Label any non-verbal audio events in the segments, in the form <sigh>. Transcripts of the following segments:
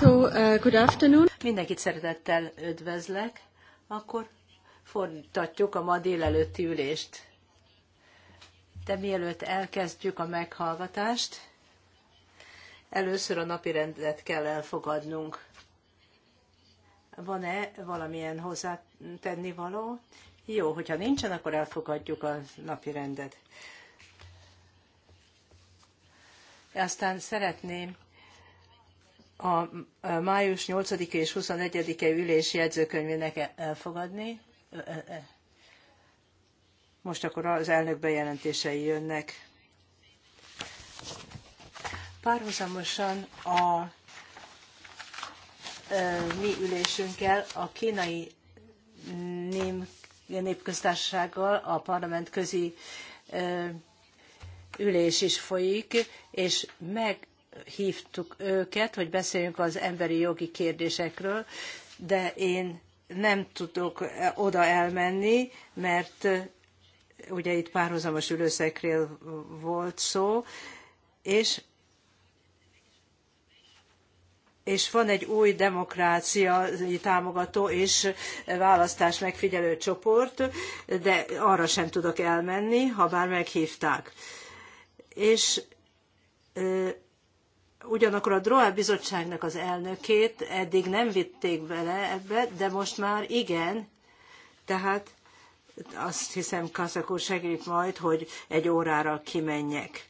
So, uh, good afternoon. Mindenkit szeretettel üdvözlek. Akkor fordítatjuk a ma délelőtti ülést. De mielőtt elkezdjük a meghallgatást, először a napi rendet kell elfogadnunk. Van-e valamilyen hozzátenni való? Jó, hogyha nincsen, akkor elfogadjuk a napi rendet. Aztán szeretném a május 8 és 21-e ülés jegyzőkönyvének e, elfogadni. Most akkor az elnök bejelentései jönnek. Párhuzamosan a mi ülésünkkel a kínai népköztársasággal a parlament közi ülés is folyik, és meg hívtuk őket, hogy beszéljünk az emberi jogi kérdésekről, de én nem tudok oda elmenni, mert ugye itt párhuzamos ülőszekről volt szó, és és van egy új demokrácia támogató és választás megfigyelő csoport, de arra sem tudok elmenni, ha bár meghívták. És ugyanakkor a Droá bizottságnak az elnökét eddig nem vitték bele ebbe, de most már igen, tehát azt hiszem Kaszak úr segít majd, hogy egy órára kimenjek.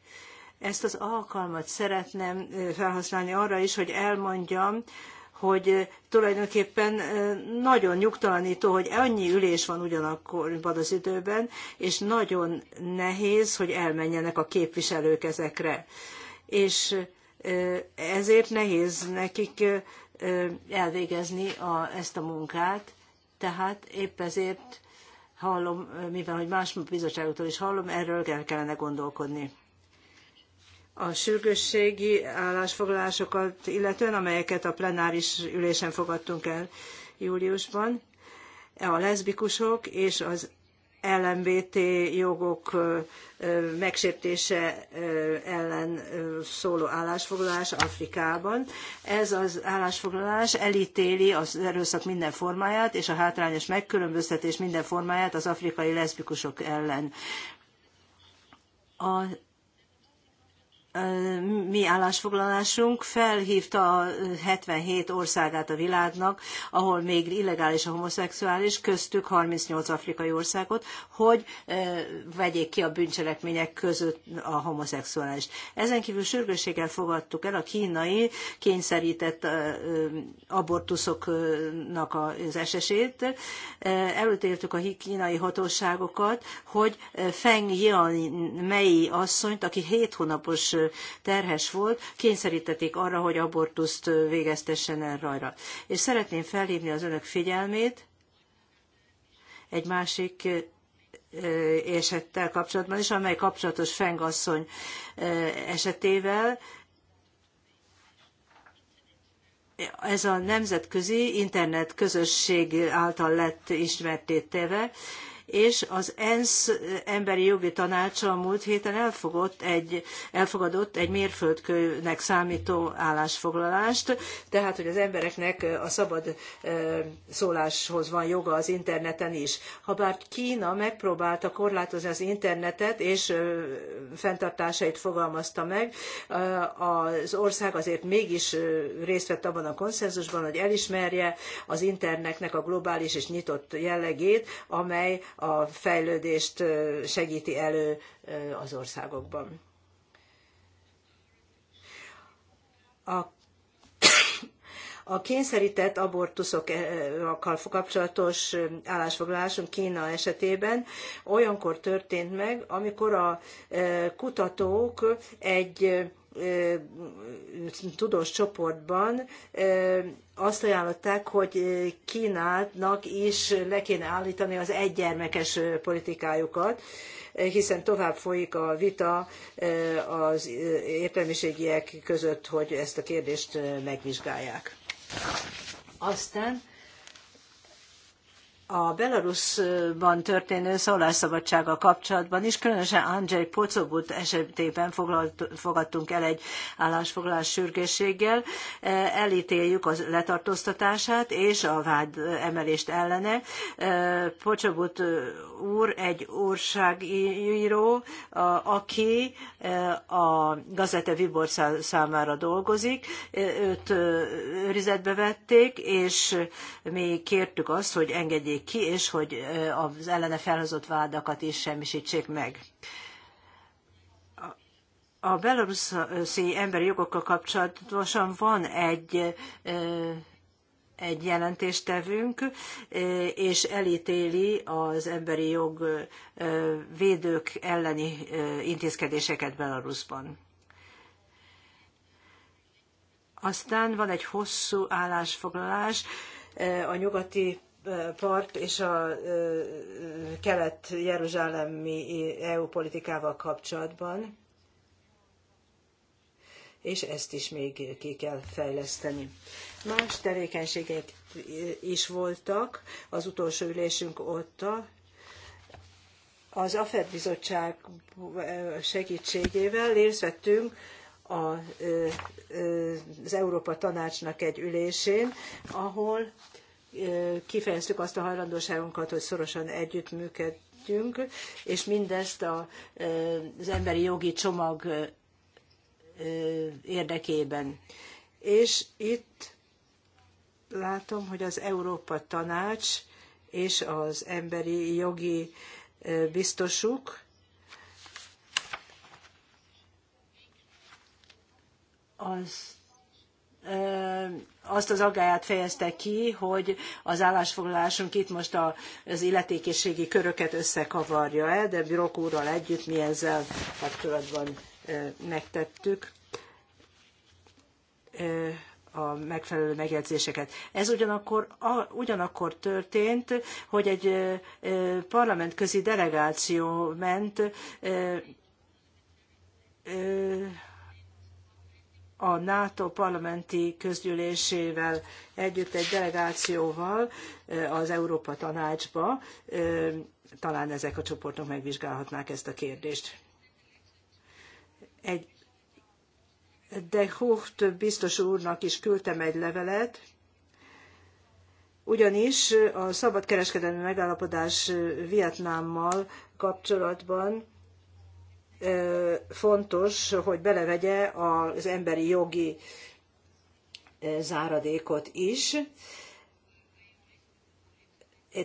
Ezt az alkalmat szeretném felhasználni arra is, hogy elmondjam, hogy tulajdonképpen nagyon nyugtalanító, hogy annyi ülés van ugyanakkor az időben, és nagyon nehéz, hogy elmenjenek a képviselők ezekre. És ezért nehéz nekik elvégezni a, ezt a munkát, tehát épp ezért hallom, mivel hogy más bizottságoktól is hallom, erről kellene gondolkodni. A sürgősségi állásfoglalásokat, illetően amelyeket a plenáris ülésen fogadtunk el júliusban, a leszbikusok és az LMBT jogok megsértése ellen szóló állásfoglalás Afrikában. Ez az állásfoglalás elítéli az erőszak minden formáját és a hátrányos megkülönböztetés minden formáját az afrikai leszbikusok ellen. A mi állásfoglalásunk felhívta a 77 országát a világnak, ahol még illegális a homoszexuális, köztük 38 afrikai országot, hogy vegyék ki a bűncselekmények között a homoszexuális. Ezen kívül sürgősséggel fogadtuk el a kínai kényszerített abortuszoknak az esetét. Előtértük a kínai hatóságokat, hogy Feng Yan mei asszonyt, aki 7 hónapos terhes volt, kényszerítették arra, hogy abortuszt végeztessen el rajta. És szeretném felhívni az önök figyelmét egy másik esettel kapcsolatban is, amely kapcsolatos fengasszony esetével, ez a nemzetközi internet közösség által lett téve és az ENSZ emberi jogi tanácsa a múlt héten elfogott egy, elfogadott egy mérföldkőnek számító állásfoglalást, tehát hogy az embereknek a szabad szóláshoz van joga az interneten is. Habár Kína megpróbálta korlátozni az internetet, és fenntartásait fogalmazta meg, az ország azért mégis részt vett abban a konszenzusban, hogy elismerje az internetnek a globális és nyitott jellegét, amely a fejlődést segíti elő az országokban. A a kényszerített abortuszokkal kapcsolatos állásfoglalásunk Kína esetében olyankor történt meg, amikor a kutatók egy tudós csoportban azt ajánlották, hogy Kínának is le kéne állítani az egygyermekes politikájukat, hiszen tovább folyik a vita az értelmiségiek között, hogy ezt a kérdést megvizsgálják. Aztán a Belarusban történő szólásszabadsággal kapcsolatban is, különösen Andrzej Pocobut esetében fogadtunk el egy állásfoglalás sürgősséggel. E, elítéljük a letartóztatását és a vád emelést ellene. E, Pocobut úr egy úrságíró, aki e, a Gazete Vibor számára dolgozik. Őt őrizetbe vették, és mi kértük azt, hogy engedjék terjeszték ki, és hogy az ellene felhozott vádakat is semmisítsék meg. A belaruszi emberi jogokkal kapcsolatosan van egy egy jelentéstevünk, és elítéli az emberi jog védők elleni intézkedéseket Belarusban. Aztán van egy hosszú állásfoglalás a nyugati part és a kelet-jeruzsálemi EU politikával kapcsolatban, és ezt is még ki kell fejleszteni. Más tevékenységek is voltak, az utolsó ülésünk ott az AFED bizottság segítségével részt vettünk az Európa Tanácsnak egy ülésén, ahol kifejeztük azt a hajlandóságunkat, hogy szorosan együttműködjünk, és mindezt a, az emberi jogi csomag érdekében. És itt látom, hogy az Európa Tanács és az emberi jogi biztosuk az azt az aggáját fejezte ki, hogy az állásfoglalásunk itt most az illetékességi köröket összekavarja el, de Brok úrral együtt mi ezzel kapcsolatban megtettük a megfelelő megjegyzéseket. Ez ugyanakkor, a, ugyanakkor történt, hogy egy parlamentközi delegáció ment a NATO parlamenti közgyűlésével együtt egy delegációval eh, az Európa Tanácsba. Eh, talán ezek a csoportok megvizsgálhatnák ezt a kérdést. Egy de Hucht biztos úrnak is küldtem egy levelet, ugyanis a szabadkereskedelmi megállapodás Vietnámmal kapcsolatban fontos, hogy belevegye az emberi jogi záradékot is.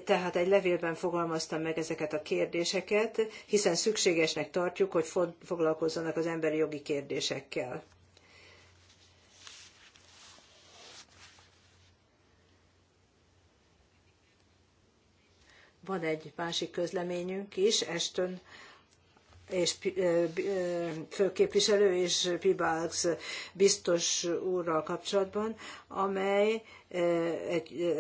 Tehát egy levélben fogalmaztam meg ezeket a kérdéseket, hiszen szükségesnek tartjuk, hogy foglalkozzanak az emberi jogi kérdésekkel. Van egy másik közleményünk is, Eston és főképviselő és Pibalx biztos úrral kapcsolatban, amely egy,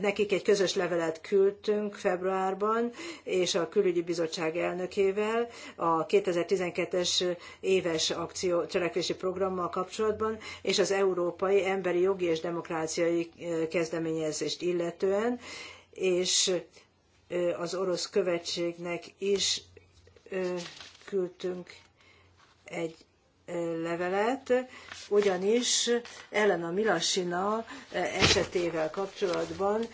nekik egy közös levelet küldtünk februárban, és a külügyi bizottság elnökével a 2012-es éves akció cselekvési programmal kapcsolatban, és az európai emberi jogi és demokráciai kezdeményezést illetően, és az orosz követségnek is küldtünk egy levelet, ugyanis Elena Milasina esetével kapcsolatban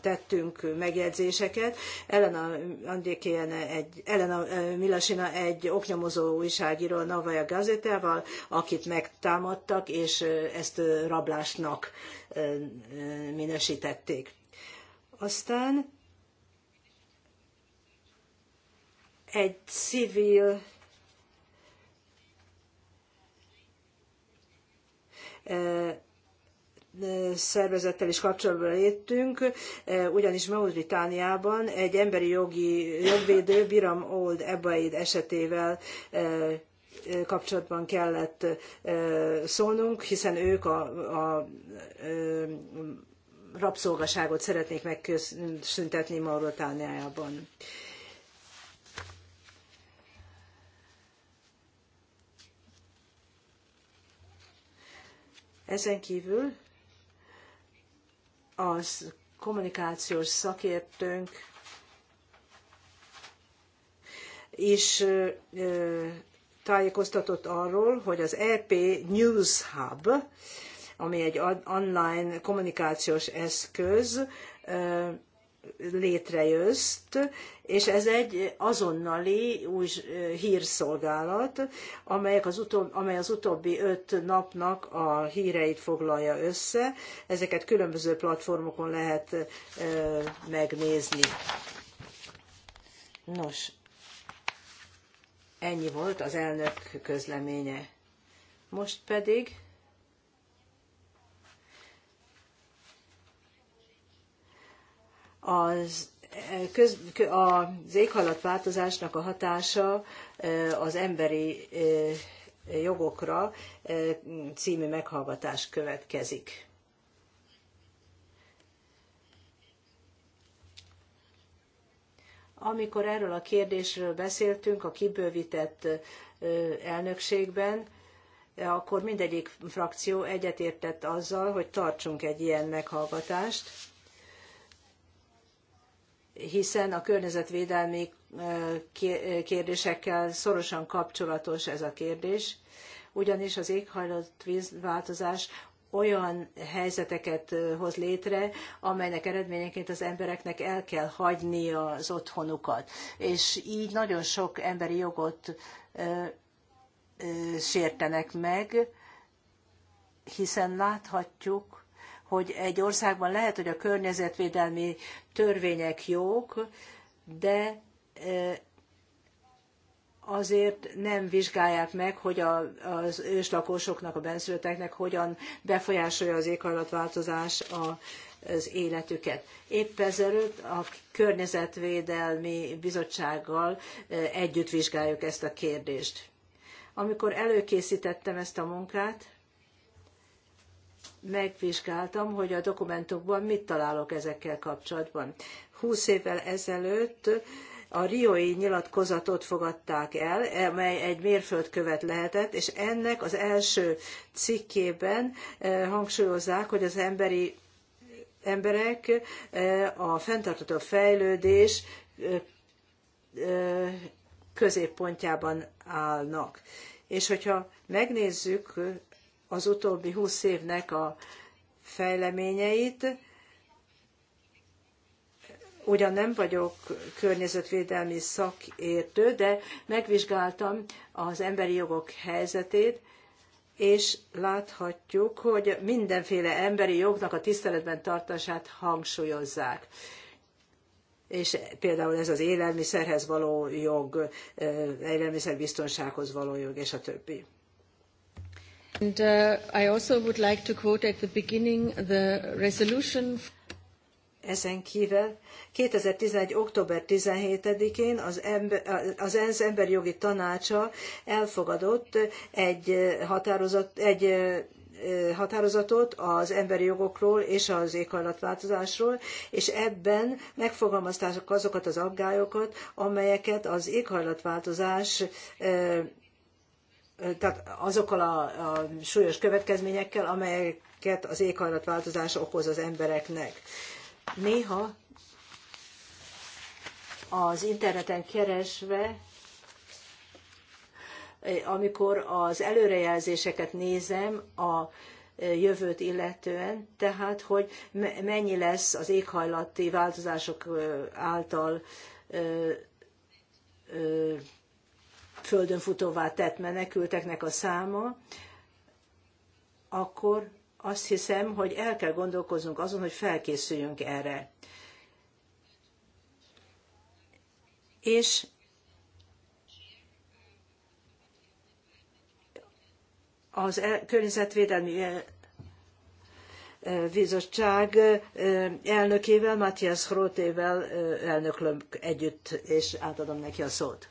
tettünk megjegyzéseket. Elena Andékéjene egy, Elena Milasina egy oknyomozó újságíró Navaja Gazetával, akit megtámadtak, és ezt rablásnak minősítették. Aztán egy civil szervezettel is kapcsolatban léptünk, ugyanis Mauritániában egy emberi jogi jogvédő, Biram Old Ebaid esetével kapcsolatban kellett szólnunk, hiszen ők a, a rabszolgaságot szeretnék megszüntetni Mauritániában. Ezen kívül az kommunikációs szakértőnk is tájékoztatott arról, hogy az EP News Hub, ami egy online kommunikációs eszköz, létrejözt, és ez egy azonnali új hírszolgálat, amelyek az utóbb, amely az utóbbi öt napnak a híreit foglalja össze. Ezeket különböző platformokon lehet megnézni. Nos, ennyi volt az elnök közleménye. Most pedig Az, eh, köz, az éghajlatváltozásnak a hatása eh, az emberi eh, jogokra című meghallgatás következik. Amikor erről a kérdésről beszéltünk a kibővített elnökségben, akkor mindegyik frakció egyetértett azzal, hogy tartsunk egy ilyen meghallgatást hiszen a környezetvédelmi kérdésekkel szorosan kapcsolatos ez a kérdés, ugyanis az éghajlatváltozás olyan helyzeteket hoz létre, amelynek eredményeként az embereknek el kell hagyni az otthonukat. És így nagyon sok emberi jogot ö, ö, sértenek meg, hiszen láthatjuk, hogy egy országban lehet, hogy a környezetvédelmi törvények jók, de azért nem vizsgálják meg, hogy a, az őslakosoknak, a benszülötteknek hogyan befolyásolja az éghajlatváltozás a, az életüket. Épp ezelőtt a Környezetvédelmi Bizottsággal együtt vizsgáljuk ezt a kérdést. Amikor előkészítettem ezt a munkát, megvizsgáltam, hogy a dokumentumban mit találok ezekkel kapcsolatban. Húsz évvel ezelőtt a riói nyilatkozatot fogadták el, mely egy mérföldkövet lehetett, és ennek az első cikkében eh, hangsúlyozzák, hogy az emberi emberek eh, a fenntartható fejlődés eh, középpontjában állnak. És hogyha megnézzük az utóbbi húsz évnek a fejleményeit. Ugyan nem vagyok környezetvédelmi szakértő, de megvizsgáltam az emberi jogok helyzetét, és láthatjuk, hogy mindenféle emberi jognak a tiszteletben tartását hangsúlyozzák. És például ez az élelmiszerhez való jog, eh, élelmiszerbiztonsághoz való jog, és a többi. And uh, I also would like to quote at the beginning the resolution. Ezen kívül 2011. október 17-én az, ember, az ENSZ emberjogi tanácsa elfogadott egy, határozat, egy határozatot az emberi jogokról és az éghajlatváltozásról, és ebben megfogalmazták azokat az aggályokat, amelyeket az éghajlatváltozás tehát azokkal a, a súlyos következményekkel, amelyeket az éghajlatváltozás okoz az embereknek. Néha az interneten keresve, amikor az előrejelzéseket nézem a jövőt illetően, tehát hogy mennyi lesz az éghajlati változások által földön futóvá tett menekülteknek a száma, akkor azt hiszem, hogy el kell gondolkoznunk azon, hogy felkészüljünk erre. És az e- környezetvédelmi e- e- bizottság elnökével, Matthias Hrotével elnöklöm együtt, és átadom neki a szót.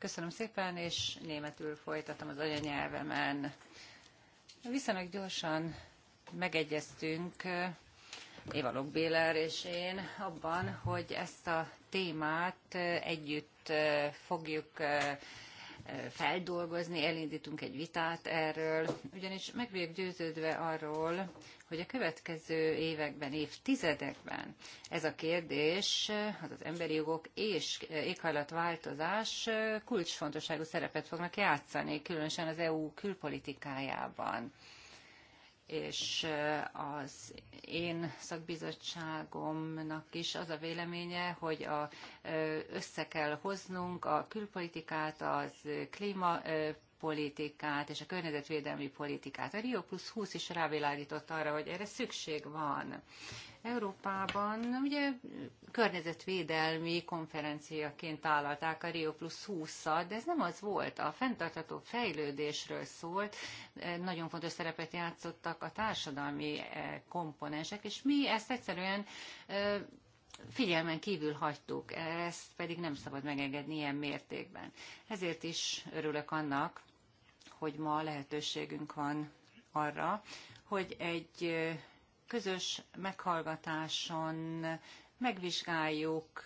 Köszönöm szépen, és németül folytatom az anyanyelvemen. Viszonylag gyorsan megegyeztünk eh, Éva Lokbéler és én abban, hogy ezt a témát eh, együtt eh, fogjuk feldolgozni, elindítunk egy vitát erről, ugyanis meg vagyok győződve arról, hogy a következő években, évtizedekben ez a kérdés, az az emberi jogok és éghajlatváltozás kulcsfontosságú szerepet fognak játszani, különösen az EU külpolitikájában és az én szakbizottságomnak is az a véleménye, hogy a, össze kell hoznunk a külpolitikát, az klíma politikát és a környezetvédelmi politikát. A Rio Plus 20 is rávilágított arra, hogy erre szükség van. Európában ugye környezetvédelmi konferenciaként állalták a Rio Plus 20 de ez nem az volt. A fenntartható fejlődésről szólt, eh, nagyon fontos szerepet játszottak a társadalmi eh, komponensek, és mi ezt egyszerűen eh, figyelmen kívül hagytuk, ezt pedig nem szabad megengedni ilyen mértékben. Ezért is örülök annak, hogy ma lehetőségünk van arra, hogy egy közös meghallgatáson megvizsgáljuk,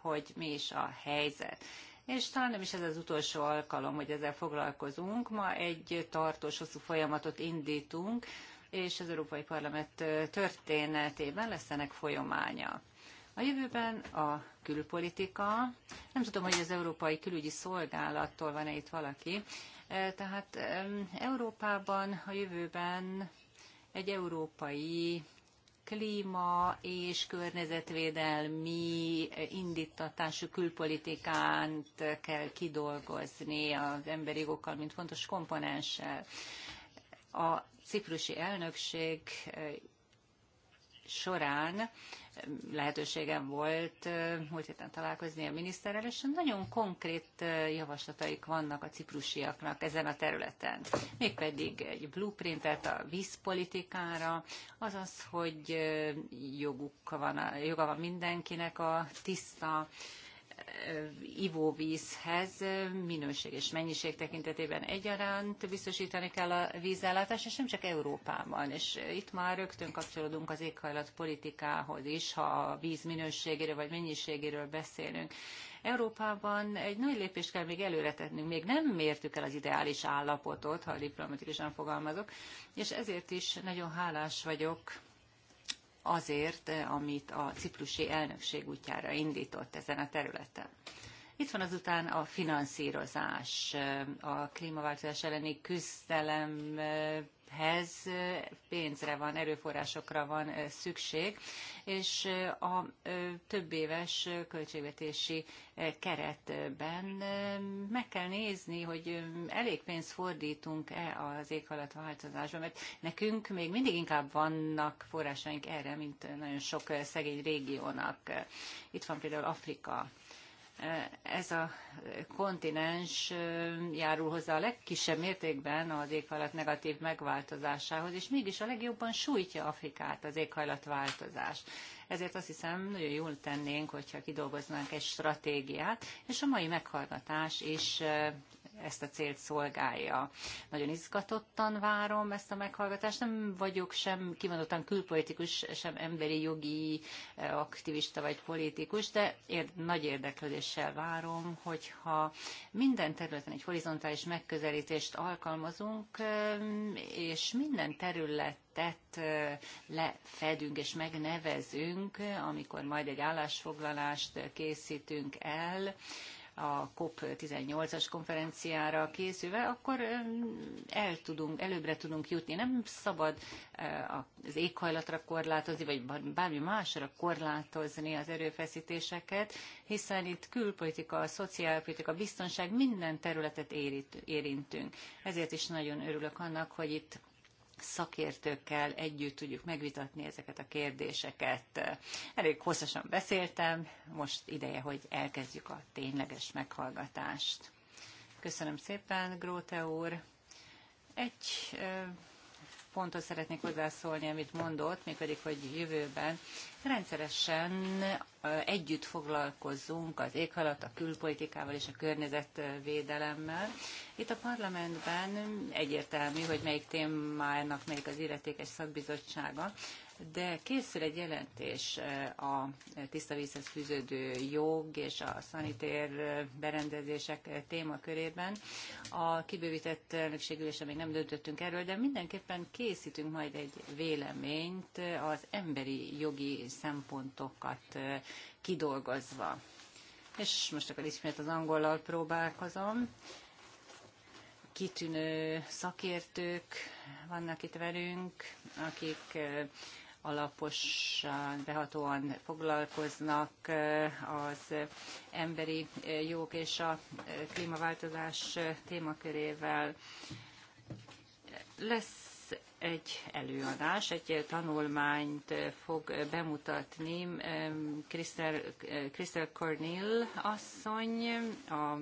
hogy mi is a helyzet. És talán nem is ez az utolsó alkalom, hogy ezzel foglalkozunk. Ma egy tartós hosszú folyamatot indítunk, és az Európai Parlament történetében lesz ennek folyamánya. A jövőben a külpolitika, nem tudom, hogy az Európai Külügyi Szolgálattól van-e itt valaki, eh, tehát Európában a jövőben egy európai klíma és környezetvédelmi indítatású külpolitikánt kell kidolgozni az emberi jogokkal, mint fontos komponenssel. A ciprusi elnökség során lehetőségem volt múlt héten találkozni a miniszterrel, és nagyon konkrét javaslataik vannak a ciprusiaknak ezen a területen. Mégpedig egy blueprintet a vízpolitikára, azaz, hogy joguk van, joga van mindenkinek a tiszta, ivóvízhez minőség és mennyiség tekintetében egyaránt biztosítani kell a vízellátás, és nem csak Európában. És itt már rögtön kapcsolódunk az éghajlatpolitikához is, ha a víz minőségéről vagy mennyiségéről beszélünk. Európában egy nagy lépést kell még előre tennünk. Még nem mértük el az ideális állapotot, ha diplomatikusan fogalmazok, és ezért is nagyon hálás vagyok azért, eh, amit a ciprusi elnökség útjára indított ezen a területen. Itt van azután a finanszírozás, eh, a klímaváltozás elleni küzdelem eh, hez pénzre van, erőforrásokra van szükség, és a több éves költségvetési keretben meg kell nézni, hogy elég pénzt fordítunk-e az éghajlatváltozásra, mert nekünk még mindig inkább vannak forrásaink erre, mint nagyon sok szegény régiónak. Itt van például Afrika ez a kontinens járul hozzá a legkisebb mértékben az éghajlat negatív megváltozásához, és mégis a legjobban sújtja Afrikát az éghajlatváltozás. Ezért azt hiszem, nagyon jól tennénk, hogyha kidolgoznánk egy stratégiát, és a mai meghallgatás is ezt a célt szolgálja. Nagyon izgatottan várom ezt a meghallgatást. Nem vagyok sem kimondottan külpolitikus, sem emberi jogi eh, aktivista vagy politikus, de ér- nagy érdeklődéssel várom, hogyha minden területen egy horizontális megközelítést alkalmazunk, eh, és minden terület tett eh, lefedünk és megnevezünk, amikor majd egy állásfoglalást készítünk el, a COP18-as konferenciára készülve, akkor el tudunk, előbbre tudunk jutni. Nem szabad az éghajlatra korlátozni, vagy bármi másra korlátozni az erőfeszítéseket, hiszen itt külpolitika, a szociálpolitika, a biztonság minden területet érintünk. Ezért is nagyon örülök annak, hogy itt szakértőkkel együtt tudjuk megvitatni ezeket a kérdéseket. Elég hosszasan beszéltem, most ideje, hogy elkezdjük a tényleges meghallgatást. Köszönöm szépen, Gróte úr. Egy ponthoz szeretnék hozzászólni, amit mondott, mégpedig, hogy jövőben rendszeresen együtt foglalkozzunk az éghalat, a külpolitikával és a környezetvédelemmel. Itt a parlamentben egyértelmű, hogy melyik témának melyik az illetékes szakbizottsága de készül egy jelentés eh, a tiszta vízhez fűződő jog és a szanitér eh, berendezések eh, témakörében. A kibővített elnökségülése még nem döntöttünk erről, de mindenképpen készítünk majd egy véleményt az emberi jogi szempontokat kidolgozva. És most akkor ismét az angollal próbálkozom. Kitűnő szakértők vannak itt velünk, akik alaposan, behatóan foglalkoznak eh, az emberi eh, jog és a eh, klímaváltozás témakörével. Lesz egy előadás, egy tanulmányt fog bemutatni Krisztel Cornél asszony, a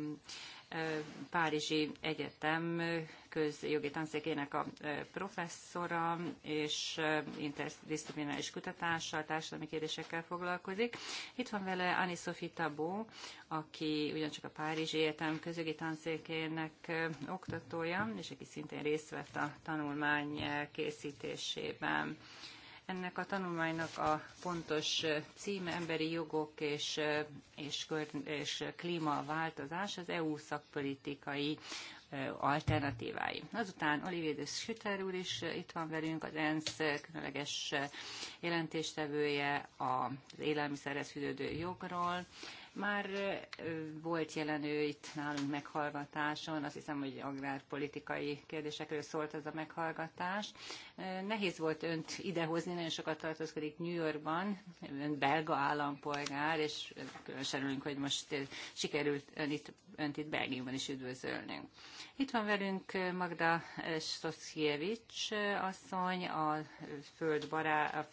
Párizsi Egyetem közjogi tanszékének a professzora, és interdisziplináris kutatással, társadalmi kérdésekkel foglalkozik. Itt van vele Annie Sophie Tabó, aki ugyancsak a Párizsi Egyetem közjogi tanszékének oktatója, és aki szintén részt vett a tanulmány készítésében. Ennek a tanulmánynak a pontos címe emberi jogok és, és, és klímaváltozás az EU szakpolitikai alternatívái. Azután Olivier de Schütter úr is itt van velünk, az ENSZ különleges jelentéstevője az élelmiszerhez fűződő jogról, már volt jelenő itt nálunk meghallgatáson, azt hiszem, hogy agrárpolitikai kérdésekről szólt ez a meghallgatás. Nehéz volt önt idehozni, nagyon sokat tartózkodik New Yorkban, ön belga állampolgár, és különösen örülünk, hogy most sikerült ön itt, önt itt Belgiumban is üdvözölnünk. Itt van velünk Magda Stosziewicz asszony, a földbará, a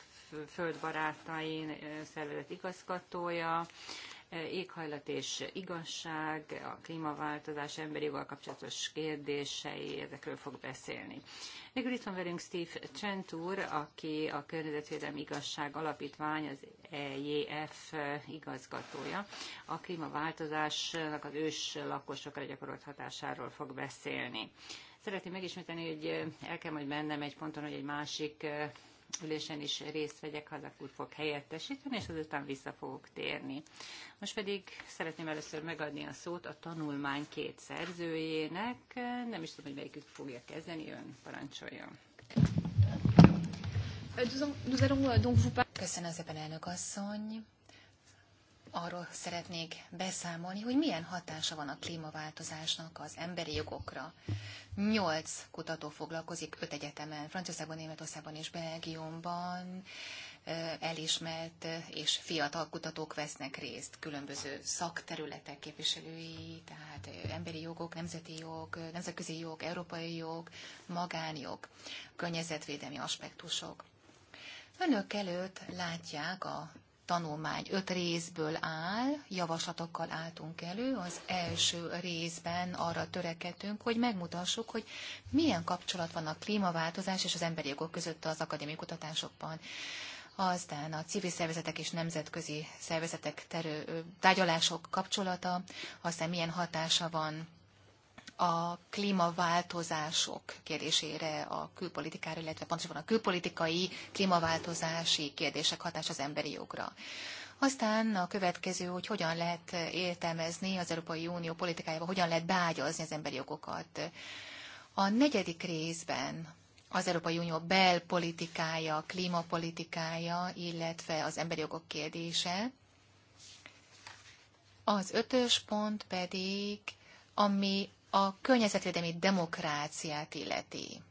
földbarátain szervezet igazgatója, éghajlat és igazság, a klímaváltozás, emberi joggal kapcsolatos kérdései, ezekről fog beszélni. Végül itt van velünk Steve Trent úr, aki a Környezetvédelmi Igazság Alapítvány, az EJF igazgatója. A klímaváltozásnak az ős lakosokra gyakorolt hatásáról fog beszélni. Szeretném megismételni, hogy el kell majd mennem egy ponton, hogy egy másik ülésen is részt vegyek, Hazak úr fog helyettesíteni, és azután vissza fogok térni. Most pedig szeretném először megadni a szót a tanulmány két szerzőjének. Nem is tudom, hogy melyikük fogja kezdeni, ön parancsoljon. Euh, euh, Köszönöm szépen, elnök asszony arról szeretnék beszámolni, hogy milyen hatása van a klímaváltozásnak az emberi jogokra. Nyolc kutató foglalkozik öt egyetemen, Franciaországban, Németországban és Belgiumban elismert és fiatal kutatók vesznek részt, különböző szakterületek képviselői, tehát emberi jogok, nemzeti jog, nemzetközi jog, európai jog, magánjog, környezetvédelmi aspektusok. Önök előtt látják a tanulmány öt részből áll, javaslatokkal álltunk elő. Az első részben arra törekedtünk, hogy megmutassuk, hogy milyen kapcsolat van a klímaváltozás és az emberi jogok között az akadémiai kutatásokban aztán a civil szervezetek és nemzetközi szervezetek terő, tárgyalások kapcsolata, aztán milyen hatása van a klímaváltozások kérdésére, a külpolitikára, illetve pontosabban a külpolitikai klímaváltozási kérdések hatás az emberi jogra. Aztán a következő, hogy hogyan lehet értelmezni az Európai Unió politikájába, hogyan lehet beágyazni az emberi jogokat. A negyedik részben az Európai Unió belpolitikája, klímapolitikája, illetve az emberi jogok kérdése. Az ötös pont pedig, ami a környezetvédelmi demokráciát illeti,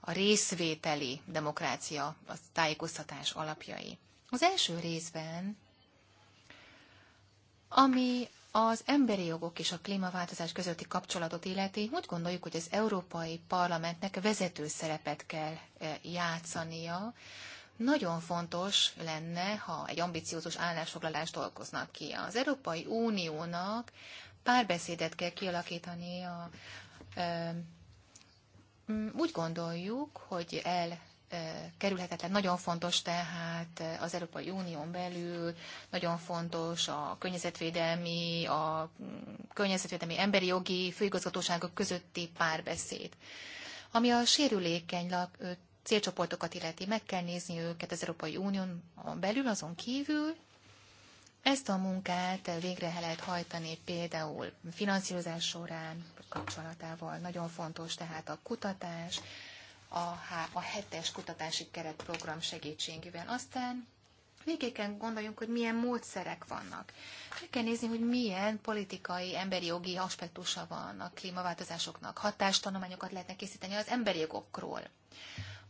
a részvételi demokrácia, a tájékoztatás alapjai. Az első részben, ami az emberi jogok és a klímaváltozás közötti kapcsolatot illeti, úgy gondoljuk, hogy az Európai Parlamentnek vezető szerepet kell e, játszania. Nagyon fontos lenne, ha egy ambiciózus állásfoglalást dolgoznak ki. Az Európai Uniónak párbeszédet kell kialakítani a úgy gondoljuk, hogy el kerülhetetlen. Nagyon fontos tehát az Európai Unión belül, nagyon fontos a környezetvédelmi, a környezetvédelmi emberi jogi főigazgatóságok közötti párbeszéd. Ami a sérülékeny célcsoportokat illeti, meg kell nézni őket az Európai Unión belül, azon kívül, ezt a munkát végre lehet hajtani például finanszírozás során, kapcsolatával. Nagyon fontos tehát a kutatás, a, a hetes kutatási keretprogram segítségével. Aztán végig kell gondoljunk, hogy milyen módszerek vannak. Meg kell nézni, hogy milyen politikai, emberi jogi aspektusa van a klímaváltozásoknak. Hatástanományokat lehetne készíteni az emberi jogokról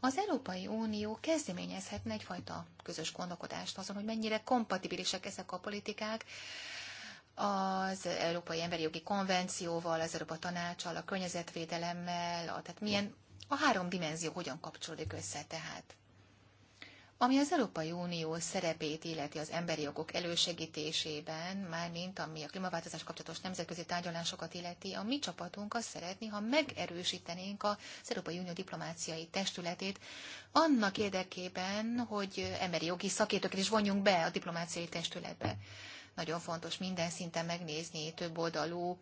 az Európai Unió kezdeményezhetne egyfajta közös gondolkodást azon, hogy mennyire kompatibilisek ezek a politikák az Európai Emberi Jogi Konvencióval, az Európa Tanácsal, a környezetvédelemmel, a, tehát milyen a három dimenzió hogyan kapcsolódik össze tehát. Ami az Európai Unió szerepét illeti az emberi jogok elősegítésében, mármint ami a klímaváltozás kapcsolatos nemzetközi tárgyalásokat illeti, a mi csapatunk azt szeretné, ha megerősítenénk az Európai Unió diplomáciai testületét, annak érdekében, hogy emberi jogi szakértőket is vonjunk be a diplomáciai testületbe. Nagyon fontos minden szinten megnézni több oldalú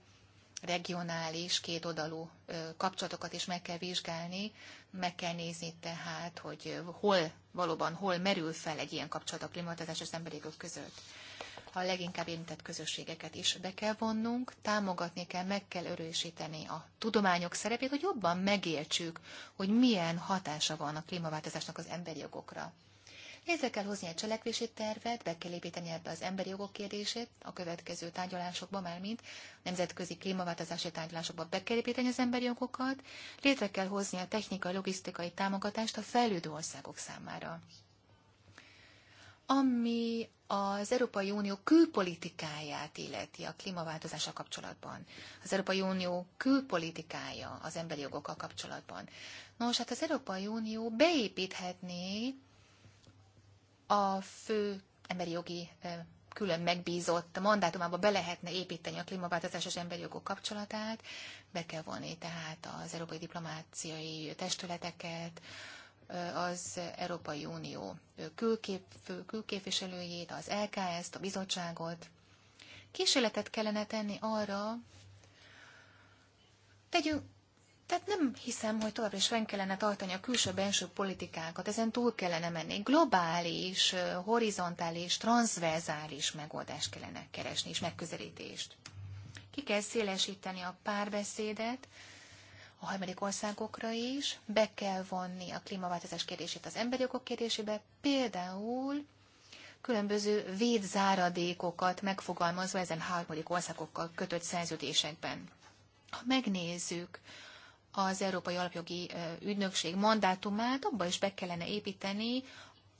regionális, kétoldalú kapcsolatokat is meg kell vizsgálni, meg kell nézni tehát, hogy hol valóban hol merül fel egy ilyen kapcsolat a klímaváltozás az emberek között. A leginkább érintett közösségeket is be kell vonnunk, támogatni kell, meg kell erősíteni a tudományok szerepét, hogy jobban megértsük, hogy milyen hatása van a klímaváltozásnak az emberi jogokra. Létre kell hozni egy cselekvési tervet, be kell építeni ebbe az emberi jogok kérdését, a következő tárgyalásokba, mármint nemzetközi klímaváltozási tárgyalásokba be kell építeni az emberi jogokat, létre kell hozni a technikai, logisztikai támogatást a fejlődő országok számára. Ami az Európai Unió külpolitikáját illeti a klímaváltozása kapcsolatban. Az Európai Unió külpolitikája az emberi jogokkal kapcsolatban. Nos, hát az Európai Unió beépíthetné a fő emberi jogi külön megbízott mandátumába be lehetne építeni a klímaváltozás és emberi jogok kapcsolatát, be kell vonni tehát az európai diplomáciai testületeket, az Európai Unió külkép, fő külképviselőjét, az LKS-t, a bizottságot. Kísérletet kellene tenni arra, tegyünk, tehát nem hiszem, hogy továbbra is fenn kellene tartani a külső belső politikákat, ezen túl kellene menni. Globális, horizontális, transverzális megoldást kellene keresni és megközelítést. Ki kell szélesíteni a párbeszédet a harmadik országokra is, be kell vonni a klímaváltozás kérdését az emberi jogok kérdésébe, például különböző védzáradékokat megfogalmazva ezen harmadik országokkal kötött szerződésekben. Ha megnézzük az Európai Alapjogi Ügynökség mandátumát abba is be kellene építeni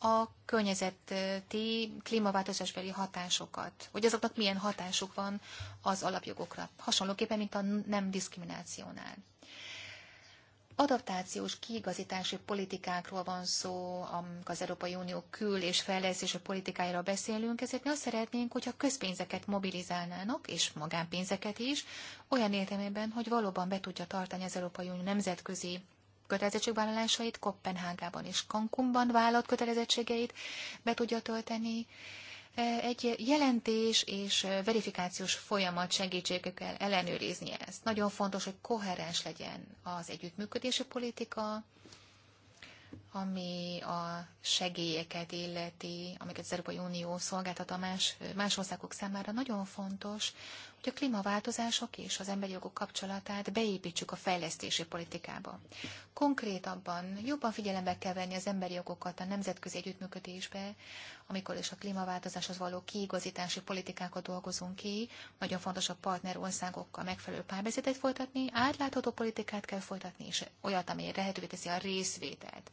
a környezeti klímaváltozásbeli hatásokat, hogy azoknak milyen hatásuk van az alapjogokra, hasonlóképpen, mint a nem diszkriminációnál adaptációs kiigazítási politikákról van szó, amik az Európai Unió kül- és fejlesztési politikájára beszélünk, ezért mi azt szeretnénk, hogyha közpénzeket mobilizálnának, és magánpénzeket is, olyan értelmében, hogy valóban be tudja tartani az Európai Unió nemzetközi kötelezettségvállalásait, Kopenhágában és Cancunban vállalt kötelezettségeit be tudja tölteni, egy jelentés és verifikációs folyamat segítségükkel ellenőrizni ezt. Nagyon fontos, hogy koherens legyen az együttműködési politika, ami a segélyeket illeti, amiket az Európai Unió szolgáltat a más, más országok számára, nagyon fontos, hogy a klímaváltozások és az emberi jogok kapcsolatát beépítsük a fejlesztési politikába. Konkrétabban jobban figyelembe kell venni az emberi jogokat a nemzetközi együttműködésbe, amikor is a klímaváltozáshoz való kiigazítási politikákat dolgozunk ki, nagyon fontos a partner országokkal megfelelő párbeszédet folytatni, átlátható politikát kell folytatni, és olyat, ami lehetővé teszi a részvételt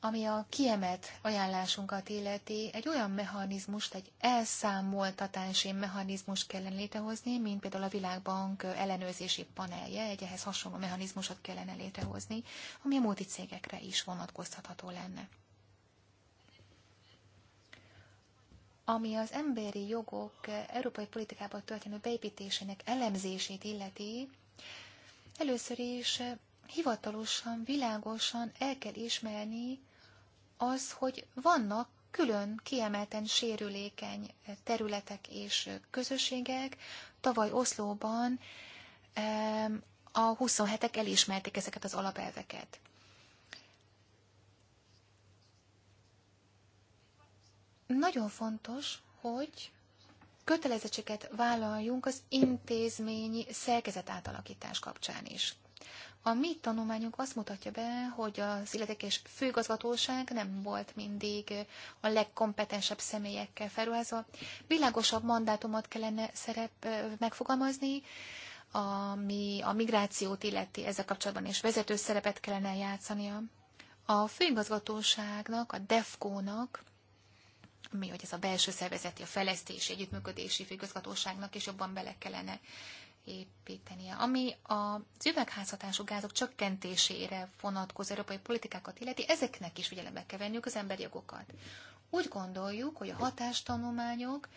ami a kiemelt ajánlásunkat illeti, egy olyan mechanizmust, egy elszámoltatási mechanizmust kellene létrehozni, mint például a Világbank ellenőrzési panelje, egy ehhez hasonló mechanizmusot kellene létrehozni, ami a cégekre is vonatkoztatható lenne. Ami az emberi jogok európai politikában történő beépítésének elemzését illeti, először is hivatalosan, világosan el kell ismerni az, hogy vannak külön kiemelten sérülékeny területek és közösségek. Tavaly Oszlóban a 27-ek elismerték ezeket az alapelveket. Nagyon fontos, hogy kötelezettséget vállaljunk az intézményi szerkezet átalakítás kapcsán is. A mi tanulmányunk azt mutatja be, hogy az illetékes főgazgatóság nem volt mindig a legkompetensebb személyekkel felruházva. Világosabb mandátumot kellene szerep megfogalmazni, ami a migrációt illeti ezzel kapcsolatban, és vezető szerepet kellene játszania. A főigazgatóságnak, a DEFCO-nak, mi, hogy ez a belső szervezeti, a fejlesztési, együttműködési főigazgatóságnak is jobban bele kellene építenie. Ami az üvegházhatású gázok csökkentésére vonatkozó európai politikákat illeti, ezeknek is figyelembe kell venniük az emberi jogokat. Úgy gondoljuk, hogy a hatástanulmányok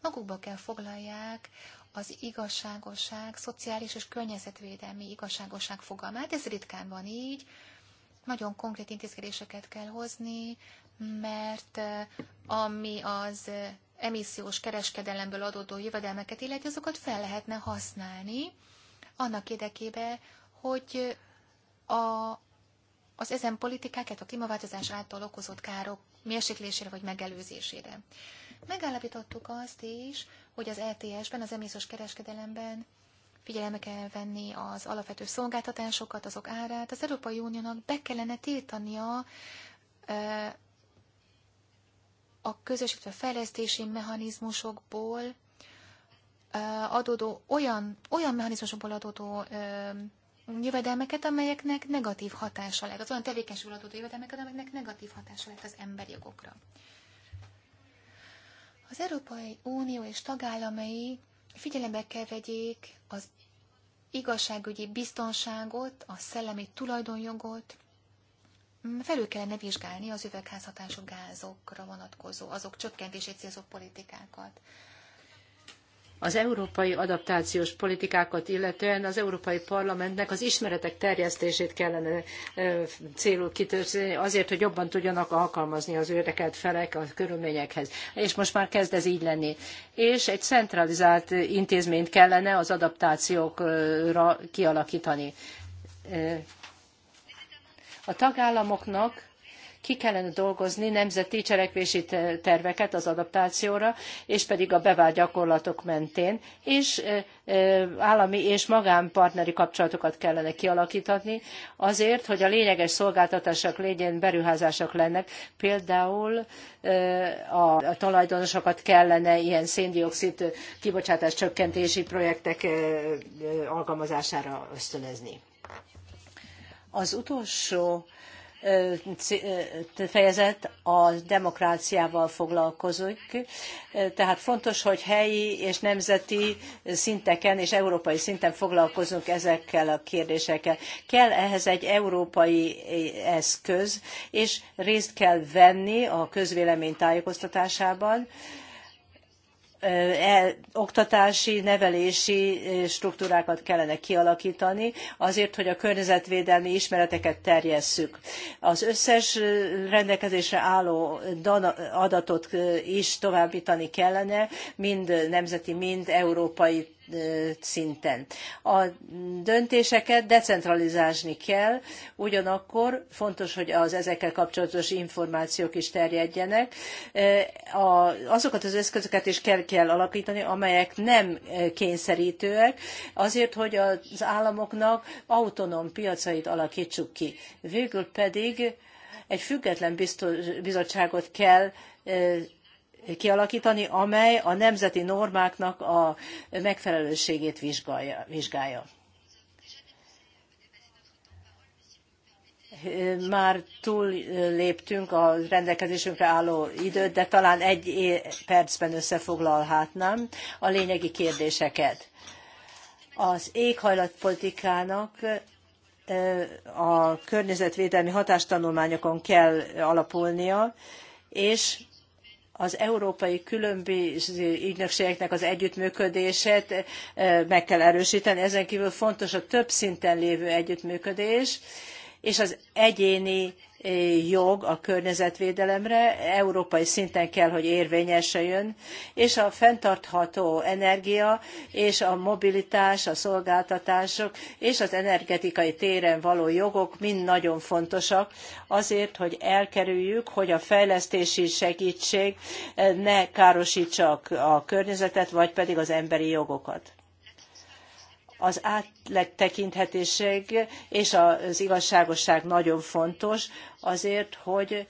magukba kell foglalják az igazságosság, szociális és környezetvédelmi igazságosság fogalmát. Ez ritkán van így. Nagyon konkrét intézkedéseket kell hozni, mert eh, ami az eh, emissziós kereskedelemből adódó jövedelmeket illetve azokat fel lehetne használni annak érdekében, hogy a, az ezen politikákat a klímaváltozás által okozott károk mérséklésére vagy megelőzésére. Megállapítottuk azt is, hogy az ETS-ben, az emissziós kereskedelemben figyelembe kell venni az alapvető szolgáltatásokat, azok árát. Az Európai Uniónak be kellene tiltania a közös fejlesztési mechanizmusokból adódó, olyan, olyan mechanizmusokból adódó jövedelmeket, amelyeknek negatív hatása lehet. Az olyan tevékenységből adódó jövedelmeket, amelyeknek negatív hatása lehet az emberi jogokra. Az Európai Unió és tagállamai figyelembe kell vegyék az igazságügyi biztonságot, a szellemi tulajdonjogot, felül kellene vizsgálni az üvegházhatású gázokra vonatkozó, azok csökkentését célzó politikákat. Az európai adaptációs politikákat illetően az Európai Parlamentnek az ismeretek terjesztését kellene célul kitörni, azért, hogy jobban tudjanak alkalmazni az érdekelt felek a körülményekhez. És most már kezd ez így lenni. És egy centralizált intézményt kellene az adaptációkra kialakítani a tagállamoknak ki kellene dolgozni nemzeti cselekvési terveket az adaptációra, és pedig a bevált gyakorlatok mentén, és állami és magánpartneri kapcsolatokat kellene kialakítani azért, hogy a lényeges szolgáltatások legyen beruházások lennek, például a tulajdonosokat kellene ilyen széndiokszid kibocsátás csökkentési projektek alkalmazására ösztönözni. Az utolsó fejezet a demokráciával foglalkozik. Tehát fontos, hogy helyi és nemzeti szinteken és európai szinten foglalkozunk ezekkel a kérdésekkel. Kell ehhez egy európai eszköz, és részt kell venni a közvélemény tájékoztatásában, E, oktatási, nevelési struktúrákat kellene kialakítani, azért, hogy a környezetvédelmi ismereteket terjesszük. Az összes rendelkezésre álló adatot is továbbítani kellene, mind nemzeti, mind európai szinten. A döntéseket decentralizálni kell, ugyanakkor fontos, hogy az ezekkel kapcsolatos információk is terjedjenek. Azokat az eszközöket is kell, kell alakítani, amelyek nem kényszerítőek, azért, hogy az államoknak autonóm piacait alakítsuk ki. Végül pedig egy független biztos, bizottságot kell kialakítani, amely a nemzeti normáknak a megfelelőségét vizsgálja. Már túl léptünk a rendelkezésünkre álló időt, de talán egy percben összefoglalhatnám a lényegi kérdéseket. Az éghajlatpolitikának a környezetvédelmi hatástanulmányokon kell alapulnia, és az európai különböző ügynökségeknek az együttműködését eh, meg kell erősíteni. Ezen kívül fontos a több szinten lévő együttműködés és az egyéni jog a környezetvédelemre európai szinten kell, hogy érvényesüljön, és a fenntartható energia és a mobilitás, a szolgáltatások és az energetikai téren való jogok mind nagyon fontosak azért, hogy elkerüljük, hogy a fejlesztési segítség ne károsítsa a környezetet, vagy pedig az emberi jogokat az áttekinthetőség és az igazságosság nagyon fontos azért, hogy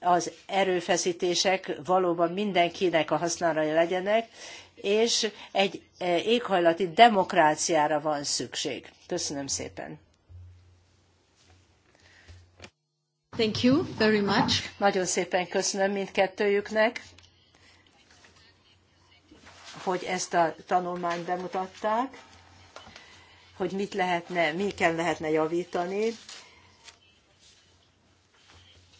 az erőfeszítések valóban mindenkinek a hasznára legyenek, és egy e, éghajlati demokráciára van szükség. Köszönöm szépen. Thank you very much. Nagyon szépen köszönöm mindkettőjüknek, hogy ezt a tanulmányt bemutatták hogy mit lehetne, miken lehetne javítani,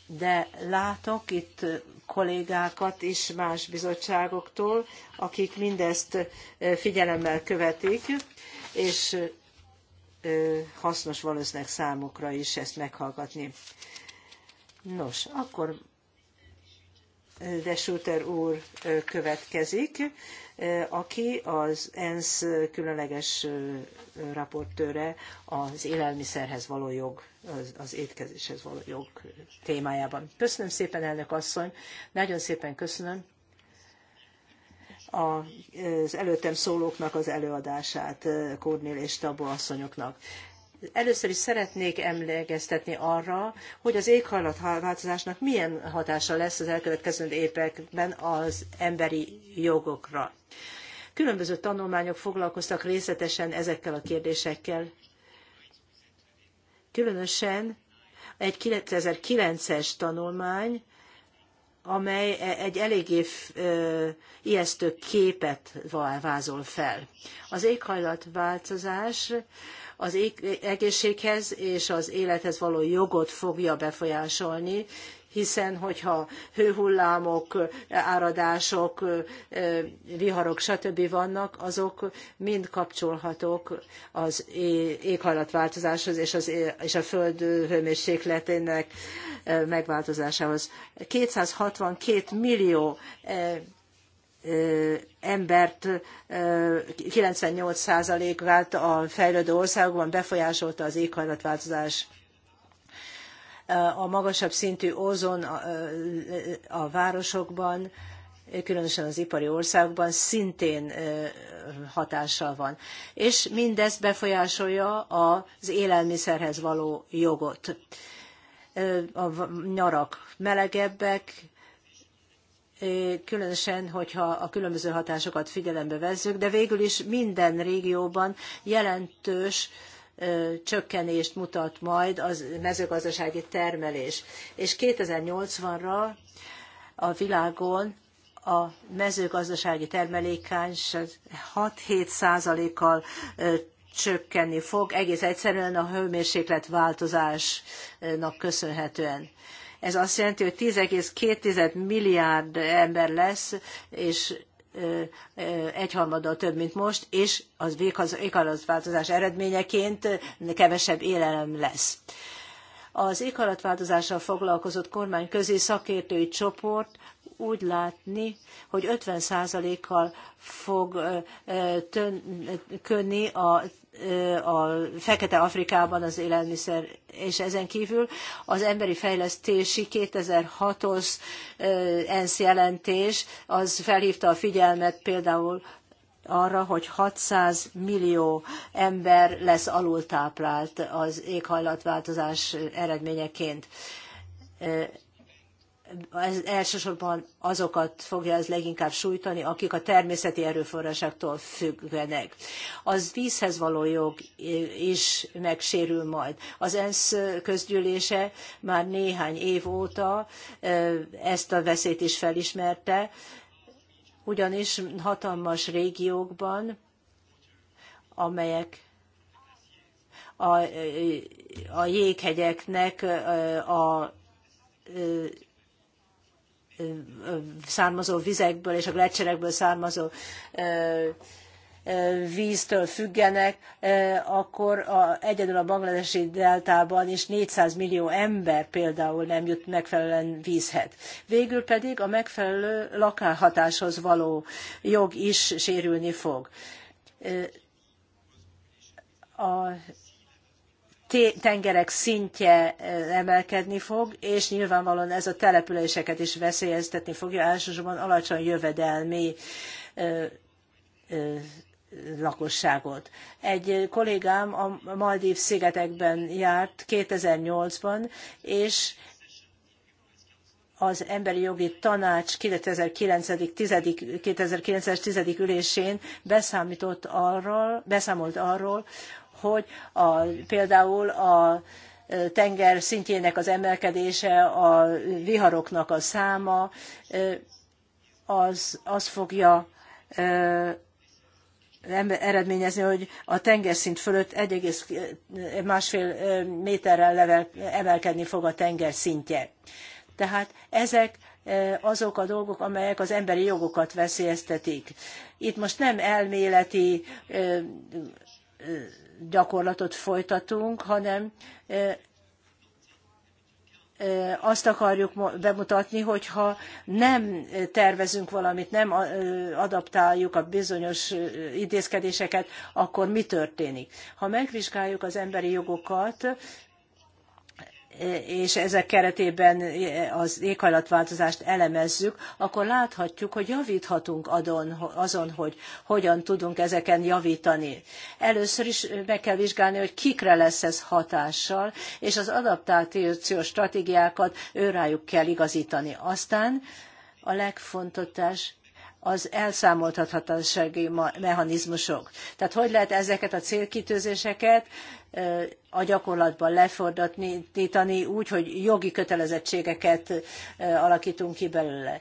de látok itt kollégákat is más bizottságoktól, akik mindezt figyelemmel követik, és hasznos valószínűleg számukra is ezt meghallgatni. Nos, akkor de Schutter úr következik, aki az ENSZ különleges raportőre az élelmiszerhez való jog, az, étkezéshez való jog témájában. Köszönöm szépen, elnök asszony, nagyon szépen köszönöm az előttem szólóknak az előadását, Kornél és Tabó asszonyoknak. Először is szeretnék emlékeztetni arra, hogy az éghajlatváltozásnak milyen hatása lesz az elkövetkező években az emberi jogokra. Különböző tanulmányok foglalkoztak részletesen ezekkel a kérdésekkel. Különösen egy 2009-es tanulmány, amely e, egy eléggé e, ijesztő képet vázol fel. Az éghajlatváltozás az egészséghez és az élethez való jogot fogja befolyásolni, hiszen hogyha hőhullámok, áradások, viharok, stb. vannak, azok mind kapcsolhatók az éghajlatváltozáshoz és, az, és a föld hőmérsékletének megváltozásához. 262 millió embert 98%-át a fejlődő országokban befolyásolta az éghajlatváltozás a magasabb szintű ozon a, a városokban, különösen az ipari országokban szintén hatással van. És mindez befolyásolja az élelmiszerhez való jogot. A nyarak melegebbek, különösen, hogyha a különböző hatásokat figyelembe vezzük, de végül is minden régióban jelentős csökkenést mutat majd az mezőgazdasági termelés. És 2080-ra a világon a mezőgazdasági termelékenység 6-7 százalékkal csökkenni fog, egész egyszerűen a hőmérséklet változásnak köszönhetően. Ez azt jelenti, hogy 10,2 milliárd ember lesz, és egyharmaddal több, mint most, és az éghajlatváltozás eredményeként kevesebb élelem lesz. Az éghajlatváltozással foglalkozott kormányközi szakértői csoport úgy látni, hogy 50%-kal fog könni a a Fekete-Afrikában az élelmiszer, és ezen kívül az emberi fejlesztési 2006-os ENSZ jelentés, az felhívta a figyelmet például arra, hogy 600 millió ember lesz alultáplált az éghajlatváltozás eredményeként ez elsősorban azokat fogja ez leginkább sújtani, akik a természeti erőforrásoktól függenek. Az vízhez való jog is megsérül majd. Az ENSZ közgyűlése már néhány év óta ezt a veszélyt is felismerte, ugyanis hatalmas régiókban, amelyek a, a jéghegyeknek a származó vizekből és a gletszerekből származó víztől függenek, akkor a, egyedül a bangladesi deltában is 400 millió ember például nem jut megfelelően vízhez. Végül pedig a megfelelő lakáhatáshoz való jog is sérülni fog. A tengerek szintje emelkedni fog, és nyilvánvalóan ez a településeket is veszélyeztetni fogja, elsősorban alacsony jövedelmi lakosságot. Egy kollégám a Maldív szigetekben járt 2008-ban, és az Emberi Jogi Tanács 2009-es 10. ülésén beszámított arról, beszámolt arról, hogy a, például a e, tenger szintjének az emelkedése, a viharoknak a száma, e, az, az fogja e, eredményezni, hogy a tengerszint fölött 1, másfél méterrel level, emelkedni fog a tenger szintje. Tehát ezek azok a dolgok, amelyek az emberi jogokat veszélyeztetik. Itt most nem elméleti gyakorlatot folytatunk, hanem azt akarjuk bemutatni, hogy ha nem tervezünk valamit, nem adaptáljuk a bizonyos intézkedéseket, akkor mi történik. Ha megvizsgáljuk az emberi jogokat, és ezek keretében az éghajlatváltozást elemezzük, akkor láthatjuk, hogy javíthatunk azon, hogy hogyan tudunk ezeken javítani. Először is meg kell vizsgálni, hogy kikre lesz ez hatással, és az adaptációs stratégiákat őrájuk kell igazítani. Aztán a legfontosabb az elszámoltathatósági mechanizmusok. Tehát hogy lehet ezeket a célkitűzéseket a gyakorlatban lefordítani úgy, hogy jogi kötelezettségeket alakítunk ki belőle.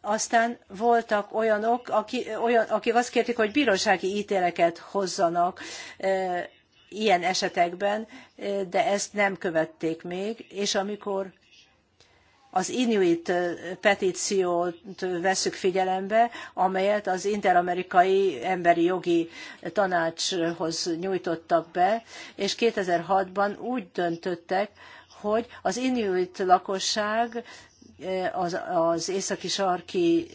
Aztán voltak olyanok, aki, olyan, akik azt kérték, hogy bírósági ítéleket hozzanak e, ilyen esetekben, de ezt nem követték még, és amikor az inuit petíciót veszük figyelembe, amelyet az interamerikai emberi jogi tanácshoz nyújtottak be, és 2006-ban úgy döntöttek, hogy az inuit lakosság az, az északi sarki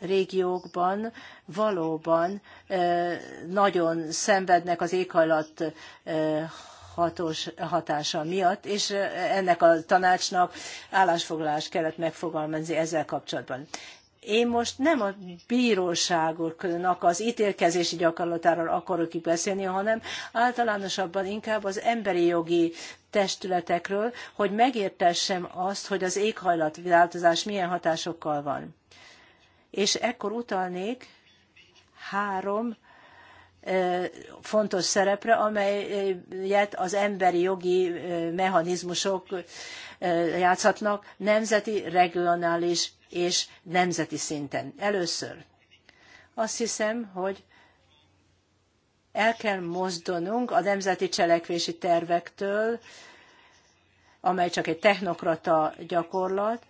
régiókban valóban nagyon szenvednek az éghajlat hatós, hatása miatt, és ennek a tanácsnak állásfoglalást kellett megfogalmazni ezzel kapcsolatban. Én most nem a bíróságoknak az ítélkezési gyakorlatáról akarok itt beszélni, hanem általánosabban inkább az emberi jogi testületekről, hogy megértessem azt, hogy az éghajlatváltozás milyen hatásokkal van. És ekkor utalnék három fontos szerepre, amelyet az emberi jogi mechanizmusok játszhatnak nemzeti, regionális és nemzeti szinten. Először azt hiszem, hogy el kell mozdulnunk a nemzeti cselekvési tervektől, amely csak egy technokrata gyakorlat,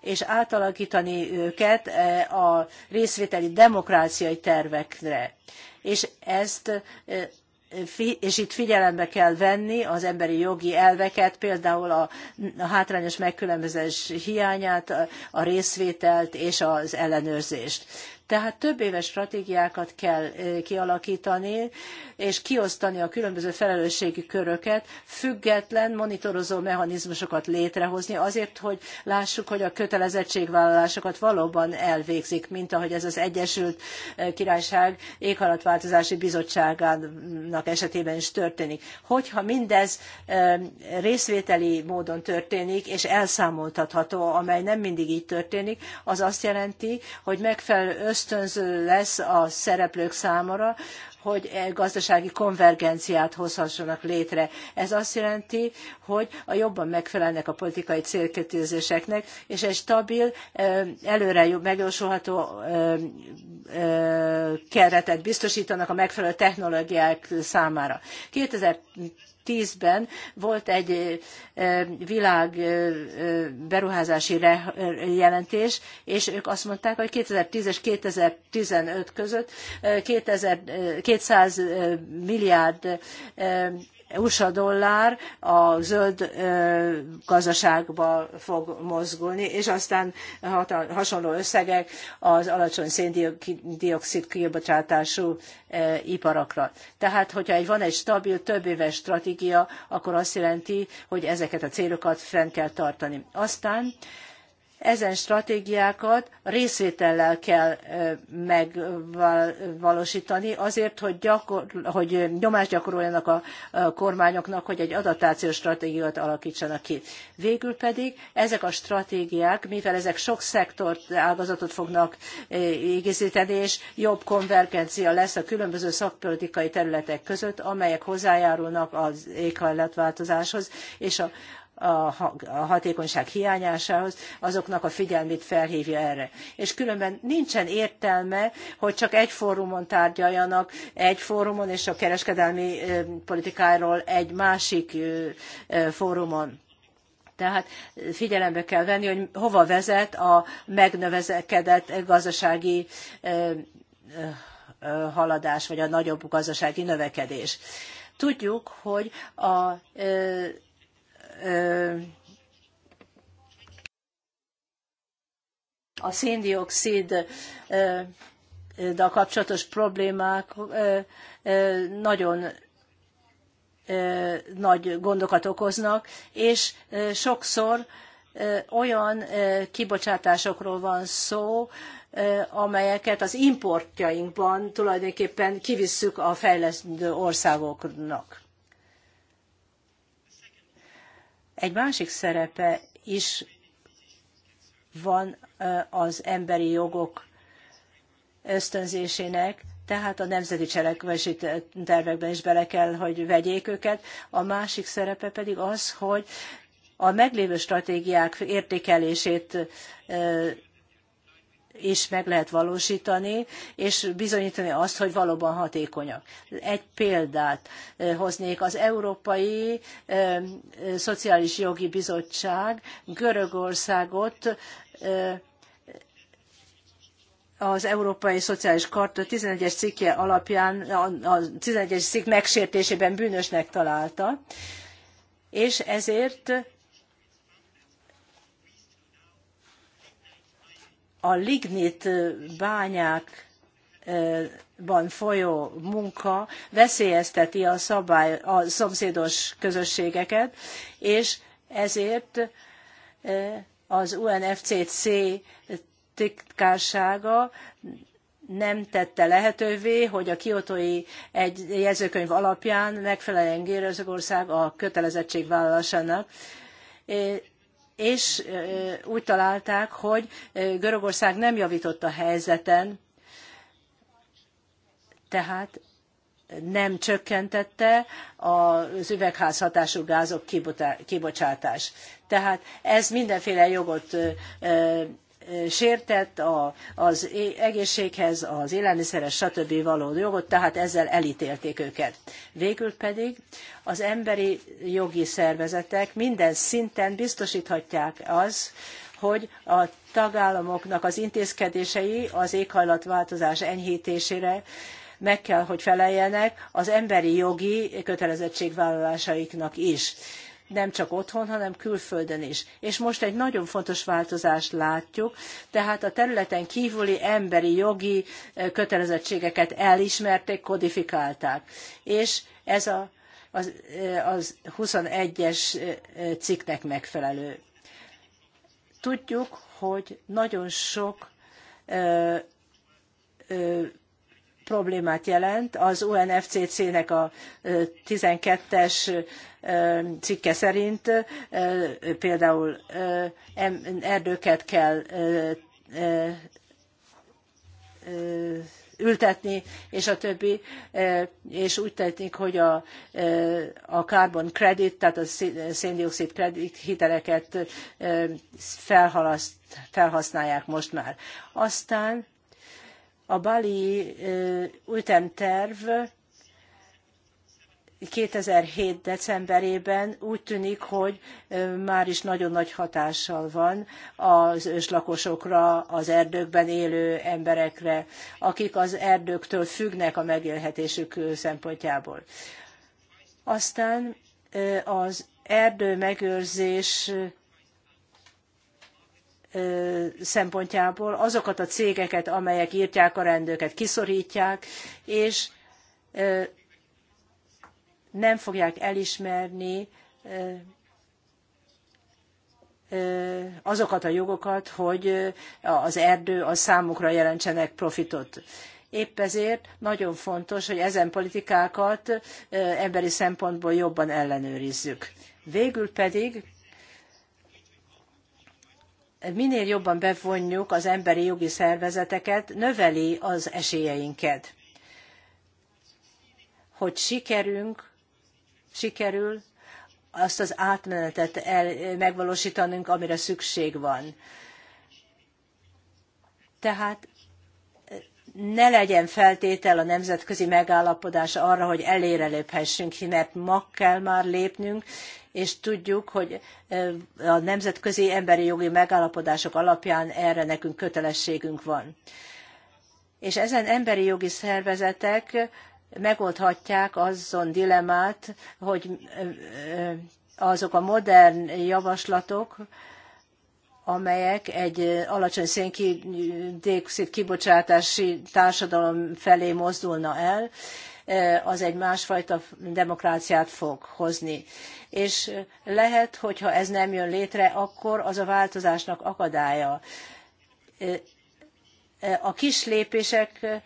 és átalakítani őket a részvételi demokráciai tervekre és ezt és itt figyelembe kell venni az emberi jogi elveket, például a, hátrányos megkülönbözés hiányát, a részvételt és az ellenőrzést. Tehát több éves stratégiákat kell kialakítani, és kiosztani a különböző felelősségi köröket, független monitorozó mechanizmusokat létrehozni, azért, hogy lássuk, hogy a kötelezettségvállalásokat valóban elvégzik, mint ahogy ez az Egyesült Királyság éghajlatváltozási bizottságának esetében is történik. Hogyha mindez részvételi módon történik, és elszámoltatható, amely nem mindig így történik, az azt jelenti, hogy megfelelő össz ösztönző lesz a szereplők számára, hogy e gazdasági konvergenciát hozhassanak létre. Ez azt jelenti, hogy a jobban megfelelnek a politikai célkötőzéseknek, és egy stabil, e, előre megjósolható e, keretet biztosítanak a megfelelő technológiák számára. 2000 Tízben volt egy világ beruházási jelentés, és ők azt mondták, hogy 2010 és 2015 között 200 milliárd USA dollár a zöld gazdaságba fog mozgulni, és aztán hasonló összegek az alacsony széndiokszid kibocsátású iparakra. Tehát, hogyha egy, van egy stabil, több éves stratégia, akkor azt jelenti, hogy ezeket a célokat fenn kell tartani. Aztán ezen stratégiákat részvétellel kell megvalósítani azért, hogy, gyakor, hogy nyomást gyakoroljanak a kormányoknak, hogy egy adaptációs stratégiát alakítsanak ki. Végül pedig ezek a stratégiák, mivel ezek sok szektort, ágazatot fognak igazítani, és jobb konvergencia lesz a különböző szakpolitikai területek között, amelyek hozzájárulnak az éghajlatváltozáshoz és a, a hatékonyság hiányásához, azoknak a figyelmét felhívja erre. És különben nincsen értelme, hogy csak egy fórumon tárgyaljanak, egy fórumon és a kereskedelmi politikáról egy másik fórumon. Tehát figyelembe kell venni, hogy hova vezet a megnövekedett gazdasági haladás, vagy a nagyobb gazdasági növekedés. Tudjuk, hogy a a széndiokszid de a kapcsolatos problémák nagyon nagy gondokat okoznak, és sokszor olyan kibocsátásokról van szó, amelyeket az importjainkban tulajdonképpen kivisszük a fejlesztő országoknak. Egy másik szerepe is van az emberi jogok ösztönzésének, tehát a nemzeti cselekvési tervekben is bele kell, hogy vegyék őket. A másik szerepe pedig az, hogy a meglévő stratégiák értékelését is meg lehet valósítani, és bizonyítani azt, hogy valóban hatékonyak. Egy példát hoznék. Az Európai Szociális Jogi Bizottság Görögországot az Európai Szociális Karta 11-es cikke alapján, a 11-es cikk megsértésében bűnösnek találta, és ezért a lignit bányákban folyó munka veszélyezteti a, szabály, a szomszédos közösségeket, és ezért az UNFCCC titkársága nem tette lehetővé, hogy a kiotói egy jegyzőkönyv alapján megfeleljen Görögország a kötelezettségvállalásának és úgy találták, hogy Görögország nem javított a helyzeten, tehát nem csökkentette az üvegházhatású gázok kibocsátás. Tehát ez mindenféle jogot sértett a, az egészséghez, az élelmiszeres, stb. való jogot, tehát ezzel elítélték őket. Végül pedig az emberi jogi szervezetek minden szinten biztosíthatják az, hogy a tagállamoknak az intézkedései az éghajlatváltozás enyhítésére meg kell, hogy feleljenek az emberi jogi kötelezettségvállalásaiknak is nem csak otthon, hanem külföldön is. És most egy nagyon fontos változást látjuk, tehát a területen kívüli emberi jogi eh, kötelezettségeket elismerték, kodifikálták. És ez a, az, eh, az 21-es eh, cikknek megfelelő. Tudjuk, hogy nagyon sok problémát jelent. Az UNFCC-nek a 12-es cikke szerint például erdőket kell ültetni, és a többi, és úgy tűnik, hogy a, a carbon credit, tehát a széndiokszid credit hiteleket felhasználják most már. Aztán a Bali ütemterv 2007. decemberében úgy tűnik, hogy már is nagyon nagy hatással van az őslakosokra, az erdőkben élő emberekre, akik az erdőktől függnek a megélhetésük szempontjából. Aztán az erdő megőrzés szempontjából azokat a cégeket, amelyek írtják a rendőket, kiszorítják, és nem fogják elismerni azokat a jogokat, hogy az erdő az számukra jelentsenek profitot. Épp ezért nagyon fontos, hogy ezen politikákat emberi szempontból jobban ellenőrizzük. Végül pedig minél jobban bevonjuk az emberi jogi szervezeteket, növeli az esélyeinket. Hogy sikerünk, sikerül azt az átmenetet el, megvalósítanunk, amire szükség van. Tehát ne legyen feltétel a nemzetközi megállapodás arra, hogy előre léphessünk, mert ma kell már lépnünk, és tudjuk, hogy a nemzetközi emberi jogi megállapodások alapján erre nekünk kötelességünk van. És ezen emberi jogi szervezetek megoldhatják azon dilemmát, hogy azok a modern javaslatok, amelyek egy alacsony széndiokszid kibocsátási társadalom felé mozdulna el, Eh, az egy másfajta demokráciát fog hozni. És lehet, hogyha ez nem jön létre, akkor az a változásnak akadálya. Eh, eh, a kis lépések,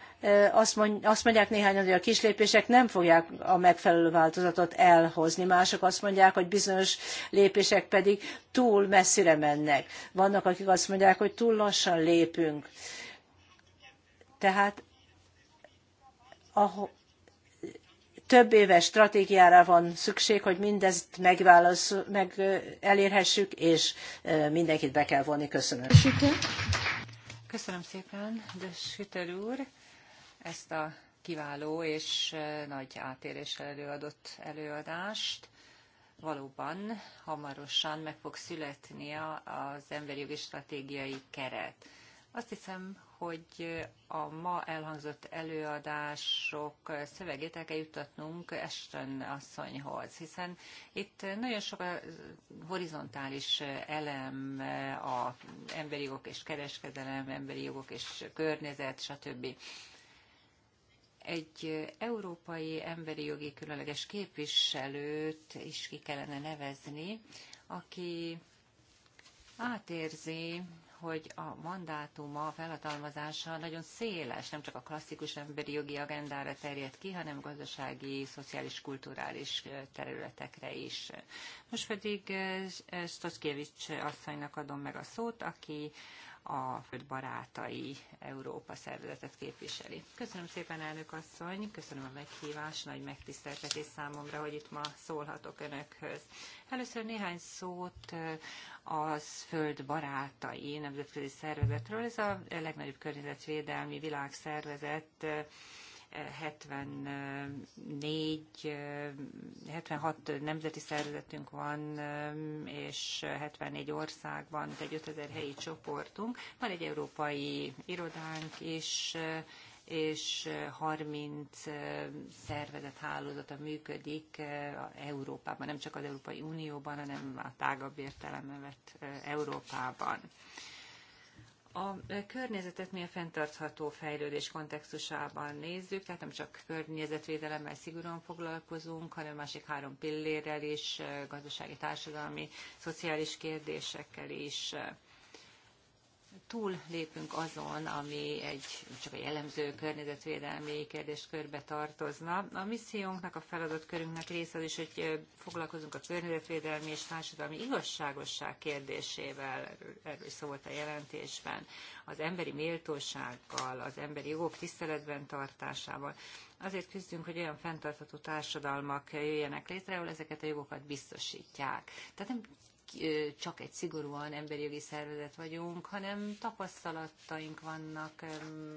azt mondják néhányan, hogy a kis lépések nem fogják a megfelelő változatot elhozni. Mások azt mondják, hogy bizonyos lépések pedig túl messzire mennek. Vannak, akik azt mondják, hogy túl lassan lépünk. Tehát több éves stratégiára van szükség, hogy mindezt megválasz, meg elérhessük, és mindenkit be kell vonni. Köszönöm. Köszönöm szépen, de Süter úr, ezt a kiváló és nagy átéréssel előadott előadást valóban hamarosan meg fog születni az emberi jogi stratégiai keret. Azt hiszem, hogy a ma elhangzott előadások szövegét el kell juttatnunk Esten asszonyhoz, hiszen itt nagyon sok a horizontális elem, a emberi jogok és kereskedelem, emberi jogok és környezet, stb. Egy európai emberi jogi különleges képviselőt is ki kellene nevezni, aki átérzi hogy a mandátuma, a felhatalmazása nagyon széles, nem csak a klasszikus emberi jogi agendára terjed ki, hanem gazdasági, szociális, kulturális területekre is. Most pedig Stoszkiewicz asszonynak adom meg a szót, aki a barátai Európa szervezetet képviseli. Köszönöm szépen, elnök asszony, köszönöm a meghívást, nagy megtiszteltetés számomra, hogy itt ma szólhatok önökhöz. Először néhány szót az Föld barátai nemzetközi szervezetről. Ez a legnagyobb környezetvédelmi világszervezet 74, 76 nemzeti szervezetünk van, és 74 országban, egy 5000 helyi csoportunk. Van egy európai irodánk is, és 30 szervezet hálózata működik Európában, nem csak az Európai Unióban, hanem a tágabb értelemben vett Európában a környezetet mi a fenntartható fejlődés kontextusában nézzük, tehát nem csak környezetvédelemmel szigorúan foglalkozunk, hanem másik három pillérrel is, gazdasági, társadalmi, szociális kérdésekkel is túl lépünk azon, ami egy csak a jellemző környezetvédelmi kérdéskörbe tartozna. A missziónknak, a feladatkörünknek része az is, hogy foglalkozunk a környezetvédelmi és társadalmi igazságosság kérdésével, erről szó volt a jelentésben, az emberi méltósággal, az emberi jogok tiszteletben tartásával. Azért küzdünk, hogy olyan fenntartható társadalmak jöjjenek létre, ahol ezeket a jogokat biztosítják. Tehát nem csak egy szigorúan emberi jogi szervezet vagyunk, hanem tapasztalataink vannak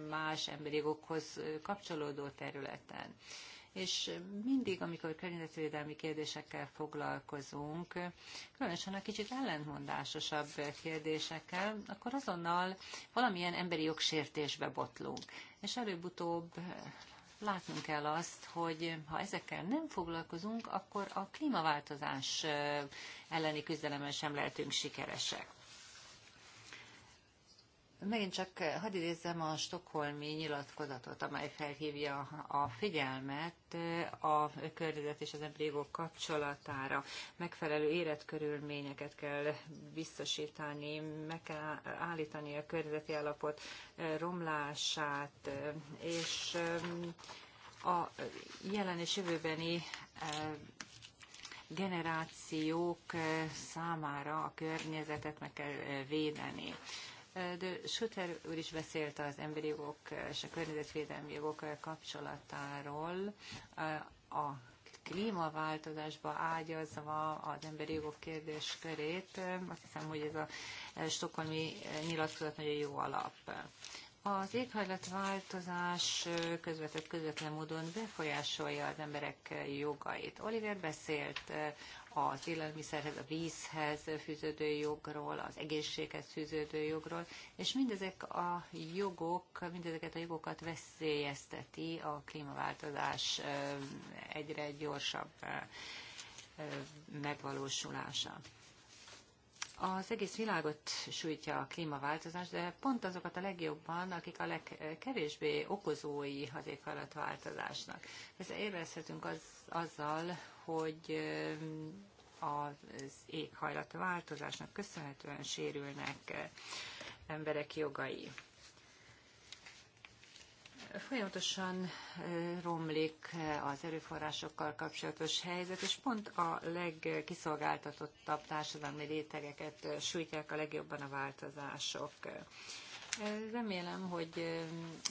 más emberi jogokhoz kapcsolódó területen. És mindig, amikor környezetvédelmi kérdésekkel foglalkozunk, különösen a kicsit ellentmondásosabb kérdésekkel, akkor azonnal valamilyen emberi jogsértésbe botlunk. És előbb-utóbb látnunk kell azt, hogy ha ezekkel nem foglalkozunk, akkor a klímaváltozás elleni küzdelemben sem lehetünk sikeresek. Megint csak eh, hadd idézzem a stokholmi nyilatkozatot, amely felhívja a figyelmet eh, a környezet és az emberi jogok kapcsolatára. Megfelelő életkörülményeket kell biztosítani, meg kell állítani a környezeti állapot eh, romlását, és a jelen és jövőbeni generációk számára a környezetet meg kell védeni de Suter úr is beszélt az emberi jogok és a környezetvédelmi jogok kapcsolatáról, a klímaváltozásba ágyazva az emberi jogok kérdéskörét. Azt hiszem, hogy ez a stokholmi nyilatkozat nagyon jó alap. Az éghajlatváltozás közvetett közvetlen módon befolyásolja az emberek jogait. Oliver beszélt az élelmiszerhez, a vízhez fűződő jogról, az egészséghez fűződő jogról, és mindezek a jogok, mindezeket a jogokat veszélyezteti a klímaváltozás egyre gyorsabb megvalósulása. Az egész világot sújtja a klímaváltozás, de pont azokat a legjobban, akik a legkevésbé okozói az éghajlatváltozásnak. Ezt érezhetünk az, azzal, hogy az éghajlatváltozásnak köszönhetően sérülnek emberek jogai. Folyamatosan romlik az erőforrásokkal kapcsolatos helyzet, és pont a legkiszolgáltatottabb társadalmi rétegeket sújtják a legjobban a változások. Remélem, hogy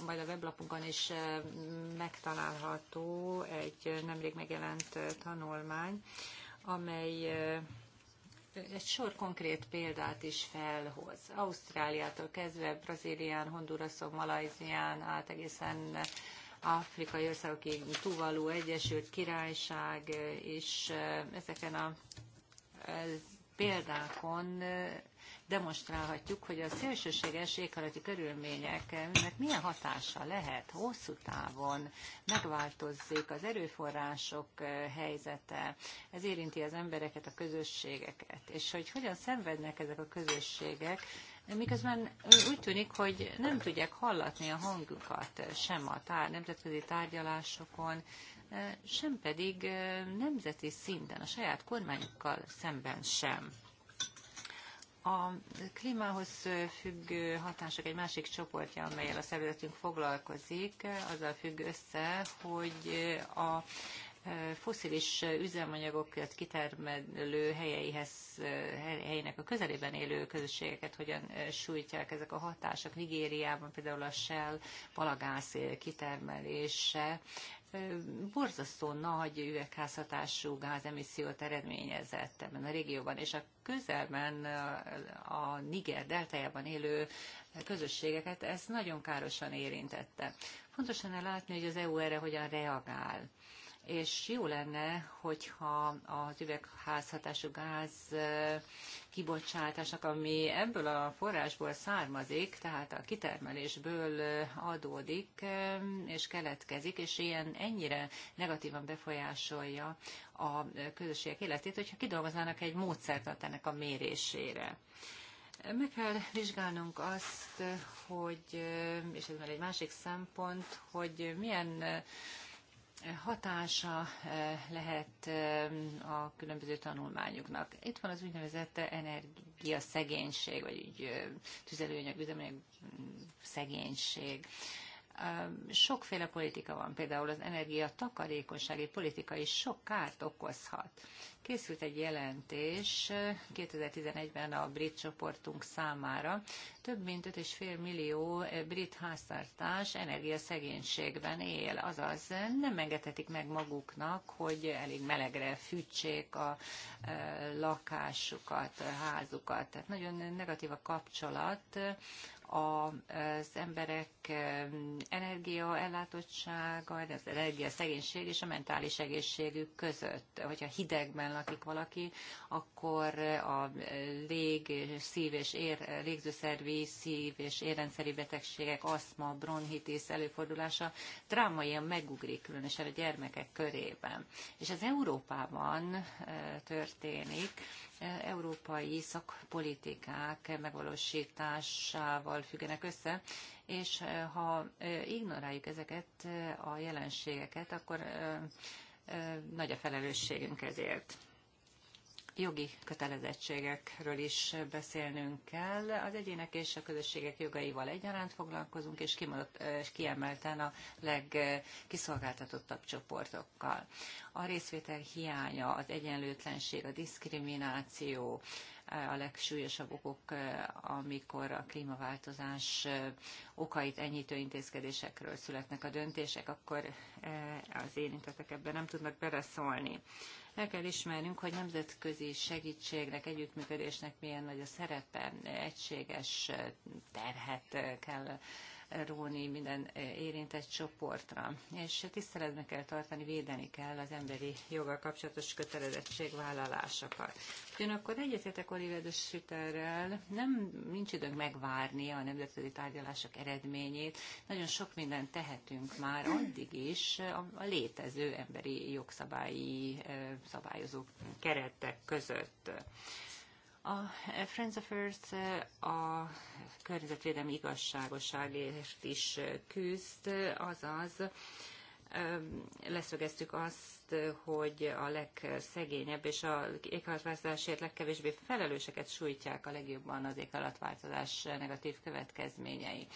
majd a weblapunkon is megtalálható egy nemrég megjelent tanulmány, amely egy sor konkrét példát is felhoz. Ausztráliától kezdve Brazílián, Honduraszon, Malajzián át egészen afrikai országokig, Tuvalu, Egyesült Királyság, és eh, ezeken a eh, példákon eh, demonstrálhatjuk, hogy a szélsőséges éghajlati körülményeknek milyen hatása lehet hosszú távon, megváltozik az erőforrások eh, helyzete, ez érinti az embereket, a közösségeket, és hogy hogyan szenvednek ezek a közösségek, miközben úgy tűnik, hogy nem tudják hallatni a hangjukat sem a tár, nemzetközi tárgyalásokon, eh, sem pedig eh, nemzeti szinten, a saját kormányukkal szemben sem. A klímához függő hatások egy másik csoportja, amelyel a szervezetünk foglalkozik, azzal függ össze, hogy a e, foszilis üzemanyagokat kitermelő helyeihez, e, helyének a közelében élő közösségeket hogyan e, sújtják ezek a hatások. Nigériában például a Shell palagász kitermelése borzasztó nagy üvegházhatású gázemissziót eredményezett ebben a régióban, és a közelben a Niger deltájában élő közösségeket ez nagyon károsan érintette. Fontosan látni, hogy az EU erre hogyan reagál és jó lenne, hogyha az üvegházhatású gáz kibocsátásnak, ami ebből a forrásból származik, tehát a kitermelésből adódik és keletkezik, és ilyen ennyire negatívan befolyásolja a közösségek életét, hogyha kidolgoznának egy módszert ennek a mérésére. Meg kell vizsgálnunk azt, hogy, és ez már egy másik szempont, hogy milyen hatása eh, lehet eh, a különböző tanulmányoknak. Itt van az úgynevezett energiaszegénység, vagy így eh, tüzelőanyag, üzemanyag mm, szegénység sokféle politika van, például az energia takarékonysági politika is sok kárt okozhat. Készült egy jelentés 2011-ben a brit csoportunk számára. Több mint 5,5 millió brit háztartás energiaszegénységben él, azaz nem engedhetik meg maguknak, hogy elég melegre fűtsék a lakásukat, a házukat. Tehát nagyon negatív a kapcsolat az emberek energiaellátottsága, az energiaszegénység és a mentális egészségük között. Hogyha hidegben lakik valaki, akkor a lég, szív és ér, légzőszervi, szív és érrendszeri betegségek, aszma, bronhitis előfordulása drámaian megugrik, különösen a gyermekek körében. És ez Európában eh, történik, európai szakpolitikák megvalósításával függenek össze, és eh, ha eh, ignoráljuk ezeket eh, a jelenségeket, akkor nagy a felelősségünk ezért jogi kötelezettségekről is beszélnünk kell. Az egyének és a közösségek jogaival egyaránt foglalkozunk, és, kiemelten a legkiszolgáltatottabb csoportokkal. A részvétel hiánya, az egyenlőtlenség, a diszkrimináció, a legsúlyosabb okok, amikor a klímaváltozás okait enyhítő intézkedésekről születnek a döntések, akkor eh, az érintetek ebben nem tudnak beleszólni. El kell ismernünk, hogy nemzetközi segítségnek, együttműködésnek milyen nagy a szerepe, egységes terhet kell róni minden érintett csoportra. És tiszteletben kell tartani, védeni kell az emberi joggal kapcsolatos kötelezettségvállalásokat. akkor egyetértek Oliver de Schütterrel. nem, nincs időnk megvárni a nemzetközi tárgyalások eredményét. Nagyon sok mindent tehetünk már addig is a, létező emberi jogszabályi eh, szabályozó keretek között. A Friends of Earth eh, a környezetvédelmi igazságosságért is eh, küzd, azaz leszögeztük azt, hogy a legszegényebb és a éghajlatváltozásért legkevésbé felelőseket sújtják a legjobban az éghajlatváltozás negatív következményei.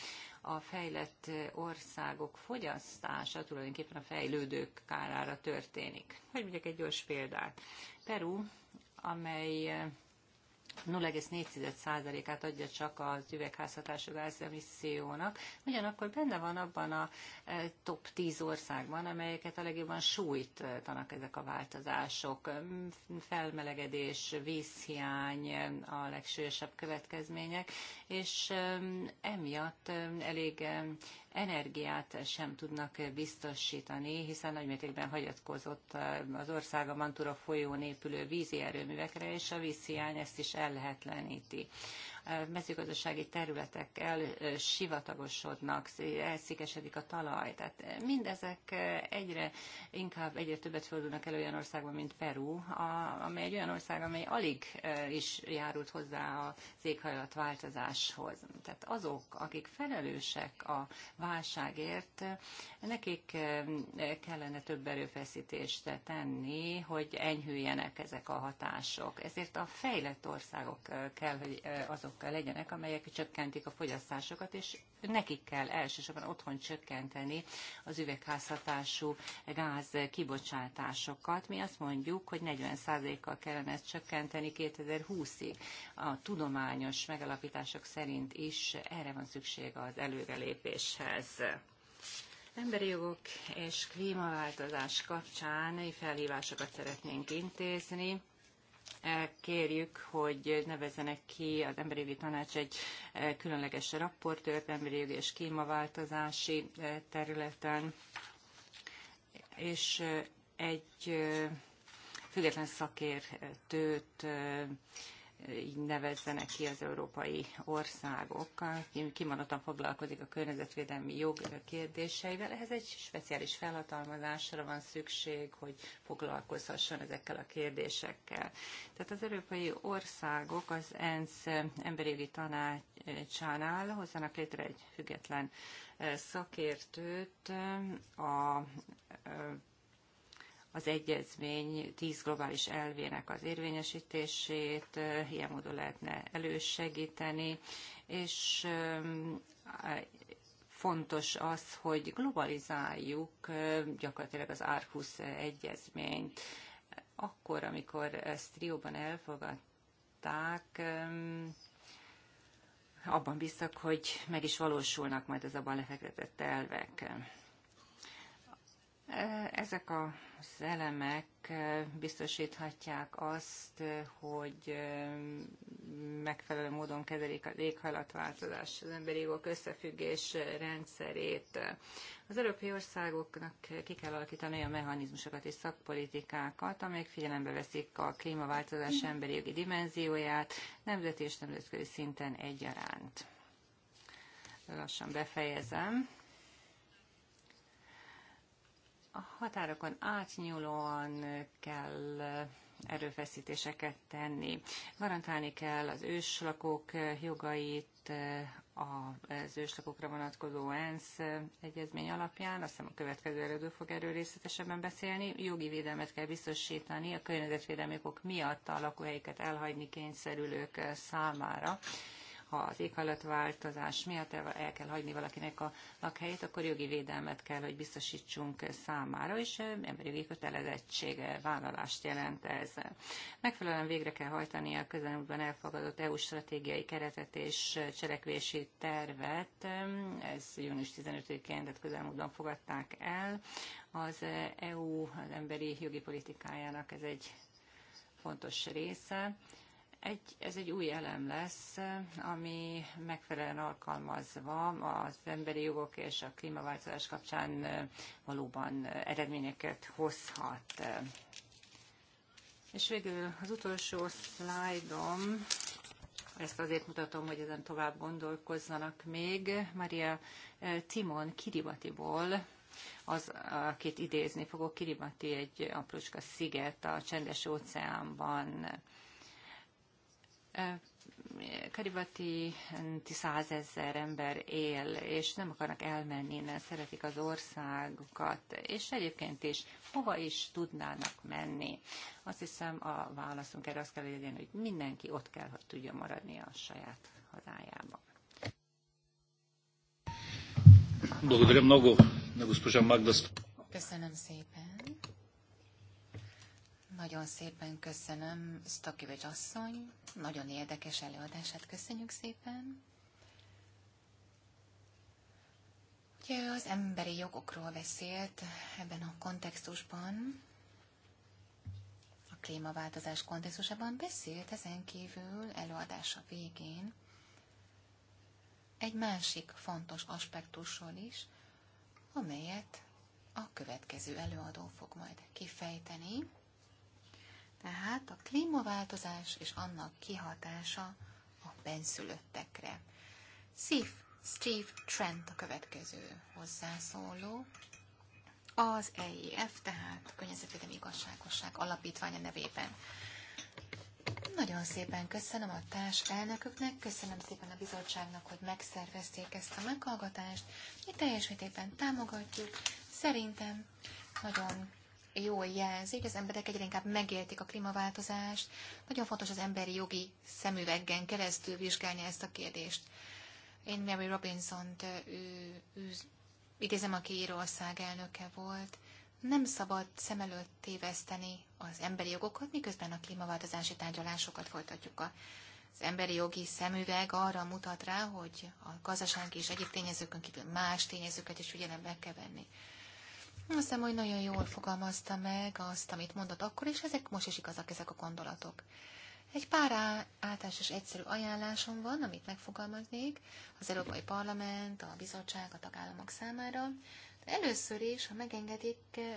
A fejlett országok fogyasztása tulajdonképpen a fejlődők kárára történik. Hogy mondjak egy gyors példát. Peru, amely eh, 0,4%-át adja csak az üvegházhatású gázemissziónak. ugyanakkor benne van abban a e, top 10 országban, amelyeket a legjobban sújtanak ezek a változások. Felmelegedés, vízhiány a legsősebb következmények, és e, emiatt e, elég energiát sem tudnak biztosítani, hiszen nagymértékben hagyatkozott az ország a Mantura folyón épülő vízi erőművekre, és a vízhiány ezt is ellehetleníti mezőgazdasági területek elsivatagosodnak, elszikesedik a talaj. Tehát mindezek egyre inkább egyre többet fordulnak el olyan országban, mint Peru, amely egy olyan ország, amely alig e, is járult hozzá az változáshoz. Tehát azok, akik felelősek a válságért, nekik e, kellene több erőfeszítést tenni, hogy enyhüljenek ezek a hatások. Ezért a fejlett országok e, kell, hogy azok kell legyenek, amelyek csökkentik a fogyasztásokat, és nekik kell elsősorban otthon csökkenteni az üvegházhatású gáz kibocsátásokat. Mi azt mondjuk, hogy 40%-kal kellene ezt csökkenteni 2020-ig. A tudományos megalapítások szerint is erre van szükség az előrelépéshez. Emberi jogok és klímaváltozás kapcsán felhívásokat szeretnénk intézni kérjük, hogy nevezzenek ki az Emberi Jogi Tanács egy eh, különleges rapportőrt emberi jogi és klímaváltozási eh, területen, és eh, egy független szakértőt így nevezzenek ki az európai országok. Kimondottan foglalkozik a környezetvédelmi jog kérdéseivel. Ehhez egy speciális felhatalmazásra van szükség, hogy foglalkozhasson ezekkel a kérdésekkel. Tehát az európai országok az ENSZ emberi tanácsánál hozzanak létre egy független szakértőt a az egyezmény tíz globális elvének az érvényesítését, ilyen módon lehetne elősegíteni, és fontos az, hogy globalizáljuk gyakorlatilag az Árkusz egyezményt. Akkor, amikor ezt Trióban elfogadták, abban biztak, hogy meg is valósulnak majd az abban lefektetett elvek. Ezek az elemek biztosíthatják azt, hogy megfelelő módon kezelik az éghajlatváltozás, az emberi jogok összefüggés rendszerét. Az európai országoknak ki kell alakítani olyan mechanizmusokat és szakpolitikákat, amelyek figyelembe veszik a klímaváltozás emberi jogi dimenzióját, nemzeti és nemzetközi szinten egyaránt. Lassan befejezem a határokon átnyúlóan kell erőfeszítéseket tenni. Garantálni kell az őslakók jogait, az őslakokra vonatkozó ENSZ egyezmény alapján, aztán a következő erődő fog erről részletesebben beszélni, jogi védelmet kell biztosítani a környezetvédelmi okok miatt a lakóhelyeket elhagyni kényszerülők számára, ha az éghajlatváltozás miatt el kell hagyni valakinek a lakhelyét, akkor jogi védelmet kell, hogy biztosítsunk számára, és eh, emberi kötelezettség vállalást jelent ez. Megfelelően végre kell hajtani a közelmúltban elfogadott EU stratégiai keretet és eh, cselekvési tervet. Ez június 15-én, tehát közelmúltban fogadták el. Az EU eh, e az emberi jogi politikájának ez egy fontos része egy, ez egy új elem lesz, ami megfelelően alkalmazva az emberi jogok és a klímaváltozás kapcsán valóban eredményeket hozhat. És végül az utolsó szlájdom, ezt azért mutatom, hogy ezen tovább gondolkozzanak még. Maria Timon Kiribatiból, az, akit idézni fogok, Kiribati egy aprócska sziget a csendes óceánban. E, Karibati százezer ember él, és nem akarnak elmenni innen, szeretik az országukat, és egyébként is hova is tudnának menni. Azt hiszem a válaszunk erre az kell legyen, hogy mindenki ott kell, hogy tudja maradni a saját hazájában. Köszönöm szépen. Nagyon szépen köszönöm Stakivics asszony, nagyon érdekes előadását köszönjük szépen. Ugye az emberi jogokról beszélt ebben a kontextusban, a klímaváltozás kontextusában beszélt ezen kívül előadása végén egy másik fontos aspektusról is, amelyet a következő előadó fog majd kifejteni. Tehát a klímaváltozás és annak kihatása a benszülöttekre. Steve, Steve Trent a következő hozzászóló. Az EIF, tehát Környezetvédelmi Igazságosság Alapítványa nevében. Nagyon szépen köszönöm a társ elnököknek, köszönöm szépen a bizottságnak, hogy megszervezték ezt a meghallgatást. Mi teljes mértékben támogatjuk. Szerintem nagyon jól jelzi, hogy az emberek egyre inkább megértik a klímaváltozást. Nagyon fontos az emberi jogi szemüveggen keresztül vizsgálni ezt a kérdést. Én Mary Robinson-t ő, ő, idézem, aki Írország elnöke volt. Nem szabad szem előtt téveszteni az emberi jogokat, miközben a klímaváltozási tárgyalásokat folytatjuk. Az emberi jogi szemüveg arra mutat rá, hogy a gazdasági és egyéb tényezőkön kívül más tényezőket is ugyanebben kell venni. Azt hiszem, hogy nagyon jól fogalmazta meg azt, amit mondott akkor, és ezek most is igazak, ezek a gondolatok. Egy pár általános egyszerű ajánlásom van, amit megfogalmaznék az Európai Parlament, a bizottság, a tagállamok számára. De először is, ha megengedik,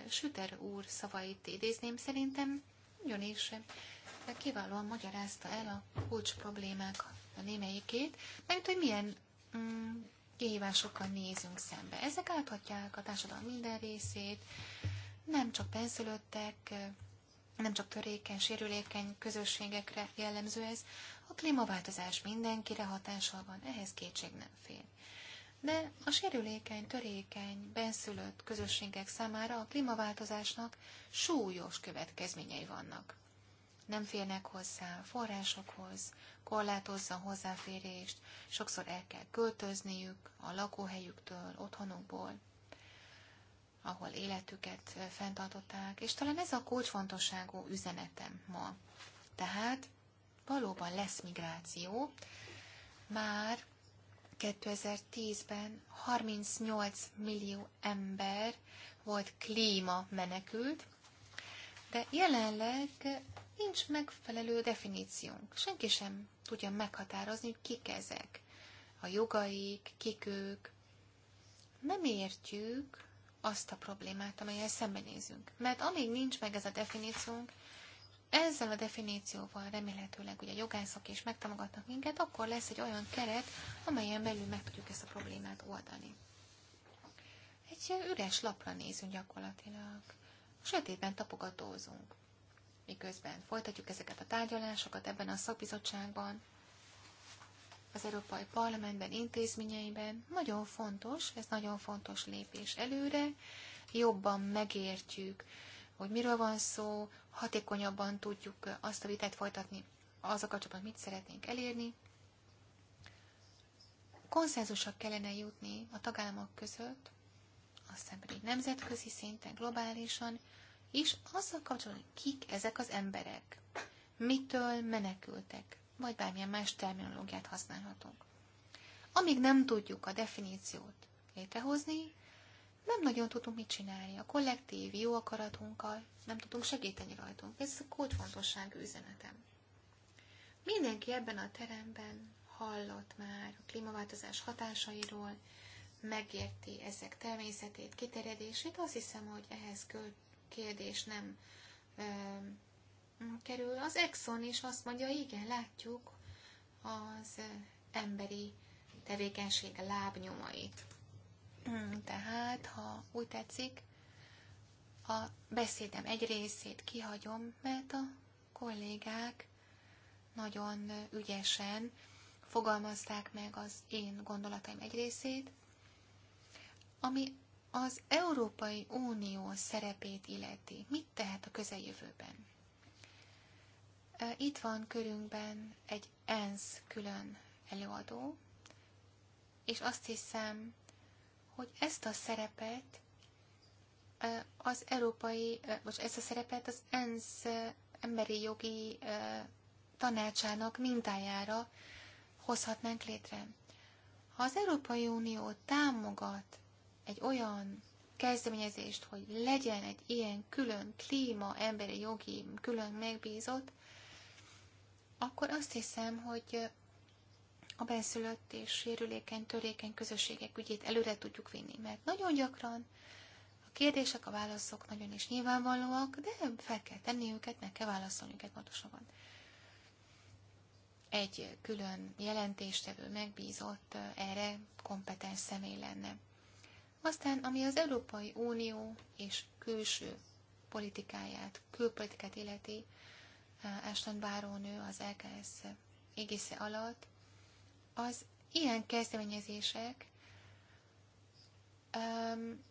Süter úr szavait idézném, szerintem ugyanis kiválóan magyarázta el a kulcs problémák a némelyikét, mert hogy milyen mm, kihívásokkal nézünk szembe. Ezek áthatják a társadalom minden részét, nem csak benszülöttek, nem csak törékeny, sérülékeny közösségekre jellemző ez, a klímaváltozás mindenkire hatással van, ehhez kétség nem fél. De a sérülékeny, törékeny, benszülött közösségek számára a klímaváltozásnak súlyos következményei vannak nem férnek hozzá forrásokhoz, korlátozza a hozzáférést, sokszor el kell költözniük a lakóhelyüktől, otthonukból, ahol életüket fenntartották, és talán ez a kulcsfontosságú üzenetem ma. Tehát valóban lesz migráció, már 2010-ben 38 millió ember volt klíma menekült, de jelenleg Nincs megfelelő definíciónk. Senki sem tudja meghatározni, hogy kik ezek. A jogaik, kik ők. Nem értjük azt a problémát, amelyel szembenézünk. Mert amíg nincs meg ez a definíciónk, ezzel a definícióval remélhetőleg, ugye a jogászok is megtamogatnak minket, akkor lesz egy olyan keret, amelyen belül meg tudjuk ezt a problémát oldani. Egy üres lapra nézünk gyakorlatilag. Sötétben tapogatózunk miközben folytatjuk ezeket a tárgyalásokat ebben a szakbizottságban, az Európai Parlamentben, intézményeiben. Nagyon fontos, ez nagyon fontos lépés előre. Jobban megértjük, hogy miről van szó, hatékonyabban tudjuk azt a vitát folytatni, azok csapat, mit szeretnénk elérni. Konszenzusra kellene jutni a tagállamok között, aztán pedig nemzetközi szinten, globálisan, és azzal kapcsolatban, kik ezek az emberek, mitől menekültek, vagy bármilyen más terminológiát használhatunk. Amíg nem tudjuk a definíciót létrehozni, nem nagyon tudunk mit csinálni. A kollektív jó akaratunkkal nem tudunk segíteni rajtunk. Ez a kulcsfontosságú üzenetem. Mindenki ebben a teremben hallott már a klímaváltozás hatásairól, megérti ezek természetét, kiterjedését, azt hiszem, hogy ehhez kérdés nem ö, kerül. Az Exxon is azt mondja, igen, látjuk az emberi tevékenység lábnyomait. Hmm, tehát, ha úgy tetszik, a beszédem egy részét kihagyom, mert a kollégák nagyon ügyesen fogalmazták meg az én gondolataim egy részét, ami az Európai Unió szerepét illeti. Mit tehet a közeljövőben? Itt van körünkben egy ENSZ külön előadó, és azt hiszem, hogy ezt a szerepet az európai, most ezt a szerepet az ENSZ emberi jogi tanácsának mintájára hozhatnánk létre. Ha az Európai Unió támogat egy olyan kezdeményezést, hogy legyen egy ilyen külön klíma, emberi jogi, külön megbízott, akkor azt hiszem, hogy a benszülött és sérülékeny, törékeny közösségek ügyét előre tudjuk vinni, mert nagyon gyakran a kérdések, a válaszok nagyon is nyilvánvalóak, de fel kell tenni őket, meg kell válaszolni őket pontosabban. Egy külön jelentéstevő megbízott erre kompetens személy lenne. Aztán, ami az Európai Unió és külső politikáját, külpolitikát illeti, eh, Ashton Bárónő az LKS égisze alatt, az ilyen kezdeményezések um,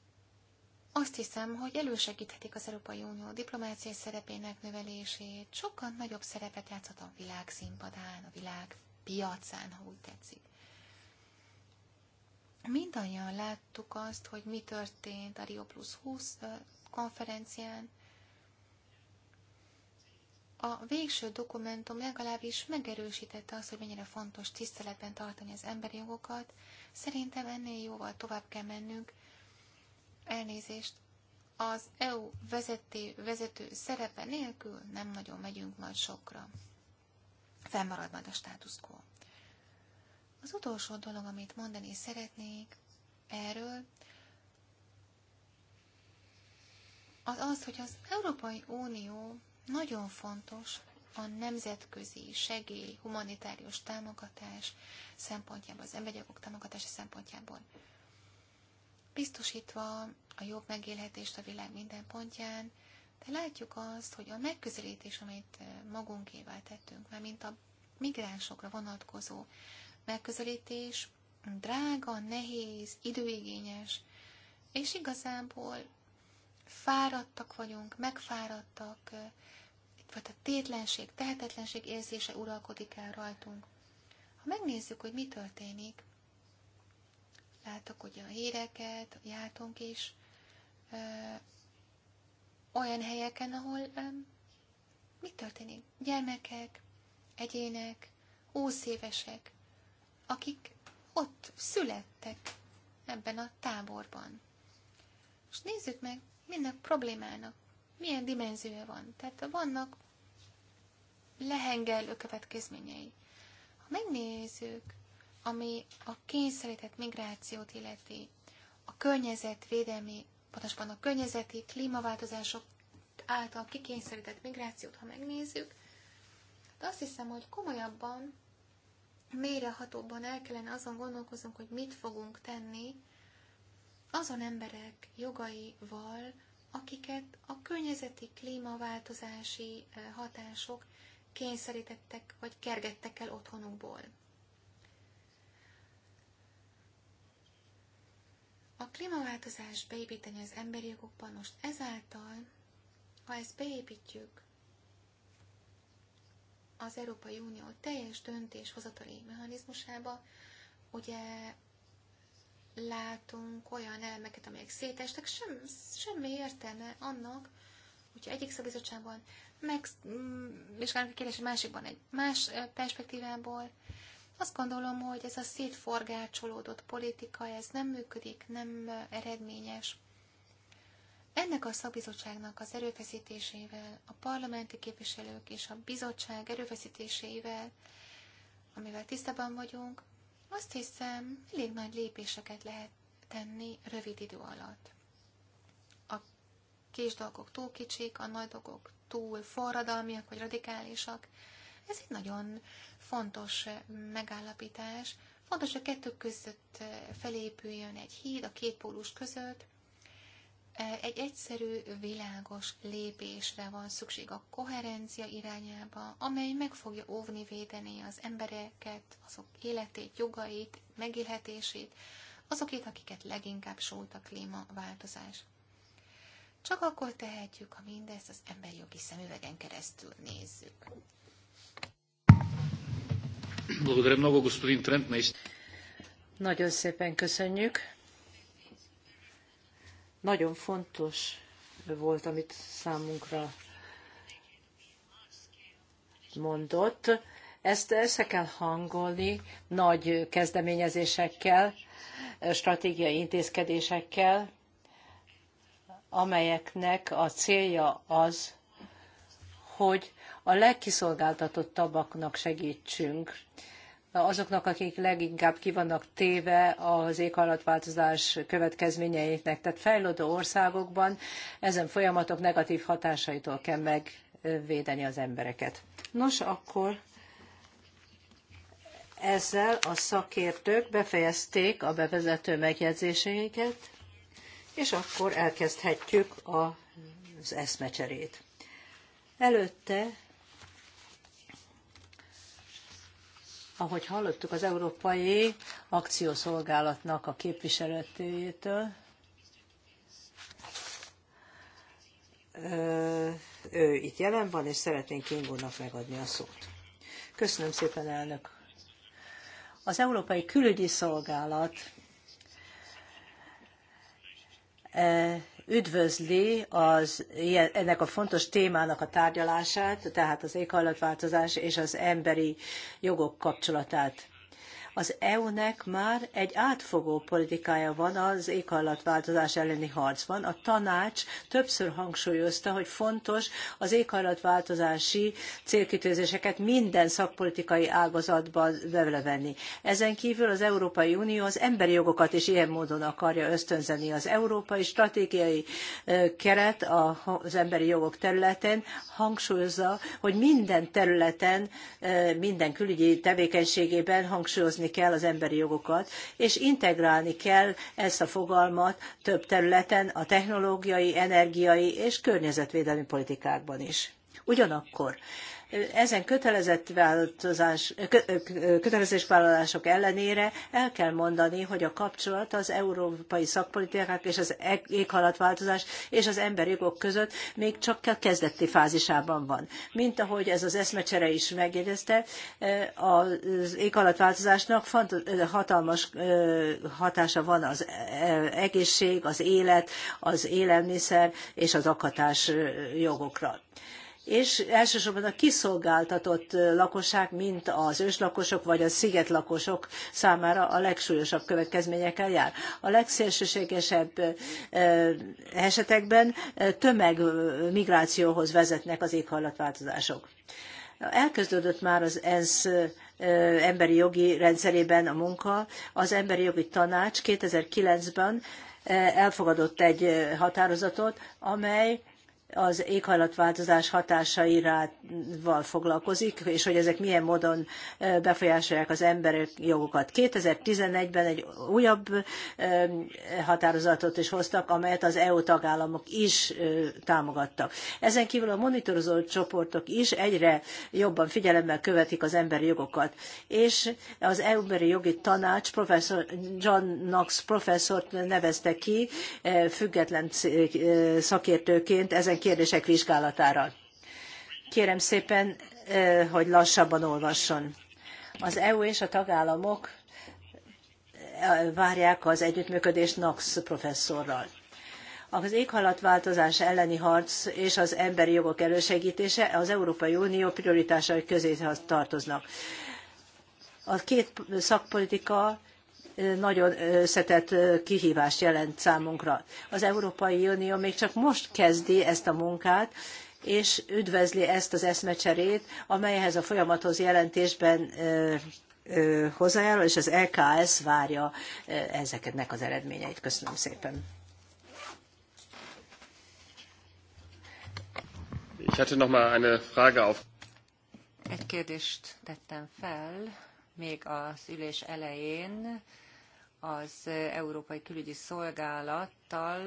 azt hiszem, hogy elősegíthetik az Európai Unió diplomáciai szerepének növelését, sokkal nagyobb szerepet játszhat a világ színpadán, a világ piacán, ha úgy tetszik. Mindannyian láttuk azt, hogy mi történt a Rio Plus 20 konferencián. A végső dokumentum legalábbis megerősítette azt, hogy mennyire fontos tiszteletben tartani az emberi jogokat. Szerintem ennél jóval tovább kell mennünk. Elnézést, az EU vezeté, vezető szerepe nélkül nem nagyon megyünk majd sokra. Fennmarad majd a status quo. Az utolsó dolog, amit mondani szeretnék erről, az az, hogy az Európai Unió nagyon fontos a nemzetközi segély, humanitárius támogatás szempontjából, az emberi jogok támogatása szempontjából. Biztosítva a jobb megélhetést a világ minden pontján, de látjuk azt, hogy a megközelítés, amit magunkével tettünk, már mint a migránsokra vonatkozó megközelítés, drága, nehéz, időigényes, és igazából fáradtak vagyunk, megfáradtak, vagy a tétlenség, tehetetlenség érzése uralkodik el rajtunk. Ha megnézzük, hogy mi történik, látok ugye a híreket, jártunk is, ö, olyan helyeken, ahol ö, mi történik? Gyermekek, egyének, ószévesek akik ott születtek ebben a táborban. És nézzük meg minden problémának, milyen dimenziója van. Tehát vannak lehengelő következményei. Ha megnézzük, ami a kényszerített migrációt illeti, a környezetvédelmi, pontosabban a környezeti klímaváltozások által kikényszerített migrációt, ha megnézzük, de hát azt hiszem, hogy komolyabban mélyrehatóban el kellene azon gondolkozunk, hogy mit fogunk tenni azon emberek jogaival, akiket a környezeti klímaváltozási eh, hatások kényszerítettek vagy kergettek el otthonukból. A klímaváltozás beépíteni az emberi jogokban most ezáltal, ha ezt beépítjük az Európai Unió teljes döntéshozatali mechanizmusába, ugye látunk olyan elemeket, amelyek szétestek, sem, semmi értelme annak, hogyha egyik szabizottságban megvizsgálunk mm, a kérdést, másikban egy más perspektívából, azt gondolom, hogy ez a szétforgácsolódott politika, ez nem működik, nem eredményes. Ennek a szakbizottságnak az erőfeszítésével, a parlamenti képviselők és a bizottság erőfeszítéseivel, amivel tisztában vagyunk, azt hiszem, elég nagy lépéseket lehet tenni rövid idő alatt. A kis dolgok túl kicsik, a nagy dolgok túl forradalmiak vagy radikálisak. Ez egy nagyon fontos eh, megállapítás. Fontos, hogy a kettő között eh, felépüljön egy híd a két pólus között, egy egyszerű, világos lépésre van szükség a koherencia irányába, amely meg fogja óvni, védeni az embereket, azok életét, jogait, megélhetését, azokét, akiket leginkább sújt a klímaváltozás. Csak akkor tehetjük, ha mindezt az emberi jogi szemüvegen keresztül nézzük. Nagyon szépen köszönjük. Nagyon fontos volt, amit számunkra mondott. Ezt össze kell hangolni nagy kezdeményezésekkel, stratégiai intézkedésekkel, amelyeknek a célja az, hogy a legkiszolgáltatottabbaknak segítsünk azoknak, akik leginkább kivannak téve az éghajlatváltozás következményeinek. Tehát fejlődő országokban ezen folyamatok negatív hatásaitól kell megvédeni az embereket. Nos, akkor ezzel a szakértők befejezték a bevezető megjegyzéseiket, és akkor elkezdhetjük az eszmecserét. Előtte Ahogy hallottuk az Európai Akciószolgálatnak a képviselőtőjétől, ő itt jelen van, és szeretnénk Ingónak megadni a szót. Köszönöm szépen, elnök. Az Európai Külügyi Szolgálat e, üdvözli az, ennek a fontos témának a tárgyalását, tehát az éghajlatváltozás és az emberi jogok kapcsolatát. Az EU-nek már egy átfogó politikája van az éghajlatváltozás elleni harcban. A tanács többször hangsúlyozta, hogy fontos az éghajlatváltozási célkitűzéseket minden szakpolitikai ágazatba bevlevenni. Ezen kívül az Európai Unió az emberi jogokat is ilyen módon akarja ösztönzeni. Az Európai Stratégiai Keret az emberi jogok területén hangsúlyozza, hogy minden területen, minden külügyi tevékenységében hangsúlyozni hangsúlyozni kell az emberi jogokat, és integrálni kell ezt a fogalmat több területen, a technológiai, energiai és környezetvédelmi politikákban is. Ugyanakkor ezen kötelezett változás, kötelezésvállalások ellenére el kell mondani, hogy a kapcsolat az európai szakpolitikák és az e-, éghajlatváltozás és az emberi jogok között még csak a kezdeti fázisában van. Mint ahogy ez az eszmecsere is megjegyezte, e, az éghajlatváltozásnak hatalmas e, hatása van az egészség, az élet, az élelmiszer és az akatás jogokra és elsősorban a kiszolgáltatott lakosság, mint az őslakosok vagy a szigetlakosok számára a legsúlyosabb következményekkel jár. A legszélsőségesebb esetekben tömegmigrációhoz vezetnek az éghajlatváltozások. Elkezdődött már az ENSZ emberi jogi rendszerében a munka. Az emberi jogi tanács 2009-ben elfogadott egy határozatot, amely az éghajlatváltozás hatásaival foglalkozik, és hogy ezek milyen módon befolyásolják az emberek jogokat. 2011-ben egy újabb határozatot is hoztak, amelyet az EU tagállamok is támogattak. Ezen kívül a monitorozó csoportok is egyre jobban figyelemmel követik az emberi jogokat. És az emberi jogi tanács professzor John Knox professzort nevezte ki független szakértőként ezen kérdések vizsgálatára. Kérem szépen, hogy lassabban olvasson. Az EU és a tagállamok várják az együttműködést Nax professzorral. Az éghajlatváltozás elleni harc és az emberi jogok elősegítése az Európai Unió prioritásai közé tartoznak. A két szakpolitika nagyon összetett kihívást jelent számunkra. Az Európai Unió még csak most kezdi ezt a munkát, és üdvözli ezt az eszmecserét, amelyhez a folyamathoz jelentésben hozzájárul, és az EKS várja ezeknek az eredményeit. Köszönöm szépen. Ich hatte noch mal eine Frage auf. Egy kérdést tettem fel még az ülés elején az Európai Külügyi Szolgálattal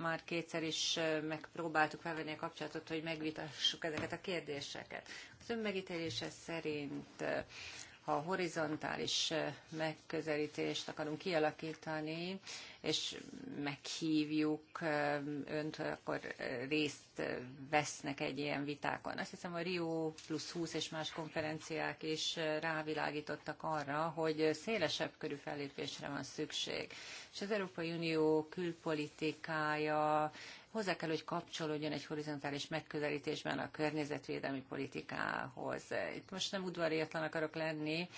már kétszer is megpróbáltuk felvenni a kapcsolatot, hogy megvitassuk ezeket a kérdéseket. Az önmegítélése szerint ha horizontális megközelítést akarunk kialakítani, és meghívjuk önt, akkor részt vesznek egy ilyen vitákon. Azt hiszem, a Rio plusz 20 és más konferenciák is rávilágítottak arra, hogy szélesebb körű fellépésre van szükség. És az Európai Unió külpolitikája hozzá kell, hogy kapcsolódjon egy horizontális megközelítésben a környezetvédelmi politikához. Itt most nem udvariatlan akarok lenni,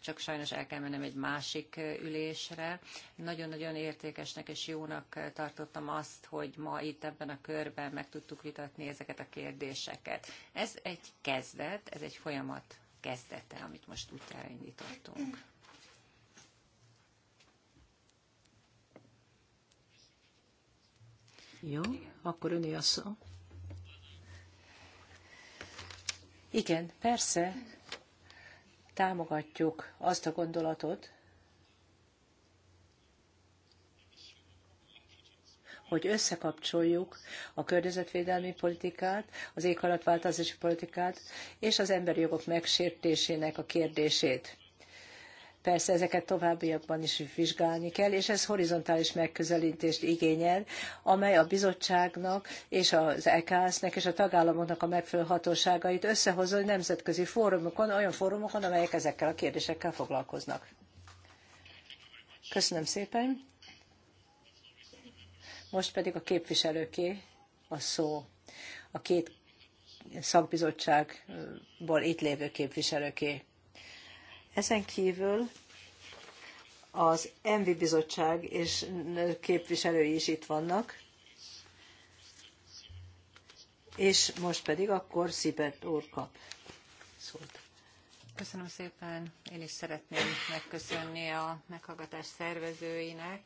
csak sajnos el kell mennem egy másik ülésre. Nagyon-nagyon értékesnek és jónak tartottam azt, hogy ma itt ebben a körben meg tudtuk vitatni ezeket a kérdéseket. Ez egy kezdet, ez egy folyamat kezdete, amit most útjára indítottunk. Jó, akkor öné a szó. Igen, persze, támogatjuk azt a gondolatot, hogy összekapcsoljuk a környezetvédelmi politikát, az éghajlatváltozási politikát és az emberi jogok megsértésének a kérdését. Persze ezeket továbbiakban is vizsgálni kell, és ez horizontális megközelítést igényel, amely a bizottságnak és az EKS-nek és a tagállamoknak a megfelelő hatóságait összehozó nemzetközi fórumokon, olyan fórumokon, amelyek ezekkel a kérdésekkel foglalkoznak. Köszönöm szépen. Most pedig a képviselőké a szó. A két szakbizottságból itt lévő képviselőké. Ezen kívül az Envi Bizottság és képviselői is itt vannak. És most pedig akkor Szibet úr kap szót. Köszönöm szépen. Én is szeretném megköszönni a meghallgatás szervezőinek,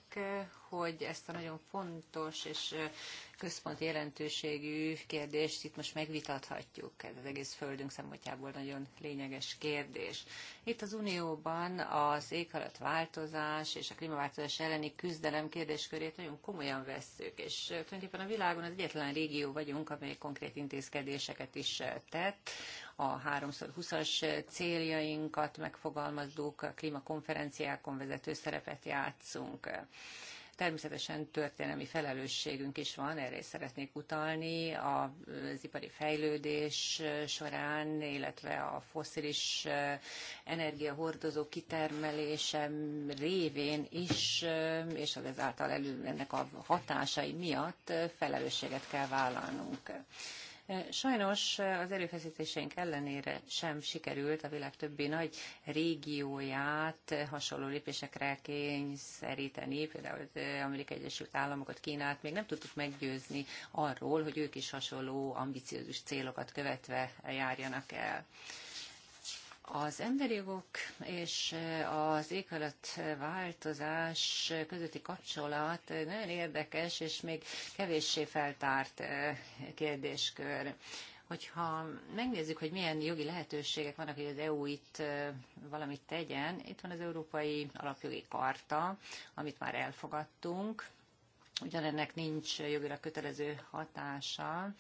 hogy ezt a nagyon fontos és központi jelentőségű kérdést itt most megvitathatjuk. Ez az egész földünk szempontjából nagyon lényeges kérdés. Itt az Unióban az éghajlatváltozás és a klímaváltozás elleni küzdelem kérdéskörét nagyon komolyan vesszük, és tulajdonképpen a világon az egyetlen régió vagyunk, amely konkrét intézkedéseket is tett. A 3x20-as céljainkat megfogalmazzuk, a klímakonferenciákon vezető szerepet játszunk. Természetesen történelmi felelősségünk is van, erre is szeretnék utalni. Az ipari fejlődés során, illetve a foszilis eh, energiahordozó kitermelése révén is, eh, és az ezáltal elő ennek a hatásai miatt eh, felelősséget kell vállalnunk. Sajnos eh, az erőfeszítéseink ellenére sem sikerült a világ többi nagy régióját hasonló lépésekre kényszeríteni, például az eh, Amerikai Egyesült Államokat, Kínát még nem tudtuk meggyőzni arról, hogy ők is hasonló ambiciózus célokat követve járjanak el. Az emberi jogok és az éghajlatváltozás közötti kapcsolat nagyon érdekes és még kevéssé feltárt kérdéskör. Hogyha megnézzük, hogy milyen jogi lehetőségek vannak, hogy az EU itt valamit tegyen, itt van az Európai Alapjogi Karta, amit már elfogadtunk, ugyanennek nincs jogilag kötelező hatása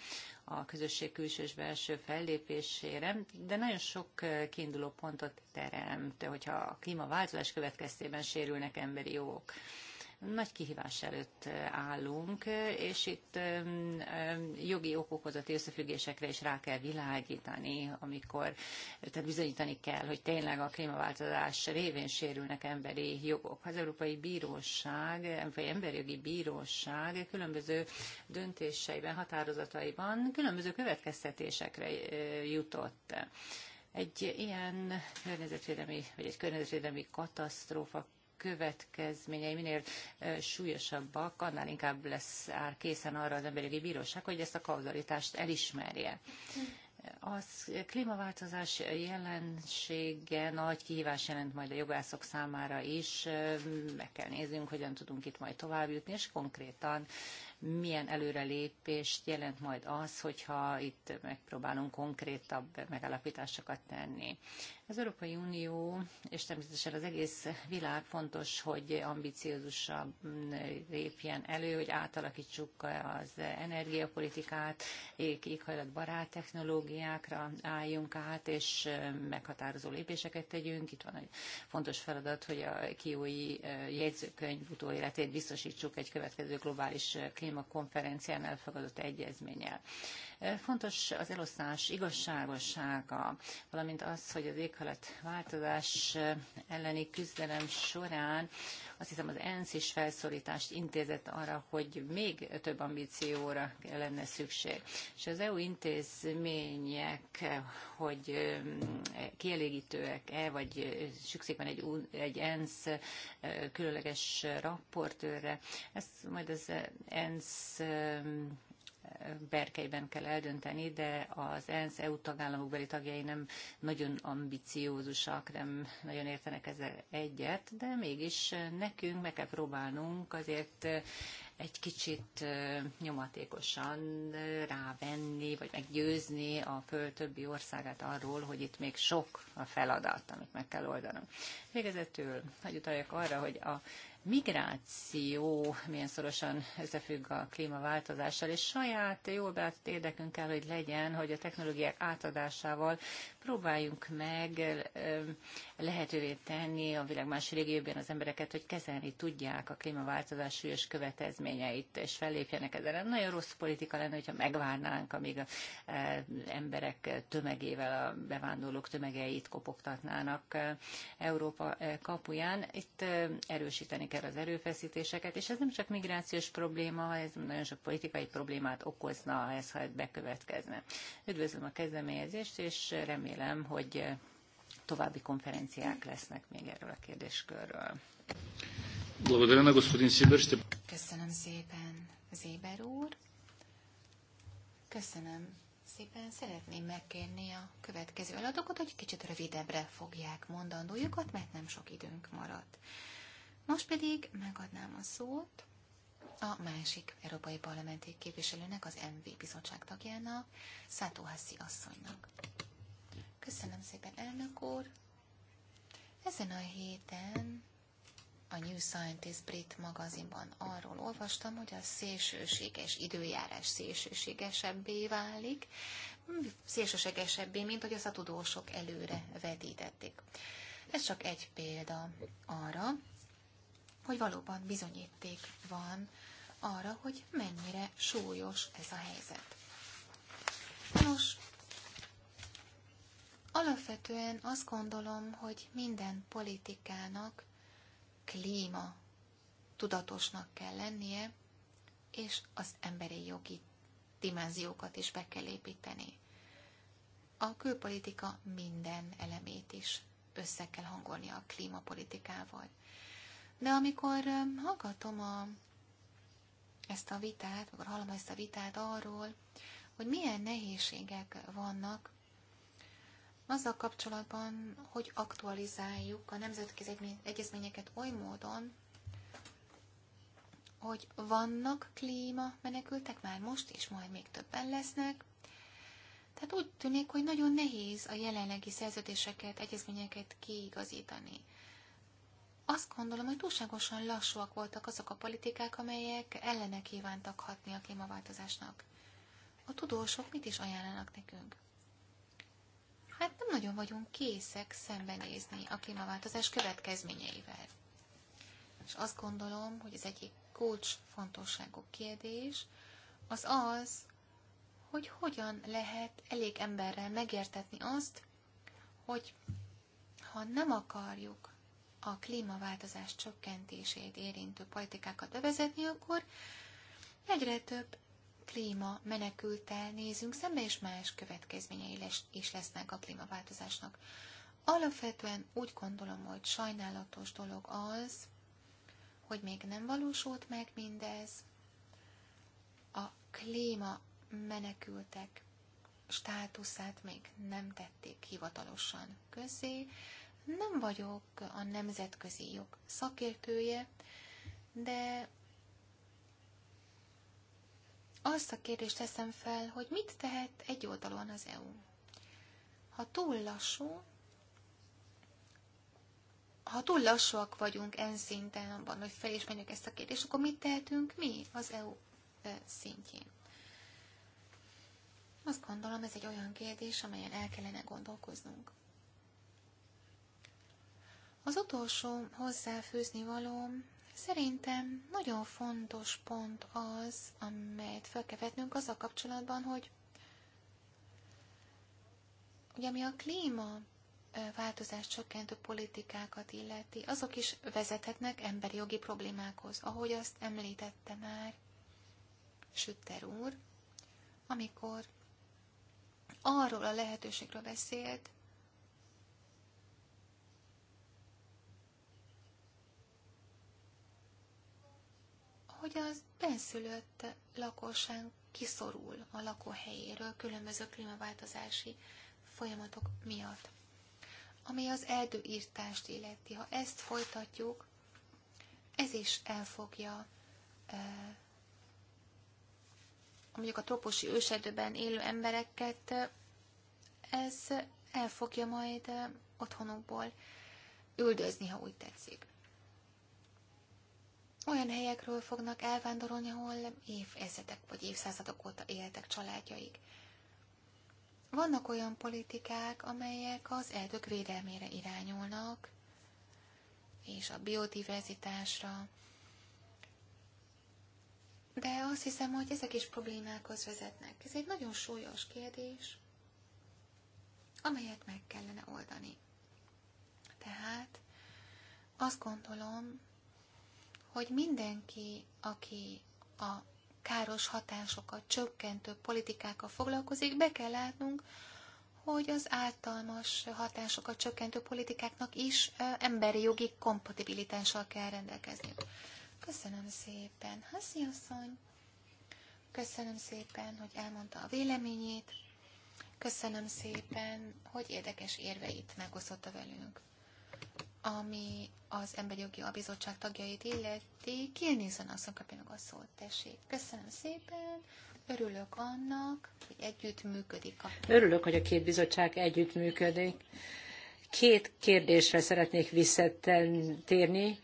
a közösség külső és belső fellépésére, de nagyon sok kiinduló pontot teremt, hogyha a klímaváltozás következtében sérülnek emberi jogok. Nagy kihívás előtt állunk, és itt jogi okokozati összefüggésekre is rá kell világítani, amikor tehát bizonyítani kell, hogy tényleg a klímaváltozás révén sérülnek emberi jogok. Az Európai Bíróság, vagy Emberjogi Bíróság különböző döntéseiben, határozataiban különböző következtetésekre jutott egy ilyen környezetvédelmi, vagy egy környezetvédelmi katasztrófa következményei minél súlyosabbak, annál inkább lesz áll készen arra az emberi bíróság, hogy ezt a kauzalitást elismerje. A klímaváltozás jelensége nagy kihívás jelent majd a jogászok számára is. Meg kell néznünk, hogyan tudunk itt majd tovább jutni, és konkrétan milyen előrelépést jelent majd az, hogyha itt megpróbálunk konkrétabb megállapításokat tenni. Az Európai Unió, és természetesen az egész világ fontos, hogy ambiciózusabb lépjen elő, hogy átalakítsuk az energiapolitikát, éghajlatbarát technológiákra álljunk át, és meghatározó lépéseket tegyünk. Itt van egy fontos feladat, hogy a kiói jegyzőkönyv utóéletét biztosítsuk egy következő globális klímát klímakonferencián elfogadott egyezménnyel. Fontos az elosztás igazságossága, valamint az, hogy az változás elleni küzdelem során azt hiszem az ENSZ is felszólítást intézett arra, hogy még több ambícióra lenne szükség. És az EU intézmények, hogy kielégítőek-e, vagy szükség van egy, egy ENSZ különleges raportőrre, ezt majd az e ENSZ berkeiben kell eldönteni, de az ENSZ EU tagállamok beli tagjai nem nagyon ambiciózusak, nem nagyon értenek ezzel egyet, de mégis nekünk meg kell próbálnunk azért egy kicsit nyomatékosan rávenni, vagy meggyőzni a föld többi országát arról, hogy itt még sok a feladat, amit meg kell oldanunk. Végezetül, hogy utaljak arra, hogy a migráció milyen szorosan összefügg a klímaváltozással, és saját jól beállt érdekünk kell, hogy legyen, hogy a technológiák átadásával próbáljunk meg lehetővé tenni a világ más régióban az embereket, hogy kezelni tudják a klímaváltozás súlyos következményeit, és fellépjenek ezzel. Nagyon rossz politika lenne, hogyha megvárnánk, amíg az e, emberek tömegével, a bevándorlók tömegeit kopogtatnának e, Európa e, kapuján. Itt erősíteni kell kell az erőfeszítéseket, és ez nem csak migrációs probléma, ez nagyon sok politikai problémát okozna, ha ez ha bekövetkezne. Üdvözlöm a kezdeményezést, és remélem, hogy további konferenciák lesznek még erről a kérdéskörről. Köszönöm szépen, Zéber úr. Köszönöm szépen. Szeretném megkérni a következő adatokat, hogy kicsit rövidebbre fogják mondandójukat, mert nem sok időnk maradt. Most pedig megadnám a szót a másik Európai Parlamenti képviselőnek, az MV Bizottság tagjának, Szátó Haszi asszonynak. Köszönöm szépen, elnök úr! Ezen a héten a New Scientist brit magazinban arról olvastam, hogy a szélsőséges időjárás szélsőségesebbé válik, szélsőségesebbé, mint hogy azt a tudósok előre vetítették. Ez csak egy példa arra, hogy valóban bizonyíték van arra, hogy mennyire súlyos ez a helyzet. Nos, alapvetően azt gondolom, hogy minden politikának klíma tudatosnak kell lennie, és az emberi jogi dimenziókat is be kell építeni. A külpolitika minden elemét is össze kell hangolni a klímapolitikával. De amikor hallgatom a, ezt a vitát, akkor hallom ezt a vitát arról, hogy milyen nehézségek vannak azzal kapcsolatban, hogy aktualizáljuk a nemzetközi egyezményeket oly módon, hogy vannak klíma menekültek már most, és majd még többen lesznek. Tehát úgy tűnik, hogy nagyon nehéz a jelenlegi szerződéseket, egyezményeket kiigazítani. Azt gondolom, hogy túlságosan lassúak voltak azok a politikák, amelyek ellene kívántak hatni a klímaváltozásnak. A tudósok mit is ajánlanak nekünk? Hát nem nagyon vagyunk készek szembenézni a klímaváltozás következményeivel. És azt gondolom, hogy az egyik kulcs fontosságú kérdés az az, hogy hogyan lehet elég emberrel megértetni azt, hogy ha nem akarjuk a klímaváltozás csökkentését érintő politikákat bevezetni, akkor egyre több klíma menekültel nézünk szembe, és más következményei is lesznek a klímaváltozásnak. Alapvetően úgy gondolom, hogy sajnálatos dolog az, hogy még nem valósult meg mindez. A klíma menekültek státuszát még nem tették hivatalosan közzé, nem vagyok a nemzetközi jog szakértője, de azt a kérdést teszem fel, hogy mit tehet egy oldalon az EU. Ha túl lassú, ha túl lassúak vagyunk en szinten abban, hogy felismerjük ezt a kérdést, akkor mit tehetünk mi az EU szintjén? Azt gondolom, ez egy olyan kérdés, amelyen el kellene gondolkoznunk. Az utolsó hozzáfűzni valóm szerintem nagyon fontos pont az, amelyet fel kell vetnünk az a kapcsolatban, hogy ugye ami a klíma változás csökkentő politikákat illeti, azok is vezethetnek emberi jogi problémákhoz, ahogy azt említette már Sütter úr, amikor arról a lehetőségről beszélt, hogy az benszülött lakosság kiszorul a lakóhelyéről különböző klímaváltozási folyamatok miatt. Ami az erdőírtást illeti, ha ezt folytatjuk, ez is elfogja e, mondjuk a tropusi ősedőben élő embereket, e, ez elfogja majd e, otthonukból üldözni, ha úgy tetszik olyan helyekről fognak elvándorolni, ahol évezredek vagy évszázadok óta éltek családjaik. Vannak olyan politikák, amelyek az erdők védelmére irányulnak, és a biodiverzitásra, de azt hiszem, hogy ezek is problémákhoz vezetnek. Ez egy nagyon súlyos kérdés, amelyet meg kellene oldani. Tehát azt gondolom, hogy mindenki, aki a káros hatásokat csökkentő politikákkal foglalkozik, be kell látnunk, hogy az általmas hatásokat csökkentő politikáknak is emberi jogi kompatibilitással kell rendelkezni. Köszönöm szépen, Haszi asszony! Köszönöm szépen, hogy elmondta a véleményét. Köszönöm szépen, hogy érdekes érveit megosztotta velünk ami az Emberi Jogi bizottság tagjait illeti, kérnézzen azt kapja meg a szót, tessék. Köszönöm szépen, örülök annak, hogy együttműködik. A... Örülök, hogy a két bizottság együttműködik. Két kérdésre szeretnék visszatérni,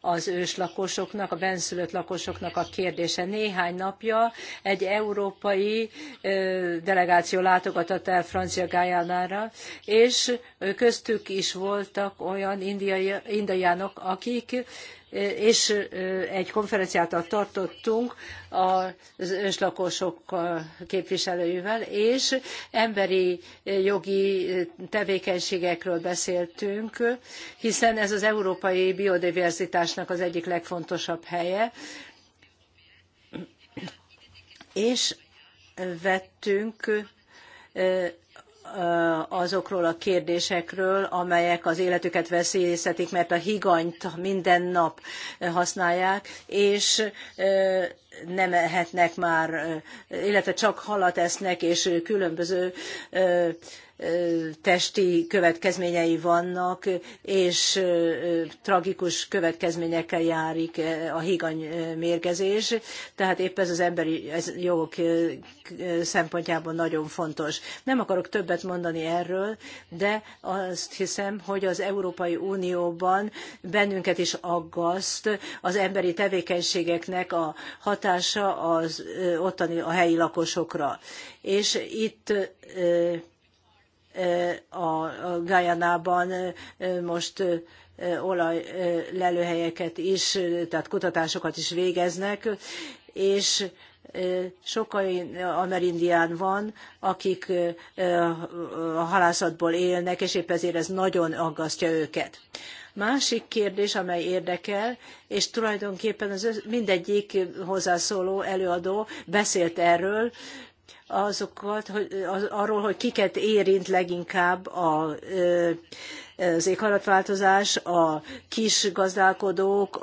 az őslakosoknak, a benszülött lakosoknak a kérdése. Néhány napja egy európai delegáció látogatott el Francia Gájánára, és köztük is voltak olyan indiai, indiánok, akik és egy konferenciát tartottunk az őslakosok képviselőivel, és emberi jogi tevékenységekről beszéltünk, hiszen ez az európai biodiverzitásnak az egyik legfontosabb helye, és vettünk azokról a kérdésekről, amelyek az életüket veszélyeztetik, mert a higanyt minden nap használják, és nem ehetnek már, illetve csak halat esznek, és különböző testi következményei vannak, és tragikus következményekkel járik a higany mérgezés, tehát épp ez az emberi jogok szempontjából nagyon fontos. Nem akarok többet mondani erről, de azt hiszem, hogy az Európai Unióban bennünket is aggaszt az emberi tevékenységeknek a hatása az ottani a helyi lakosokra. És itt a Gajanában most olajlelőhelyeket is, tehát kutatásokat is végeznek, és sok amerindián van, akik a halászatból élnek, és épp ezért ez nagyon aggasztja őket. Másik kérdés, amely érdekel, és tulajdonképpen az mindegyik hozzászóló előadó beszélt erről, azokat, hogy, az, arról, hogy kiket érint leginkább a, az éghajlatváltozás, a kis gazdálkodók,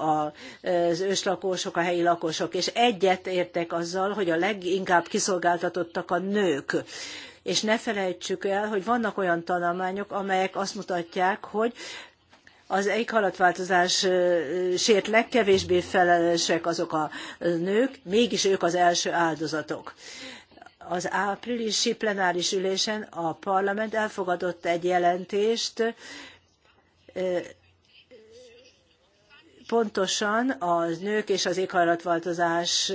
az őslakosok, a helyi lakosok, és egyet értek azzal, hogy a leginkább kiszolgáltatottak a nők. És ne felejtsük el, hogy vannak olyan tanulmányok, amelyek azt mutatják, hogy az éghajlatváltozás sért legkevésbé felelősek azok a nők, mégis ők az első áldozatok az áprilisi plenáris ülésen a parlament elfogadott egy jelentést pontosan a nők és az éghajlatváltozás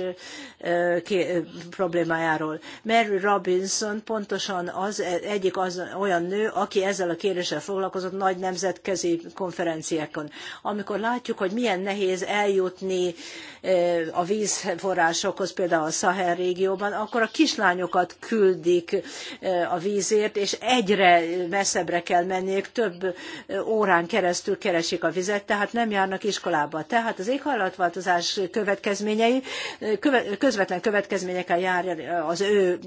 problémájáról. Mary Robinson pontosan az e, egyik az, olyan nő, aki ezzel a kérdéssel foglalkozott nagy nemzetközi konferenciákon. Amikor látjuk, hogy milyen nehéz eljutni a vízforrásokhoz, például a Szahel régióban, akkor a kislányokat küldik a vízért, és egyre messzebbre kell menniük, több órán keresztül keresik a vizet, tehát nem járnak iskolába Európába. Tehát az éghajlatváltozás következményei közvetlen következményekkel jár az ő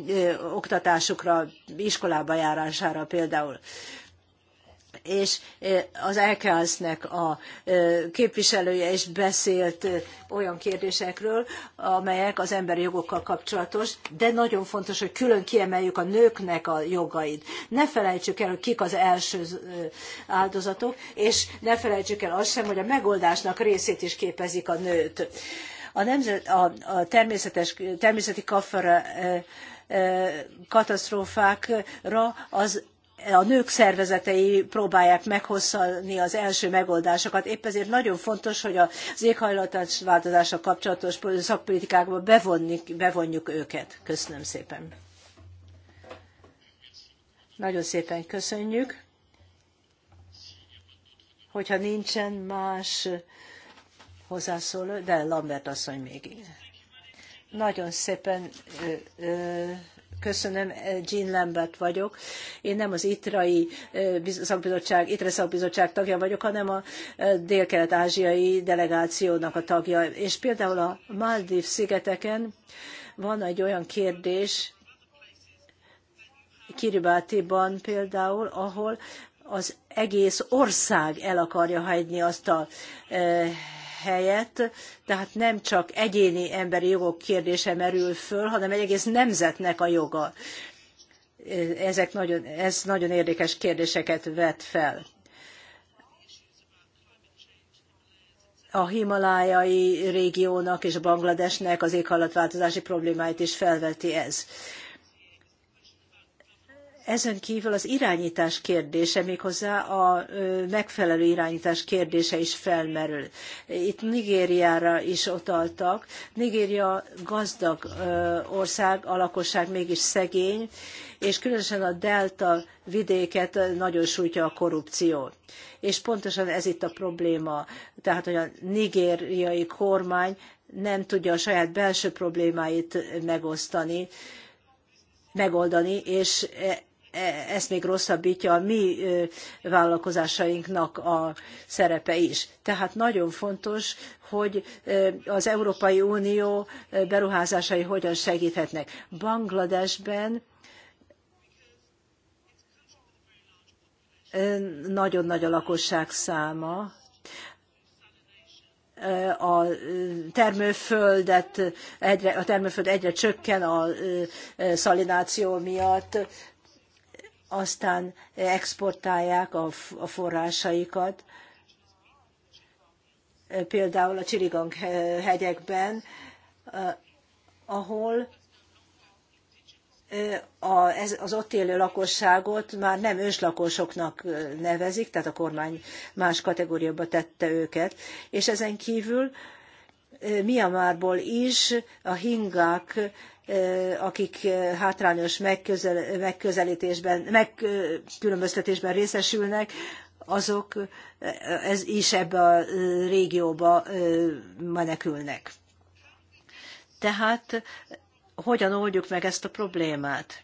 oktatásukra, iskolába járására például és az ECAS-nek a képviselője is beszélt olyan kérdésekről, amelyek az emberi jogokkal kapcsolatos, de nagyon fontos, hogy külön kiemeljük a nőknek a jogait. Ne felejtsük el, hogy kik az első áldozatok, és ne felejtsük el azt sem, hogy a megoldásnak részét is képezik a nőt. A, nemzet, a, a természetes, természeti kafara katasztrófákra az a nők szervezetei próbálják meghosszani az első megoldásokat. Épp ezért nagyon fontos, hogy az éghajlatváltozással kapcsolatos szakpolitikákba bevonjuk, bevonjuk őket. Köszönöm szépen. Nagyon szépen köszönjük. Hogyha nincsen más hozzászóló, de Lambert asszony még. Nagyon szépen ö, ö, Köszönöm, Jean Lambert vagyok. Én nem az ITRAI szakbizottság, ITRE szakbizottság tagja vagyok, hanem a dél-kelet-ázsiai delegációnak a tagja. És például a Maldív szigeteken van egy olyan kérdés, Kiribátiban például, ahol az egész ország el akarja hagyni azt a helyett, tehát nem csak egyéni emberi jogok kérdése merül föl, hanem egy egész nemzetnek a joga. Ezek nagyon, ez nagyon érdekes kérdéseket vet fel. a himalájai régiónak és Bangladesnek az éghajlatváltozási problémáit is felveti ez. Ezen kívül az irányítás kérdése, méghozzá a megfelelő irányítás kérdése is felmerül. Itt Nigériára is utaltak. Nigéria gazdag ország, a lakosság mégis szegény, és különösen a delta vidéket nagyon sújtja a korrupció. És pontosan ez itt a probléma. Tehát, hogy a nigériai kormány nem tudja a saját belső problémáit megosztani, megoldani, és e ezt még rosszabbítja a mi vállalkozásainknak a szerepe is. Tehát nagyon fontos, hogy az Európai Unió beruházásai hogyan segíthetnek. Bangladesben nagyon nagy a lakosság száma, a termőföldet egyre, a termőföld egyre csökken a szalináció miatt, aztán exportálják a, a forrásaikat, például a Csirigang hegyekben, ahol az ott élő lakosságot már nem őslakosoknak nevezik, tehát a kormány más kategóriába tette őket, és ezen kívül Miamárból is a hingák akik hátrányos megközel, megközelítésben, megkülönböztetésben részesülnek, azok ez is ebbe a régióba menekülnek. Tehát hogyan oldjuk meg ezt a problémát?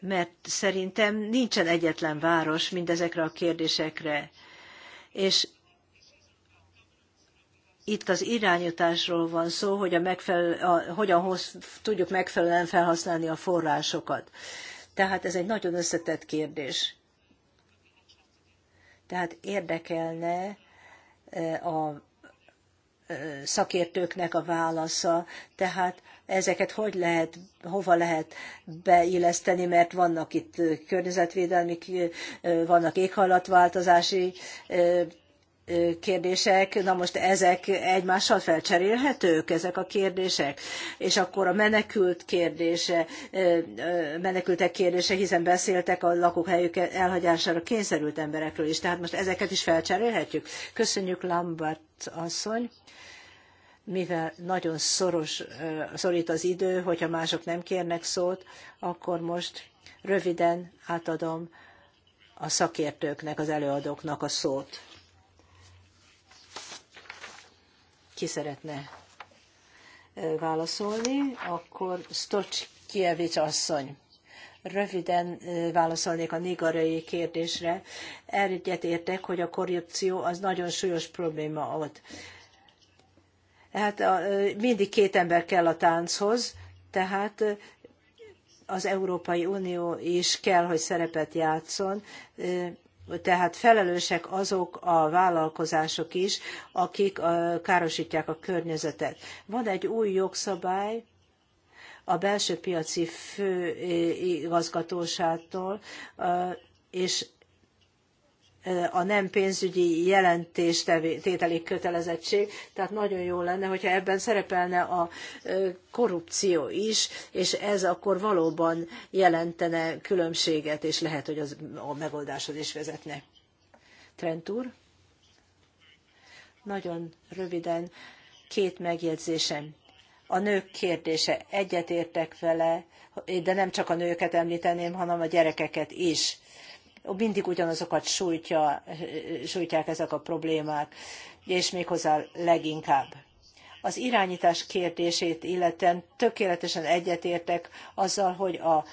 Mert szerintem nincsen egyetlen város mindezekre a kérdésekre. És itt az irányításról van szó, hogy a megfelel, a, hogyan hoz, tudjuk megfelelően felhasználni a forrásokat. Tehát ez egy nagyon összetett kérdés. Tehát érdekelne e, a e, szakértőknek a válasza, tehát ezeket hogy lehet, hova lehet beilleszteni, mert vannak itt környezetvédelmi, e, vannak éghajlatváltozási kérdések, na most ezek egymással felcserélhetők, ezek a kérdések, és akkor a menekült kérdése, menekültek kérdése, hiszen beszéltek a lakóhelyük elhagyására kényszerült emberekről is, tehát most ezeket is felcserélhetjük. Köszönjük Lambert asszony mivel nagyon szoros, szorít az idő, hogyha mások nem kérnek szót, akkor most röviden átadom a szakértőknek, az előadóknak a szót. ki szeretne válaszolni, akkor Kievics asszony. Röviden válaszolnék a nigarai kérdésre. Egyet értek, hogy a korrupció az nagyon súlyos probléma ott. Hát mindig két ember kell a tánchoz, tehát az Európai Unió is kell, hogy szerepet játszon, tehát felelősek azok a vállalkozások is, akik károsítják a környezetet. Van egy új jogszabály, a belső piaci főigazgatóságtól, és a nem pénzügyi jelentés tételi kötelezettség, tehát nagyon jó lenne, hogyha ebben szerepelne a korrupció is, és ez akkor valóban jelentene különbséget, és lehet, hogy az a megoldáshoz is vezetne. Trent úr? Nagyon röviden két megjegyzésem. A nők kérdése. Egyetértek vele, de nem csak a nőket említeném, hanem a gyerekeket is mindig ugyanazokat sújtja, sújtják ezek a problémák, és méghozzá leginkább. Az irányítás kérdését illetően tökéletesen egyetértek azzal, hogy a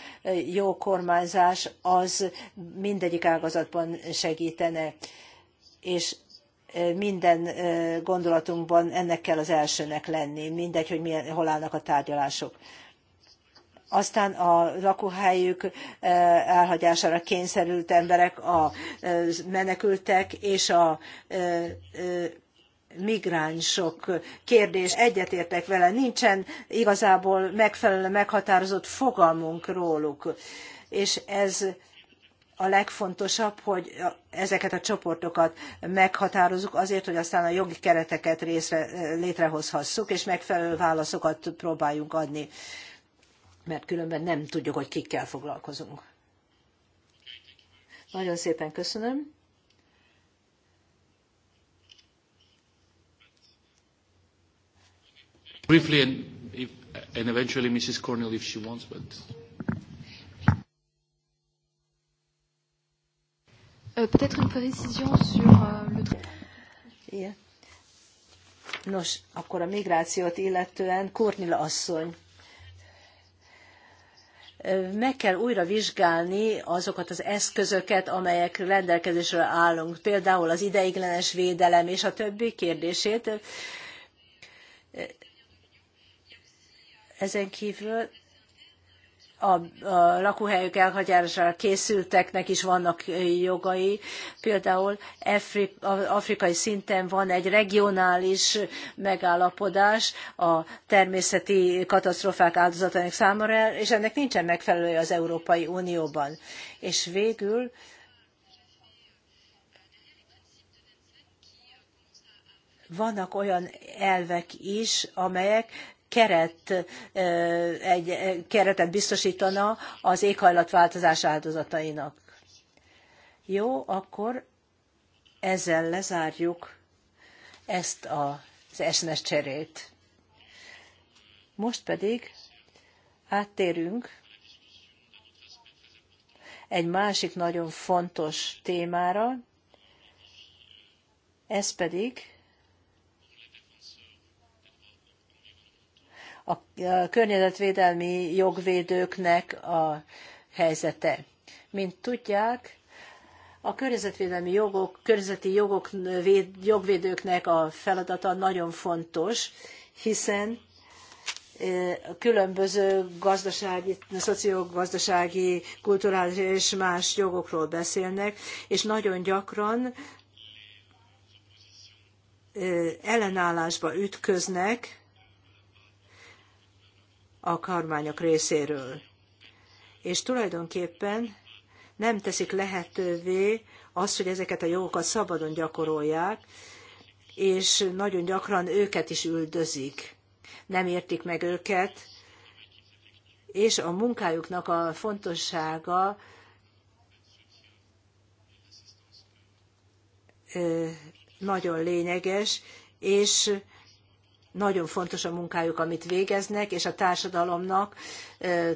jó kormányzás az mindegyik ágazatban segítene, és minden gondolatunkban ennek kell az elsőnek lenni, mindegy, hogy milyen, hol állnak a tárgyalások aztán a lakóhelyük eh, elhagyására kényszerült emberek, a eh, menekültek és a eh, migránsok kérdés. Egyetértek vele, nincsen igazából megfelelő meghatározott fogalmunk róluk. És ez a legfontosabb, hogy ezeket a csoportokat meghatározzuk azért, hogy aztán a jogi kereteket részre, létrehozhassuk, és megfelelő válaszokat próbáljunk adni mert különben nem tudjuk, hogy kikkel foglalkozunk. Nagyon szépen köszönöm. Briefly and, if, and eventually Mrs. Cornell if she wants, but... Euh, peut-être une précision sur euh, le... Yeah. Nos, akkor a migrációt illetően Kornila asszony meg kell újra vizsgálni azokat az eszközöket, amelyek rendelkezésre állunk, például az ideiglenes védelem és a többi kérdését. Ezen kívül a, a lakóhelyük elhagyására készülteknek is vannak jogai. Például Afri, afrikai szinten van egy regionális megállapodás a természeti katasztrófák áldozatainak számára, és ennek nincsen megfelelője az Európai Unióban. És végül vannak olyan elvek is, amelyek keret, egy keretet biztosítana az éghajlatváltozás áldozatainak. Jó, akkor ezzel lezárjuk ezt az esnes cserét. Most pedig áttérünk egy másik nagyon fontos témára, ez pedig a környezetvédelmi jogvédőknek a helyzete. Mint tudják, a környezetvédelmi jogok, környezeti jogok, véd, jogvédőknek a feladata nagyon fontos, hiszen különböző gazdasági, szociogazdasági, kulturális és más jogokról beszélnek, és nagyon gyakran ellenállásba ütköznek a kormányok részéről. És tulajdonképpen nem teszik lehetővé azt, hogy ezeket a jogokat szabadon gyakorolják, és nagyon gyakran őket is üldözik. Nem értik meg őket, és a munkájuknak a fontossága nagyon lényeges, és nagyon fontos a munkájuk, amit végeznek, és a társadalomnak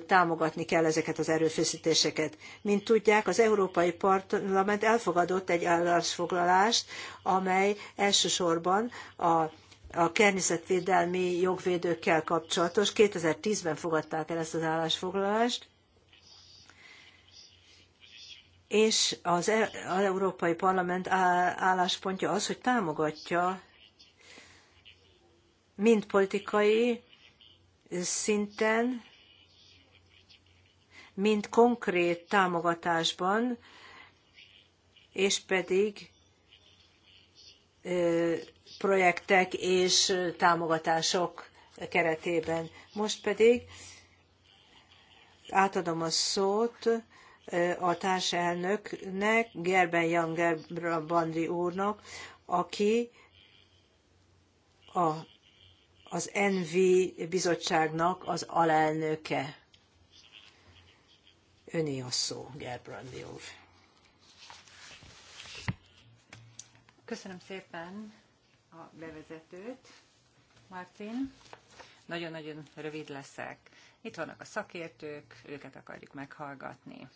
támogatni kell ezeket az erőfeszítéseket. Mint tudják, az Európai Parlament elfogadott egy állásfoglalást, amely elsősorban a a környezetvédelmi jogvédőkkel kapcsolatos. 2010-ben fogadták el ezt az állásfoglalást, és az e- Európai Parlament álláspontja az, hogy támogatja mind politikai szinten, mind konkrét támogatásban, és pedig projektek és támogatások keretében. Most pedig átadom a szót a társelnöknek, Gerben Janger Bandi úrnak, aki a az NV bizottságnak az alelnöke. Öné a szó, Gerbrandi úr. Köszönöm szépen a bevezetőt, Martin. Nagyon-nagyon rövid leszek. Itt vannak a szakértők, őket akarjuk meghallgatni.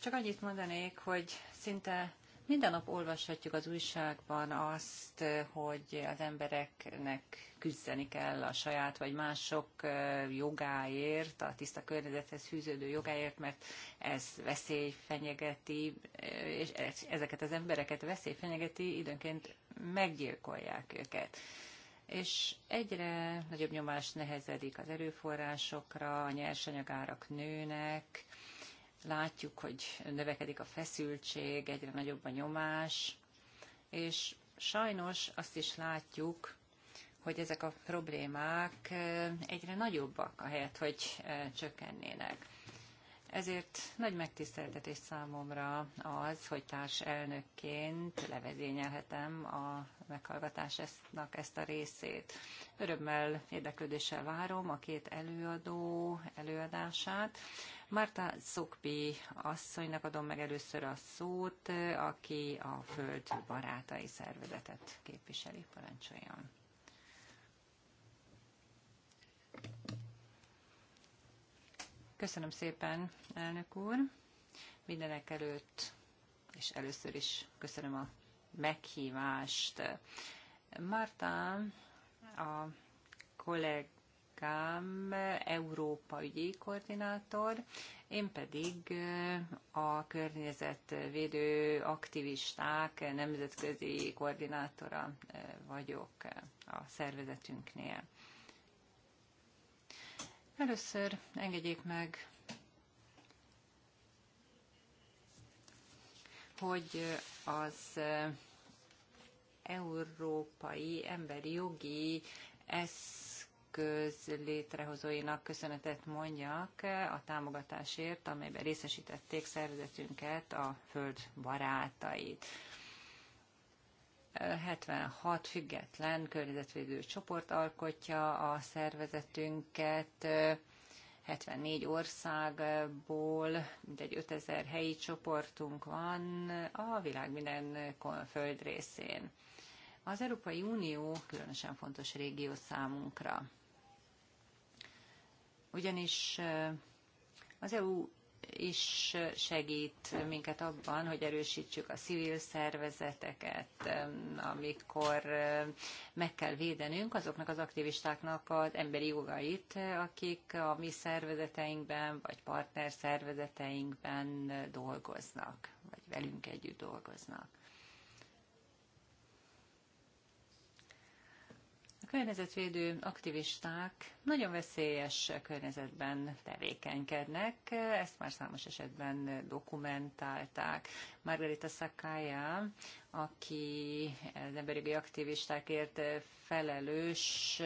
Csak annyit mondanék, hogy szinte minden nap olvashatjuk az újságban azt, hogy az embereknek küzdeni kell a saját vagy mások jogáért, a tiszta környezethez fűződő jogáért, mert ez veszély fenyegeti, és ezeket az embereket veszély fenyegeti, időnként meggyilkolják őket és egyre nagyobb nyomás nehezedik az erőforrásokra, a nyersanyagárak nőnek, látjuk, hogy növekedik a feszültség, egyre nagyobb a nyomás, és sajnos azt is látjuk, hogy ezek a problémák egyre nagyobbak, ahelyett, hogy csökkennének. Ezért nagy megtiszteltetés számomra az, hogy társ elnökként levezényelhetem a meghallgatásnak ezt a részét. Örömmel, érdeklődéssel várom a két előadó előadását, Marta Szokpi asszonynak adom meg először a szót, aki a Föld Barátai Szervezetet képviseli. Parancsoljon! Köszönöm szépen, elnök úr! Mindenek előtt, és először is köszönöm a meghívást. Marta a kollég, kollégám Európa ügyi koordinátor, én pedig eh, a környezetvédő aktivisták nemzetközi koordinátora eh, vagyok eh, a szervezetünknél. Először engedjék meg, hogy az európai emberi jogi esz köz létrehozóinak köszönetet mondjak a támogatásért, amelyben részesítették szervezetünket, a föld barátait. 76 független környezetvédő csoport alkotja a szervezetünket, 74 országból, mintegy 5000 helyi csoportunk van a világ minden földrészén. Az Európai Unió különösen fontos régió számunkra ugyanis az EU is segít minket abban, hogy erősítsük a civil szervezeteket, amikor meg kell védenünk azoknak az aktivistáknak az emberi jogait, akik a mi szervezeteinkben vagy partner szervezeteinkben dolgoznak, vagy velünk együtt dolgoznak. környezetvédő aktivisták nagyon veszélyes környezetben tevékenykednek, ezt már számos esetben dokumentálták. Margarita Sakaya, aki az emberi aktivistákért felelős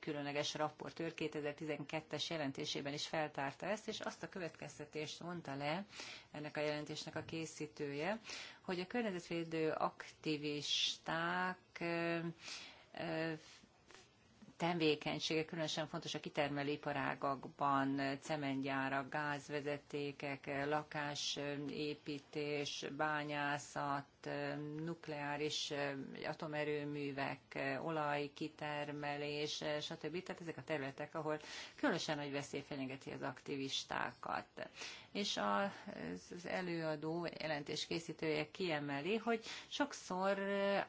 különleges raportőr 2012-es jelentésében is feltárta ezt, és azt a következtetést mondta le ennek a jelentésnek a készítője, hogy a környezetvédő aktivisták tevékenysége, különösen fontos a kitermelőiparágakban, cementgyára, gázvezetékek, lakásépítés, bányászat, mint nukleáris atomerőművek, olajkitermelés, stb. Tehát ezek a területek, ahol különösen nagy veszély fenyegeti az aktivistákat. És az előadó jelentés készítője kiemeli, hogy sokszor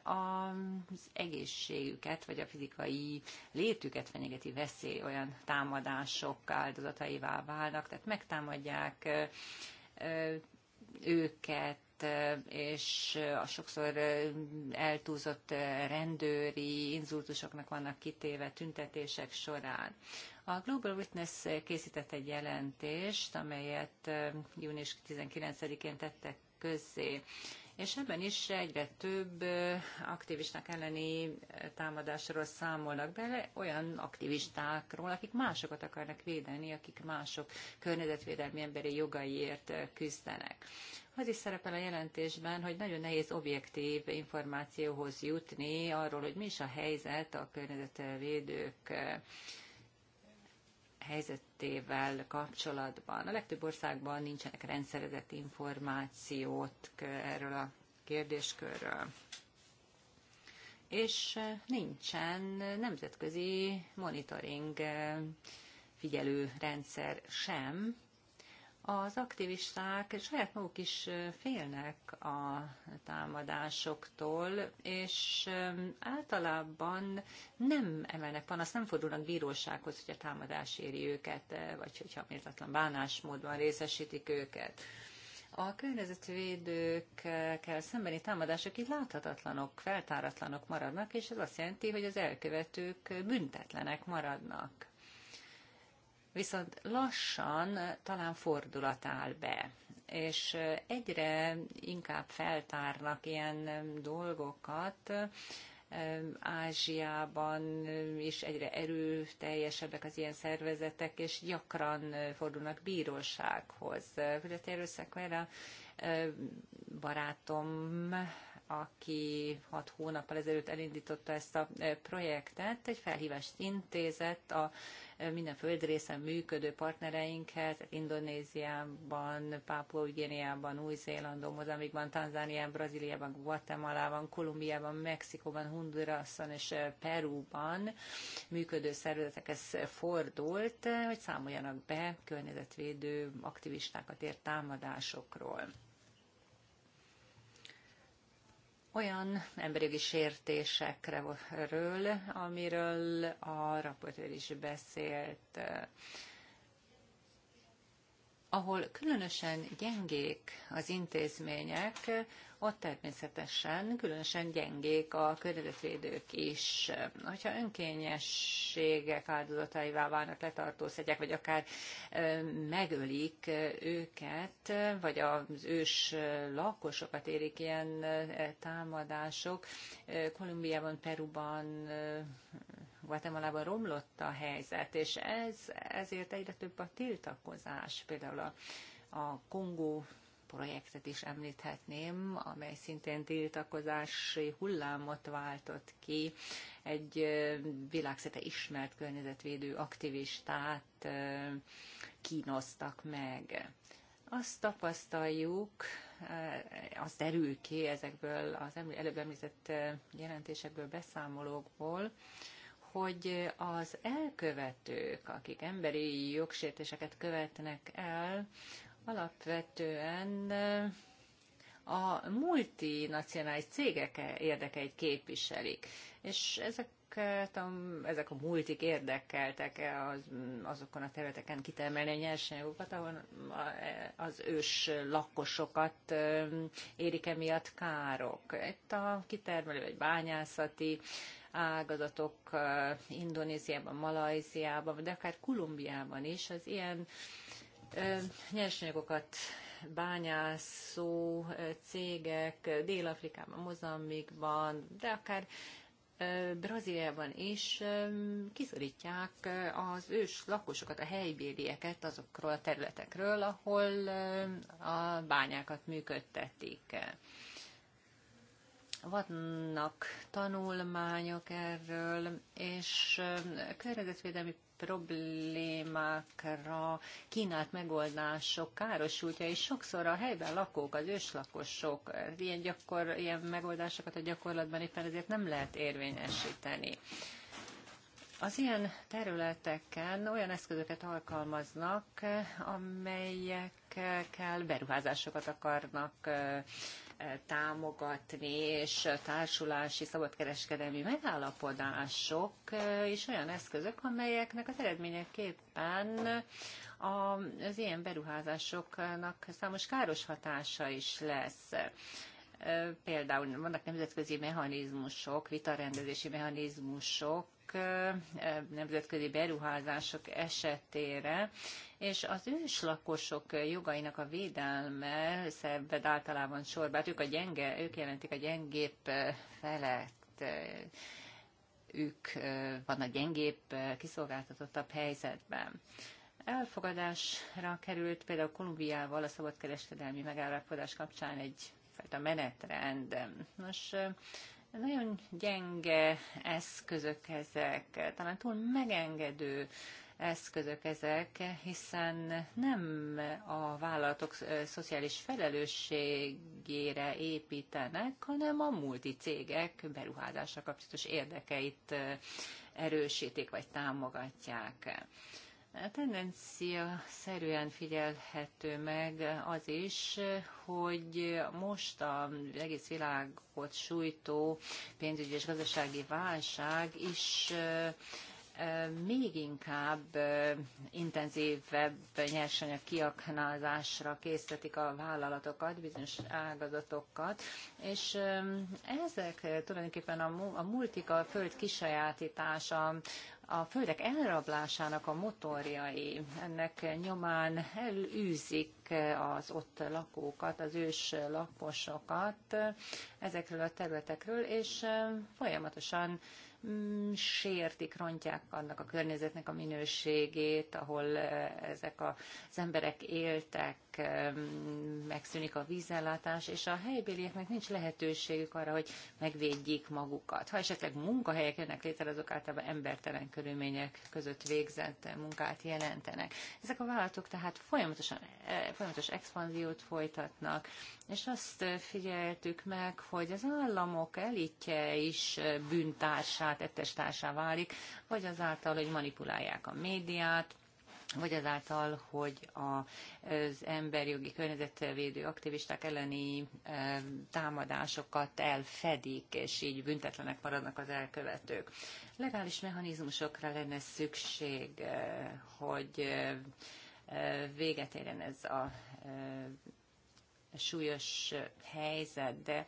az egészségüket, vagy a fizikai létüket fenyegeti veszély olyan támadások áldozataivá válnak, tehát megtámadják őket, és a sokszor eltúzott rendőri inzultusoknak vannak kitéve tüntetések során. A Global Witness készített egy jelentést, amelyet június 19-én tettek közzé. És ebben is egyre több aktivistnak elleni támadásról számolnak bele, olyan aktivistákról, akik másokat akarnak védeni, akik mások környezetvédelmi emberi jogaiért küzdenek. Az is szerepel a jelentésben, hogy nagyon nehéz objektív információhoz jutni arról, hogy mi is a helyzet a környezetvédők eh, helyzetével kapcsolatban. A legtöbb országban nincsenek rendszerezett információt erről a kérdéskörről. És eh, nincsen nemzetközi monitoring eh, figyelő rendszer sem, az aktivisták saját maguk is félnek a támadásoktól, és általában nem emelnek panaszt, nem fordulnak bírósághoz, hogy a támadás éri őket, vagy hogyha méltatlan bánásmódban részesítik őket. A környezetvédőkkel szembeni támadások így láthatatlanok, feltáratlanok maradnak, és ez azt jelenti, hogy az elkövetők büntetlenek maradnak viszont lassan eh, talán fordulat áll be és eh, egyre inkább feltárnak ilyen eh, dolgokat, Ázsiában is egyre erőteljesebbek az ilyen szervezetek, és gyakran fordulnak bírósághoz. Fülete a barátom, aki hat hónappal ezelőtt elindította ezt a projektet, egy felhívást intézett a minden földrészen működő partnereinkhez, Indonéziában, Pápua Ugyéniában, Új-Zélandon, Mozambikban, Tanzániában, Brazíliában, Guatemalában, Kolumbiában, Mexikóban, Hondurasban és Perúban működő szervezetekhez fordult, hogy számoljanak be környezetvédő aktivistákat ért támadásokról olyan emberjogi sértésekről, amiről a raportőr is beszélt, ahol különösen gyengék az intézmények, ott természetesen különösen gyengék a környezetvédők is. Hogyha önkényességek áldozataivá válnak, letartóztatják, vagy akár megölik őket, vagy az ős lakosokat érik ilyen támadások. Kolumbiában, Peruban, Guatemalában romlott a helyzet, és ez, ezért egyre több a tiltakozás. Például a, a Kongó projektet is említhetném, amely szintén tiltakozási hullámot váltott ki egy világszete ismert környezetvédő aktivistát kínoztak meg. Azt tapasztaljuk, az derül ki ezekből az előbb említett jelentésekből, beszámolókból, hogy az elkövetők, akik emberi jogsértéseket követnek el, alapvetően eh, a multinacionális cégek érdekeit képviselik, és ezek eh, a, ezek a multik érdekeltek az, azokon a területeken kitermelni a nyersanyagokat, ahol eh, az ős lakosokat érik emiatt károk. Itt a kitermelő vagy bányászati ágazatok Indonéziában, Malajziában, de akár Kolumbiában is az ilyen nyersanyagokat bányászó cégek Dél-Afrikában, Mozambikban, de akár Brazíliában is kiszorítják az ős lakosokat, a helybélieket azokról a területekről, ahol a bányákat működtetik. Vannak tanulmányok erről, és környezetvédelmi problémákra kínált megoldások károsultja, és sokszor a helyben lakók, az őslakosok ilyen, gyakor, ilyen megoldásokat a gyakorlatban éppen ezért nem lehet érvényesíteni. Az ilyen területeken olyan eszközöket alkalmaznak, amelyekkel beruházásokat akarnak támogatni, és társulási szabadkereskedelmi megállapodások és olyan eszközök, amelyeknek az eredményeképpen az ilyen beruházásoknak számos káros hatása is lesz például vannak nemzetközi mechanizmusok, vitarendezési mechanizmusok, nemzetközi beruházások esetére, és az őslakosok jogainak a védelme szenved általában sorba, hát ők, a gyenge, ők jelentik a gyengébb felett, ők vannak gyengébb, kiszolgáltatottabb helyzetben. Elfogadásra került például Kolumbiával a szabadkereskedelmi megállapodás kapcsán egy a menetrend. Nos, nagyon gyenge eszközök ezek, talán túl megengedő eszközök ezek, hiszen nem a vállalatok szociális felelősségére építenek, hanem a multicégek beruházásra kapcsolatos érdekeit erősítik vagy támogatják. Tendencia szerűen figyelhető meg az is, hogy most az egész világot sújtó pénzügyi és gazdasági válság is még inkább intenzívebb nyersanyag kiaknázásra készítik a vállalatokat, bizonyos ágazatokat, és ezek tulajdonképpen a, a a föld kisajátítása, a földek elrablásának a motorjai, ennek nyomán elűzik az ott lakókat, az ős lakosokat ezekről a területekről, és folyamatosan mm, sértik, rontják annak a környezetnek a minőségét, ahol ezek az emberek éltek, embernek megszűnik a vízellátás, és a helybélieknek nincs lehetőségük arra, hogy megvédjék magukat. Ha esetleg munkahelyek jönnek létre, azok általában embertelen körülmények között végzett munkát jelentenek. Ezek a vállalatok tehát folyamatosan, e, folyamatos expanziót folytatnak, és azt figyeltük meg, hogy az államok elitje is bűntársát, ettestársá válik, vagy azáltal, hogy manipulálják a médiát, vagy azáltal, hogy az emberjogi környezetvédő aktivisták elleni e, támadásokat elfedik, és így büntetlenek maradnak az elkövetők. Legális mechanizmusokra lenne szükség, e, hogy e, véget érjen ez a súlyos helyzet, de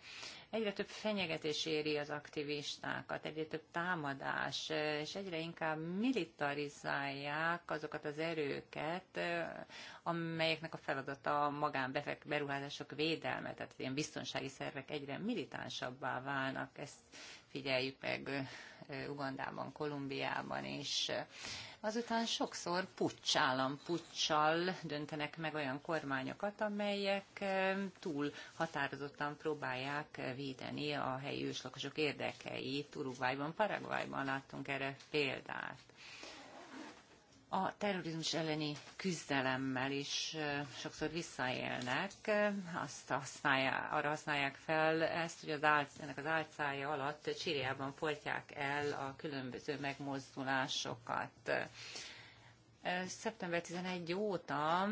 egyre több fenyegetés éri az aktivistákat, egyre több támadás, és egyre inkább militarizálják azokat az erőket, amelyeknek a feladata a magánbefek beruházások védelme, tehát ilyen biztonsági szervek egyre militánsabbá válnak, ezt figyeljük meg Ugandában, Kolumbiában is azután sokszor pucs állampucsal döntenek meg olyan kormányokat, amelyek túl határozottan próbálják védeni a helyi őslakosok érdekeit. Uruguayban, Paraguayban láttunk erre példát a terrorizmus elleni küzdelemmel is sokszor visszaélnek, azt használják, arra használják fel ezt, hogy az álc, ennek az álcája alatt Csíriában folytják el a különböző megmozdulásokat. Szeptember 11 óta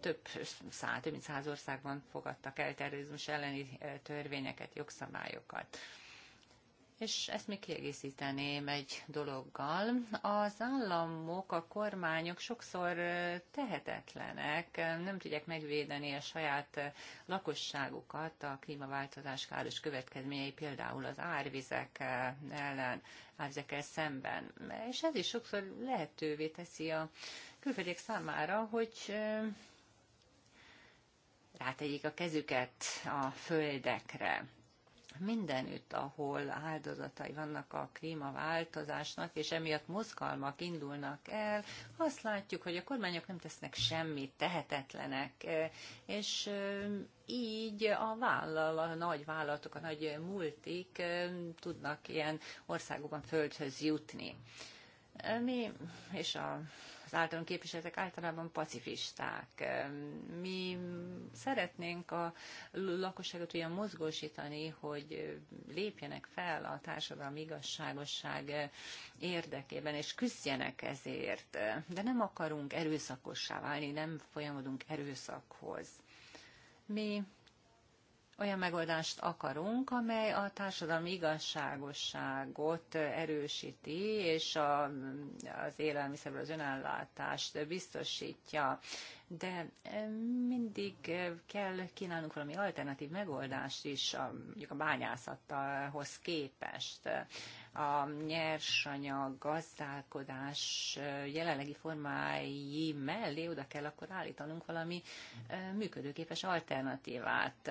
több száz, több mint száz országban fogadtak el terrorizmus elleni törvényeket, jogszabályokat. És ezt még kiegészíteném egy dologgal. Az államok, a kormányok sokszor tehetetlenek, nem tudják megvédeni a saját lakosságukat a klímaváltozás káros következményei, például az árvizek ellen, árvizekkel szemben. És ez is sokszor lehetővé teszi a külföldiek számára, hogy rátegyék a kezüket a földekre mindenütt, ahol áldozatai vannak a klímaváltozásnak, és emiatt mozgalmak indulnak el, azt látjuk, hogy a kormányok nem tesznek semmit, tehetetlenek, és így a, vállal, a nagy vállalatok, a nagy multik tudnak ilyen országokban földhöz jutni. Mi és a az általunk képviseltek általában pacifisták. Mi szeretnénk a lakosságot olyan mozgósítani, hogy lépjenek fel a társadalmi igazságosság érdekében, és küzdjenek ezért. De nem akarunk erőszakossá válni, nem folyamodunk erőszakhoz. Mi olyan megoldást akarunk, amely a társadalmi igazságosságot erősíti, és a, az élelmiszerből az önellátást biztosítja. De e, mindig kell kínálnunk valami alternatív megoldást is, a, mondjuk a bányászathoz képest. A nyersanyag gazdálkodás jelenlegi formái mellé oda kell akkor állítanunk valami e, működőképes alternatívát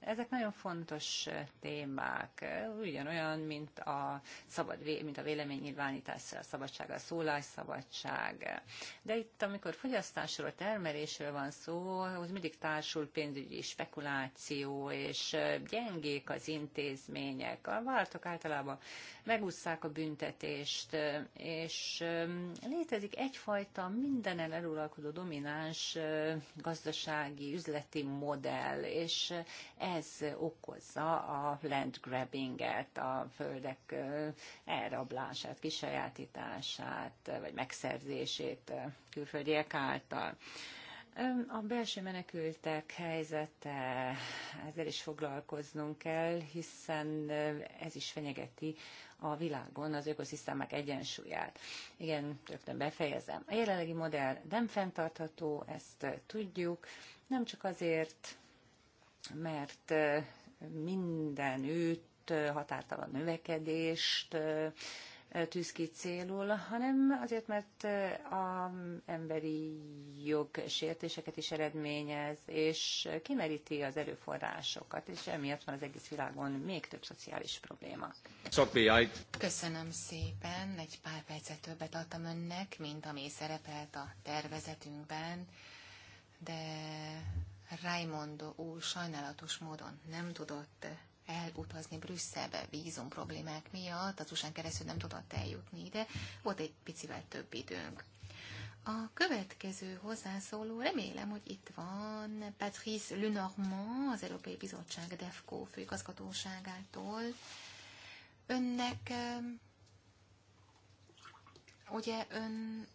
Ezek nagyon fontos témák, ugyanolyan, mint a, szabad, mint a véleménynyilvánítás, a szabadság, a szólásszabadság. De itt, amikor fogyasztásról, termelésről van szó, az mindig társul pénzügyi spekuláció, és gyengék az intézmények. A váltok általában megúszszák a büntetést, és létezik egyfajta mindenen eluralkodó domináns gazdasági, üzleti modell, és ez okozza a land grabbinget, a földek elrablását, kisajátítását, vagy megszerzését külföldiek által. A belső menekültek helyzete, ezzel is foglalkoznunk kell, hiszen ez is fenyegeti a világon az ökoszisztémák egyensúlyát. Igen, rögtön befejezem. A jelenlegi modell nem fenntartható, ezt tudjuk, nem csak azért, mert mindenütt határtalan növekedést tűz ki célul, hanem azért, mert a emberi jog sértéseket is eredményez, és kimeríti az erőforrásokat, és emiatt van az egész világon még több szociális probléma. Köszönöm szépen, egy pár percet többet adtam önnek, mint ami szerepelt a tervezetünkben, de Raimondo úr sajnálatos módon nem tudott elutazni Brüsszelbe vízum problémák miatt, az usa keresztül nem tudott eljutni ide, volt egy picivel több időnk. A következő hozzászóló, remélem, hogy itt van, Patrice Lenormand, az Európai Bizottság DEFCO főigazgatóságától. Önnek, ugye ön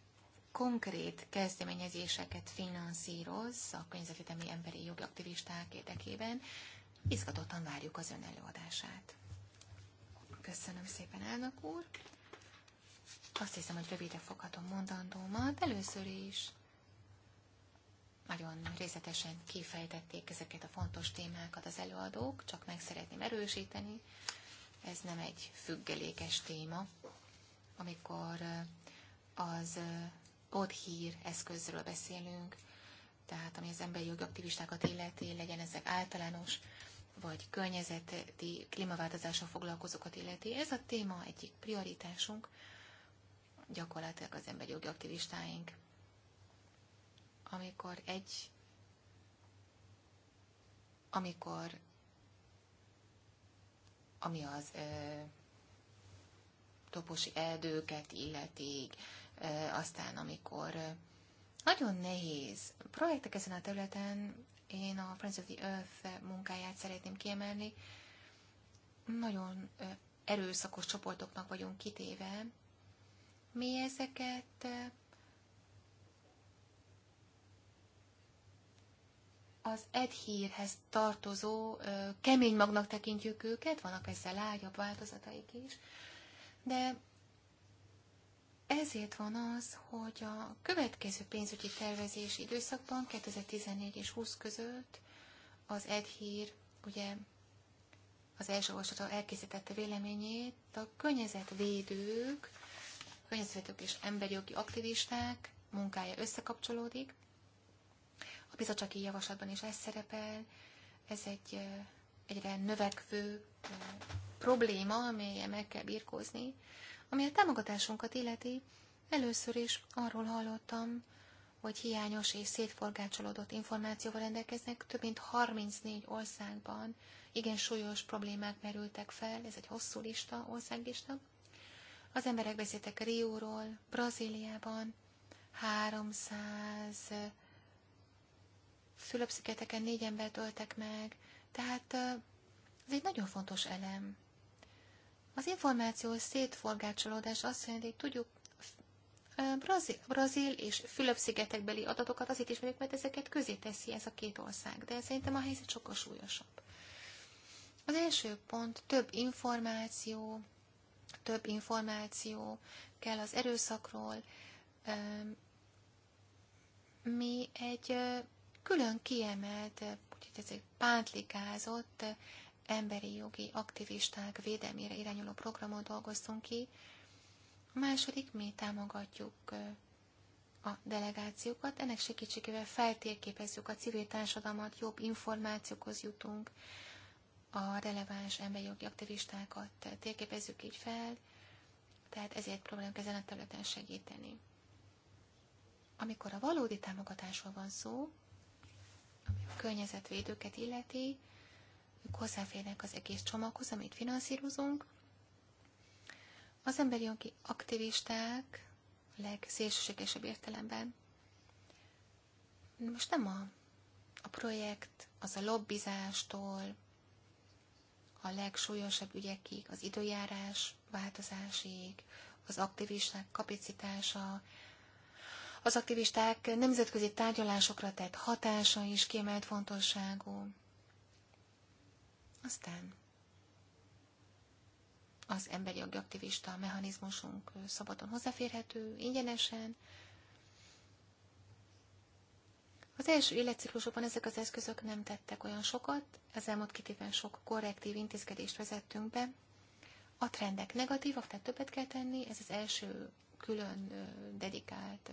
konkrét kezdeményezéseket finanszíroz a környezetvédelmi emberi jogi aktivisták érdekében. Izgatottan várjuk az ön előadását. Köszönöm szépen, elnök úr! Azt hiszem, hogy rövidre foghatom mondandómat. Először is nagyon részletesen kifejtették ezeket a fontos témákat az előadók, csak meg szeretném erősíteni. Ez nem egy függelékes téma. Amikor az ott hír eszközről beszélünk, tehát ami az emberi jogi aktivistákat illeti, legyen ezek általános, vagy környezeti klímaváltozással foglalkozókat illeti. Ez a téma egyik prioritásunk, gyakorlatilag az emberi jogi aktivistáink. Amikor egy, amikor, ami az ö, toposi erdőket illeti, aztán amikor nagyon nehéz projektek ezen a területen, én a Friends of the Earth munkáját szeretném kiemelni, nagyon erőszakos csoportoknak vagyunk kitéve. Mi ezeket az edhírhez tartozó kemény magnak tekintjük őket, vannak ezzel lágyabb változataik is, de ezért van az, hogy a következő pénzügyi tervezés időszakban, 2014 és 20 között az EDHÍR, ugye az első olvasata elkészítette véleményét, a környezetvédők, környezetvédők és emberjogi aktivisták munkája összekapcsolódik. A bizottsági javaslatban is ez szerepel. Ez egy egyre növekvő probléma, amelyel meg kell birkózni. Ami a támogatásunkat illeti, először is arról hallottam, hogy hiányos és szétforgácsolódott információval rendelkeznek, több mint 34 országban igen súlyos problémák merültek fel, ez egy hosszú lista, országlista. Az emberek beszéltek Rióról, Brazíliában, 300 fülöp négy embert öltek meg, tehát ez egy nagyon fontos elem. Az információ szétforgácsolódás azt jelenti, hogy tudjuk Brazil, Brazil és Fülöp-szigetekbeli adatokat azért ismerjük, mert ezeket közé teszi ez a két ország, de szerintem a helyzet sokkal súlyosabb. Az első pont több információ, több információ kell az erőszakról. Mi egy külön kiemelt, úgyhogy ez egy pántlikázott emberi jogi aktivisták védelmére irányuló programot dolgozzunk ki. A második, mi támogatjuk a delegációkat, ennek segítségével feltérképezzük a civil társadalmat, jobb információkhoz jutunk, a releváns emberi jogi aktivistákat térképezzük így fel, tehát ezért próbálunk ezen a területen segíteni. Amikor a valódi támogatásról van szó, ami a környezetvédőket illeti, hozzáférnek az egész csomaghoz, amit finanszírozunk. Az emberi jogi aktivisták legszélsőségesebb értelemben most nem a, a projekt, az a lobbizástól, a legsúlyosabb ügyekig, az időjárás változásig, az aktivisták kapacitása, az aktivisták nemzetközi tárgyalásokra tett hatása is kiemelt fontosságú. Aztán az emberi jogi aktivista mechanizmusunk szabadon hozzáférhető, ingyenesen. Az első életciklusokban ezek az eszközök nem tettek olyan sokat, az elmúlt két évben sok korrektív intézkedést vezettünk be. A trendek negatívak, tehát többet kell tenni, ez az első külön dedikált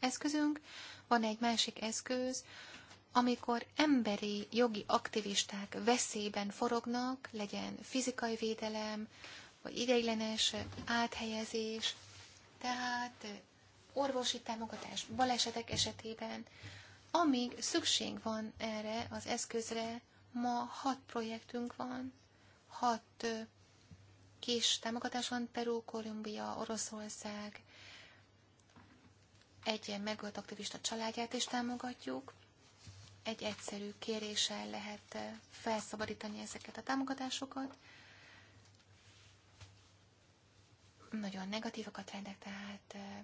eszközünk. Van egy másik eszköz, amikor emberi jogi aktivisták veszélyben forognak, legyen fizikai védelem, vagy ideiglenes áthelyezés, tehát orvosi támogatás balesetek esetében, amíg szükség van erre az eszközre, ma hat projektünk van, hat kis támogatás van Peru, Kolumbia, Oroszország, egy megölt aktivista családját is támogatjuk, egy egyszerű kéréssel lehet eh, felszabadítani ezeket a támogatásokat. Nagyon negatívak a trendek, tehát eh,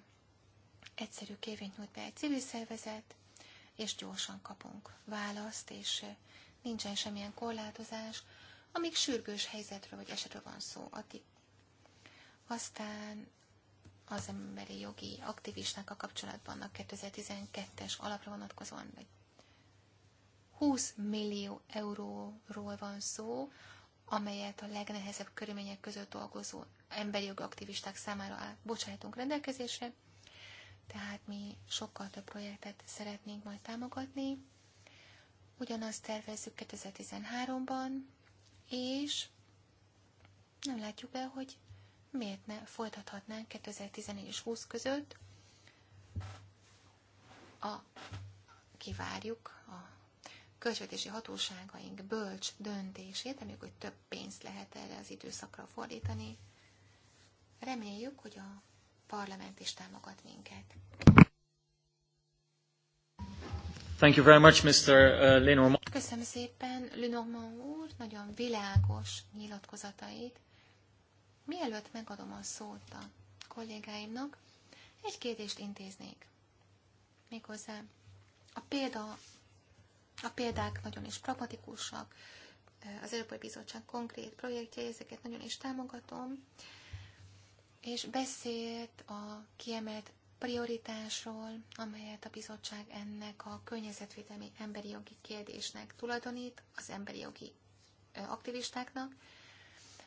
egyszerű kérvényt nyújt be egy civil szervezet, és gyorsan kapunk választ, és eh, nincsen semmilyen korlátozás, amíg sürgős helyzetről vagy esetről van szó. Aztán az emberi jogi aktivistákkal kapcsolatban a 2012-es alapra vonatkozóan, vagy 20 millió euróról van szó, amelyet a legnehezebb körülmények között dolgozó emberi jogi aktivisták számára bocsájtunk rendelkezésre, tehát mi sokkal több projektet szeretnénk majd támogatni. Ugyanazt tervezzük 2013-ban, és nem látjuk be, hogy miért ne folytathatnánk 2014 és 20 között. A, kivárjuk a költségvetési hatóságaink bölcs döntését, reméljük, hogy több pénzt lehet erre az időszakra fordítani. Reméljük, hogy a parlament is támogat minket. Thank you very much, Mr. Uh, Lenormand. Köszönöm szépen Lenormand úr, nagyon világos nyilatkozatait. Mielőtt megadom a szót a kollégáimnak, egy kérdést intéznék. Méghozzá a példa a példák nagyon is pragmatikusak, az Európai Bizottság konkrét projektje, ezeket nagyon is támogatom, és beszélt a kiemelt prioritásról, amelyet a bizottság ennek a környezetvédelmi emberi jogi kérdésnek tulajdonít, az emberi jogi aktivistáknak.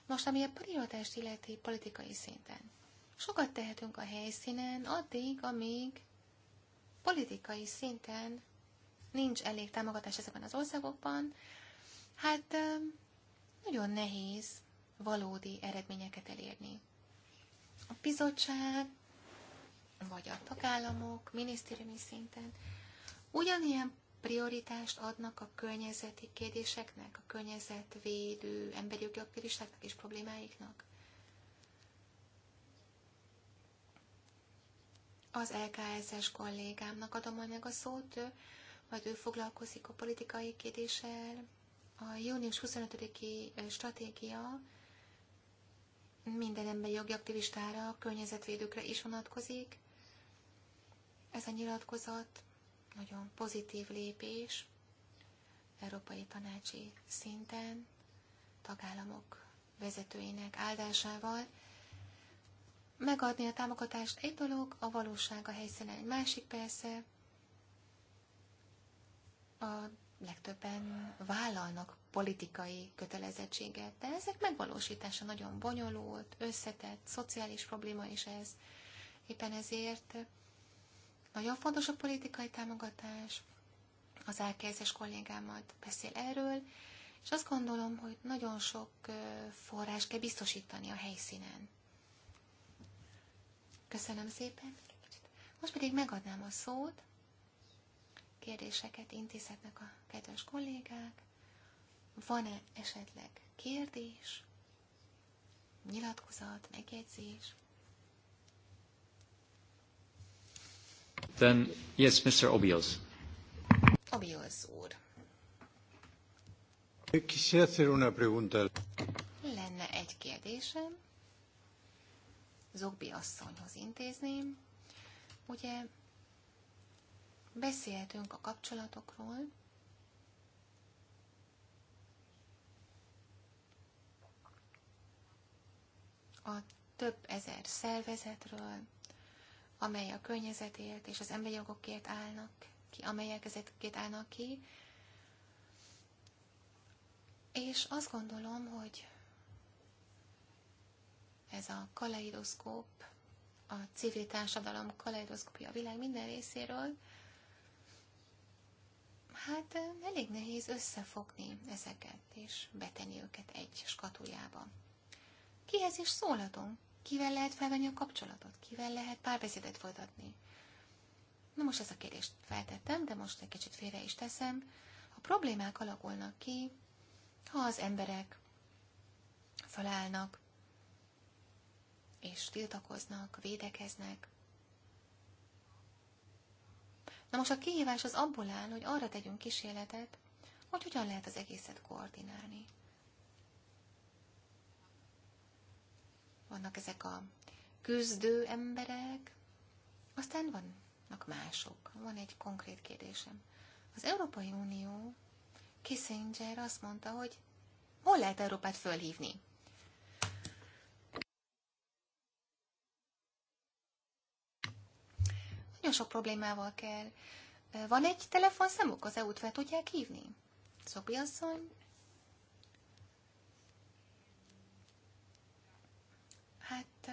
Most, ami a prioritást illeti politikai szinten. Sokat tehetünk a helyszínen, addig, amíg politikai szinten nincs elég támogatás ezekben az országokban, hát nagyon nehéz valódi eredményeket elérni. A bizottság, vagy a tagállamok, minisztériumi szinten ugyanilyen prioritást adnak a környezeti kérdéseknek, a környezetvédő, emberi jogi aktivistáknak és problémáiknak? Az LKSZ-es kollégámnak adom majd meg a szót, ő majd ő foglalkozik a politikai kérdéssel. A június 25-i stratégia minden emberi jogi aktivistára, környezetvédőkre is vonatkozik. Ez a nyilatkozat nagyon pozitív lépés európai tanácsi szinten, tagállamok vezetőinek áldásával. Megadni a támogatást egy dolog, a valóság a helyszínen egy másik persze, a legtöbben vállalnak politikai kötelezettséget, de ezek megvalósítása nagyon bonyolult, összetett, szociális probléma is ez. Éppen ezért nagyon fontos a politikai támogatás. Az elkezdes kollégámat beszél erről, és azt gondolom, hogy nagyon sok forrás kell biztosítani a helyszínen. Köszönöm szépen. Most pedig megadnám a szót kérdéseket intézhetnek a kedves kollégák. Van-e esetleg kérdés, nyilatkozat, megjegyzés? Then, yes, Mr. Obios. Obios úr. Quisiera hacer una pregunta. Lenne egy kérdésem. Zogbi asszonyhoz intézném. Ugye Beszélhetünk a kapcsolatokról, a több ezer szervezetről, amely a környezetért és az emberi jogokért állnak ki, amelyek ezekért állnak ki. És azt gondolom, hogy ez a kaleidoszkóp, a civil társadalom kaleidoszkópja a világ minden részéről hát elég nehéz összefogni ezeket, és betenni őket egy skatujába. Kihez is szólhatunk? Kivel lehet felvenni a kapcsolatot? Kivel lehet párbeszédet folytatni? Na most ezt a kérdést feltettem, de most egy kicsit félre is teszem. A problémák alakulnak ki, ha az emberek felállnak, és tiltakoznak, védekeznek, Na most a kihívás az abból áll, hogy arra tegyünk kísérletet, hogy hogyan lehet az egészet koordinálni. Vannak ezek a küzdő emberek, aztán vannak mások. Van egy konkrét kérdésem. Az Európai Unió Kissinger azt mondta, hogy hol lehet Európát fölhívni? Nagyon sok problémával kell. Van egy telefonszámuk az EU-t, fel tudják hívni? Szobi asszony? Hát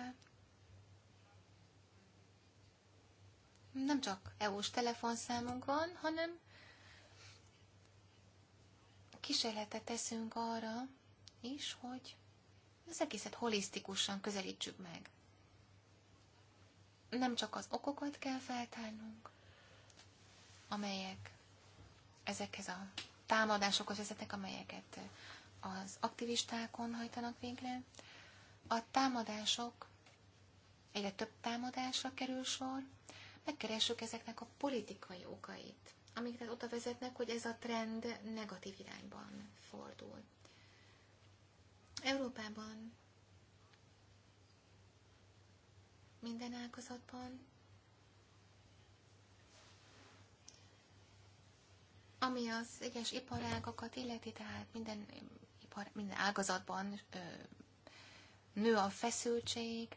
nem csak EU-s telefonszámunk van, hanem kísérletet teszünk arra is, hogy az egészet holisztikusan közelítsük meg nem csak az okokat kell feltárnunk, amelyek ezekhez a támadásokhoz vezetnek, amelyeket az aktivistákon hajtanak végre. A támadások, egyre több támadásra kerül sor, megkeressük ezeknek a politikai okait, amik tehát oda vezetnek, hogy ez a trend negatív irányban fordul. Európában minden ágazatban, ami az egyes iparágakat illeti, tehát minden, ipar, minden ágazatban ö, nő a feszültség,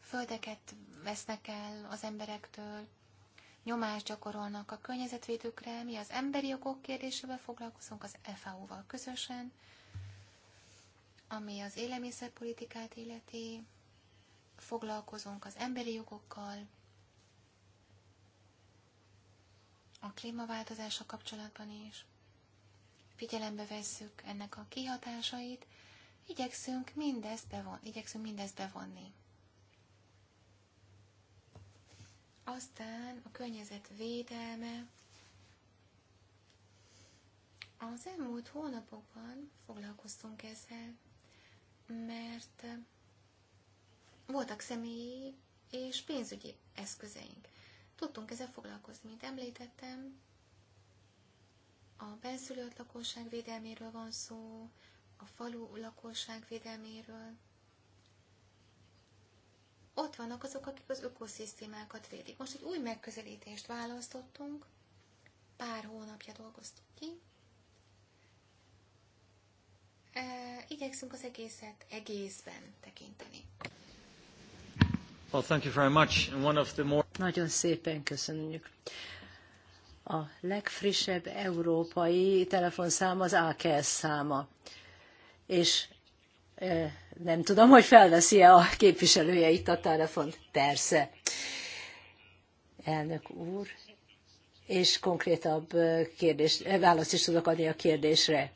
földeket vesznek el az emberektől, nyomást gyakorolnak a környezetvédőkre, mi az emberi jogok kérdésével foglalkozunk az FAO-val közösen, ami az élelmiszerpolitikát illeti, foglalkozunk az emberi jogokkal, a klímaváltozása kapcsolatban is. Figyelembe vesszük ennek a kihatásait, igyekszünk mindezt, bevon, igyekszünk mindezt bevonni. Aztán a környezet védelme. Az elmúlt hónapokban foglalkoztunk ezzel, mert voltak személyi és pénzügyi eszközeink. Tudtunk ezzel foglalkozni, mint említettem. A benszülött lakosság védelméről van szó, a falu lakosság védelméről. Ott vannak azok, akik az ökoszisztémákat védik. Most egy új megközelítést választottunk, pár hónapja dolgoztuk ki. E, igyekszünk az egészet egészben tekinteni. Well, thank you very much. And one of the more... Nagyon szépen köszönjük. A legfrissebb európai telefonszám az AKS száma. És nem tudom, hogy felveszi-e a képviselője itt a telefont. Persze. Elnök úr, és konkrétabb kérdés, választ is tudok adni a kérdésre.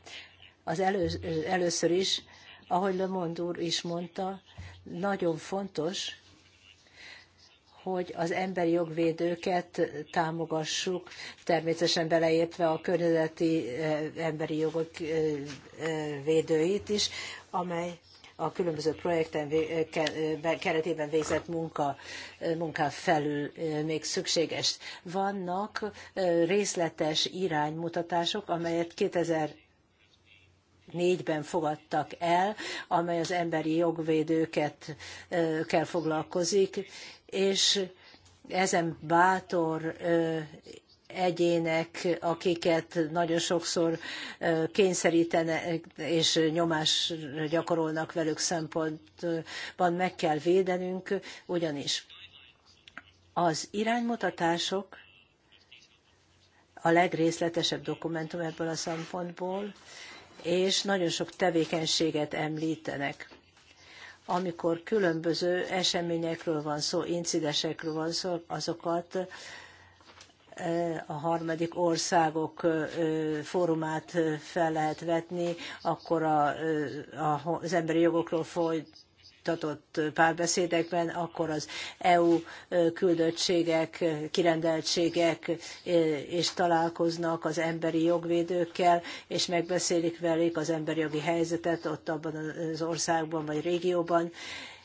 Az elő, először is, ahogy Lemond úr is mondta, nagyon fontos, hogy az emberi jogvédőket támogassuk, természetesen beleértve a környezeti eh, emberi jogok eh, eh, védőit is, amely a különböző projekten keretében végzett munka, munkán felül még szükséges. Vannak részletes iránymutatások, amelyet 2000 négyben ben fogadtak el, amely az emberi jogvédőket kell foglalkozik, és ezen bátor egyének, akiket nagyon sokszor kényszerítenek és nyomás gyakorolnak velük szempontban meg kell védenünk, ugyanis az iránymutatások a legrészletesebb dokumentum ebből a szempontból, és nagyon sok tevékenységet említenek. Amikor különböző eseményekről van szó, incidensekről van szó, azokat e, a harmadik országok e, fórumát e, fel lehet vetni, akkor a, az emberi jogokról folyt folytatott párbeszédekben, akkor az EU küldöttségek, kirendeltségek és találkoznak az emberi jogvédőkkel, és megbeszélik velük az emberi jogi helyzetet ott abban az országban vagy régióban,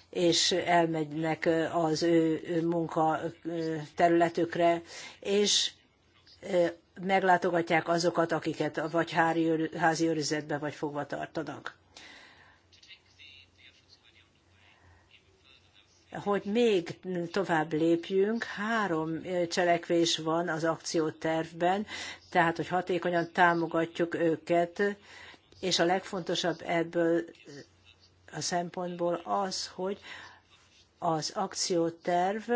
és elmegynek az ő munka területükre, és meglátogatják azokat, akiket vagy házi őrizetbe, vagy fogva tartanak. hogy még tovább lépjünk, három cselekvés van az akciótervben, tehát hogy hatékonyan támogatjuk őket, és a legfontosabb ebből a szempontból az, hogy az akcióterv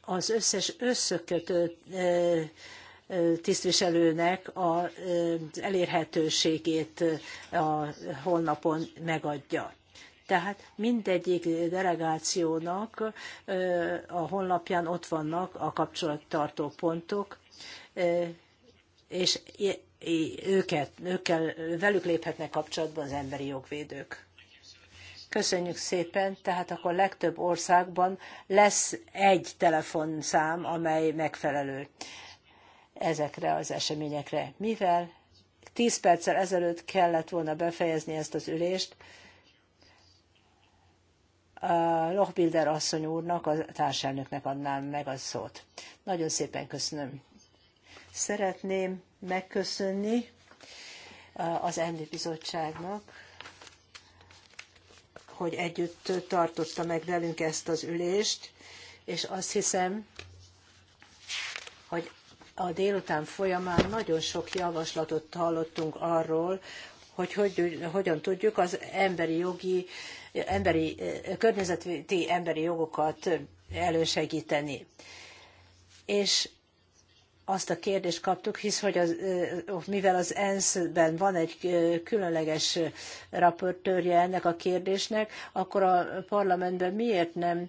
az összes összekötő tisztviselőnek az elérhetőségét a honlapon megadja. Tehát mindegyik delegációnak a honlapján ott vannak a kapcsolattartó pontok, és őket, őkkel, velük léphetnek kapcsolatba az emberi jogvédők. Köszönjük szépen, tehát akkor legtöbb országban lesz egy telefonszám, amely megfelelő ezekre az eseményekre. Mivel 10 perccel ezelőtt kellett volna befejezni ezt az ülést, Lochbilder asszony úrnak, a társelnöknek adnám meg a szót. Nagyon szépen köszönöm. Szeretném megköszönni az Emlő Bizottságnak, hogy együtt tartotta meg velünk ezt az ülést, és azt hiszem, hogy a délután folyamán nagyon sok javaslatot hallottunk arról, hogy, hogy hogyan tudjuk az emberi jogi emberi, környezeti emberi jogokat elősegíteni. És azt a kérdést kaptuk, hisz hogy az, mivel az ENSZ-ben van egy különleges raportőrje ennek a kérdésnek, akkor a parlamentben miért nem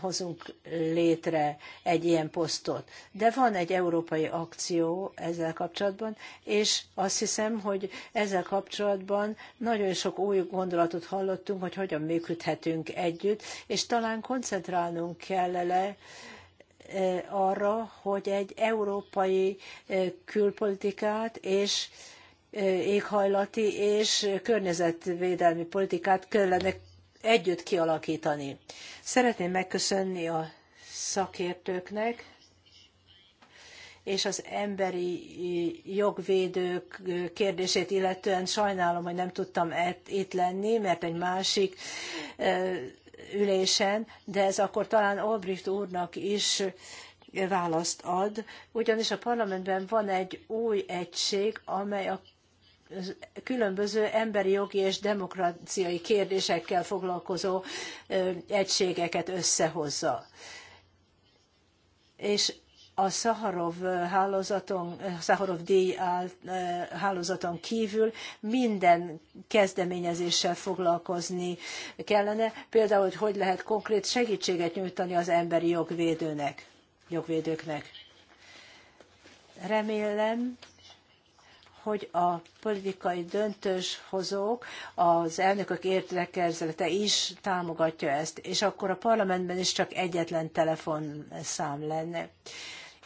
hozunk létre egy ilyen posztot. De van egy európai akció ezzel kapcsolatban, és azt hiszem, hogy ezzel kapcsolatban nagyon sok új gondolatot hallottunk, hogy hogyan működhetünk együtt, és talán koncentrálnunk kellene, arra, hogy egy európai külpolitikát és éghajlati és környezetvédelmi politikát kellene együtt kialakítani. Szeretném megköszönni a szakértőknek és az emberi jogvédők kérdését illetően sajnálom, hogy nem tudtam e-, itt lenni, mert egy másik ülésen, de ez akkor talán Albrecht úrnak is választ ad, ugyanis a parlamentben van egy új egység, amely a különböző emberi jogi és demokráciai kérdésekkel foglalkozó egységeket összehozza. És a Szaharov eh, hálózaton, eh, Szaharov díj eh, hálózaton kívül minden kezdeményezéssel foglalkozni kellene, például, hogy hogy lehet konkrét segítséget nyújtani az emberi jogvédőnek, jogvédőknek. Remélem, hogy a politikai döntéshozók, az elnökök érdekezlete is támogatja ezt, és akkor a parlamentben is csak egyetlen telefonszám lenne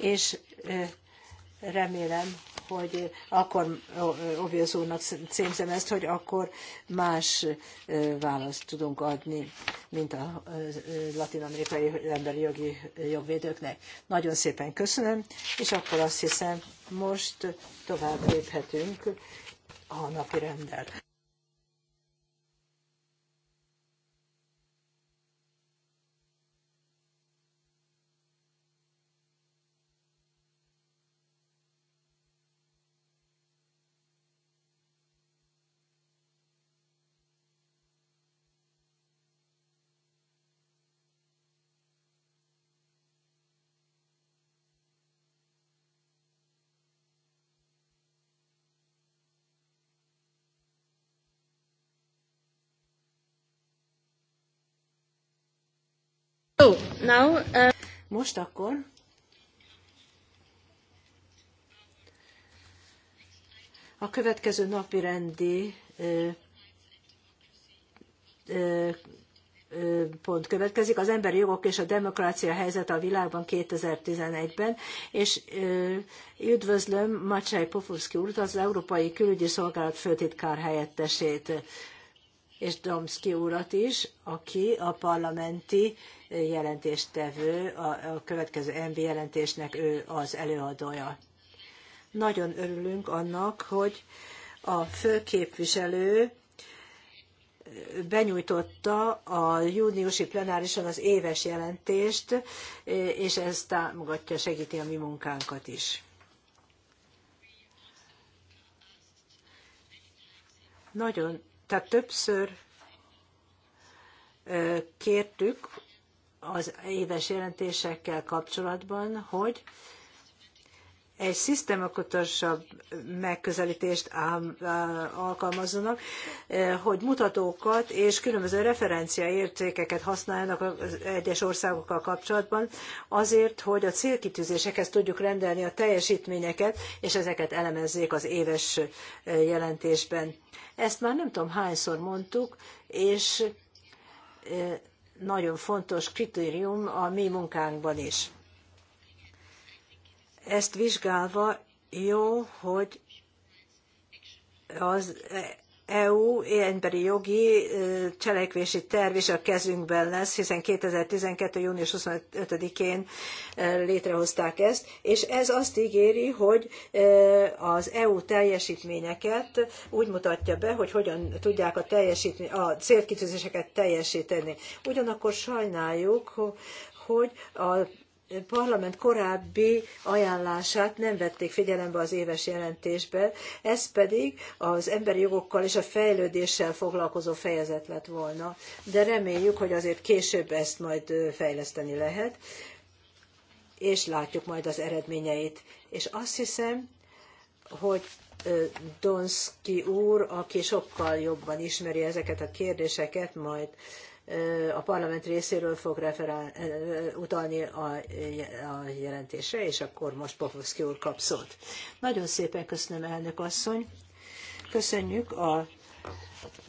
és remélem, hogy akkor Obvious úrnak címzem ezt, hogy akkor más választ tudunk adni, mint a latin-amerikai emberi jogi jogvédőknek. Nagyon szépen köszönöm, és akkor azt hiszem, most tovább léphetünk a napi rendel. Now, uh... Most akkor a következő napi rendi ö, ö, pont következik, az emberi jogok és a demokrácia helyzete a világban 2011-ben, és üdvözlöm Macsai Pofuszki úr, az Európai Külügyi Szolgálat főtitkár helyettesét és Domszki urat is, aki a parlamenti jelentéstevő, a következő MB jelentésnek ő az előadója. Nagyon örülünk annak, hogy a főképviselő benyújtotta a júniusi plenárison az éves jelentést, és ez támogatja, segíti a mi munkánkat is. Nagyon tehát többször kértük az éves jelentésekkel kapcsolatban, hogy egy szisztematikusabb megközelítést alkalmazzanak, eh, hogy mutatókat és különböző referenciaértékeket használjanak az egyes országokkal kapcsolatban, azért, hogy a célkitűzésekhez tudjuk rendelni a teljesítményeket, és ezeket elemezzék az éves eh, jelentésben. Ezt már nem tudom hányszor mondtuk, és eh, nagyon fontos kritérium a mi munkánkban is ezt vizsgálva jó, hogy az EU e emberi jogi cselekvési terv is a kezünkben lesz, hiszen 2012. június 25-én létrehozták ezt, és ez azt ígéri, hogy az EU teljesítményeket úgy mutatja be, hogy hogyan tudják a, teljesítmény, a célkitűzéseket teljesíteni. Ugyanakkor sajnáljuk, hogy a parlament korábbi ajánlását nem vették figyelembe az éves jelentésben, ez pedig az emberi jogokkal és a fejlődéssel foglalkozó fejezet lett volna. De reméljük, hogy azért később ezt majd fejleszteni lehet, és látjuk majd az eredményeit. És azt hiszem, hogy Donski úr, aki sokkal jobban ismeri ezeket a kérdéseket, majd a parlament részéről fog referál, utalni a, a jelentésre, és akkor most Popovszki úr kap szót. Nagyon szépen köszönöm, elnök asszony. Köszönjük a,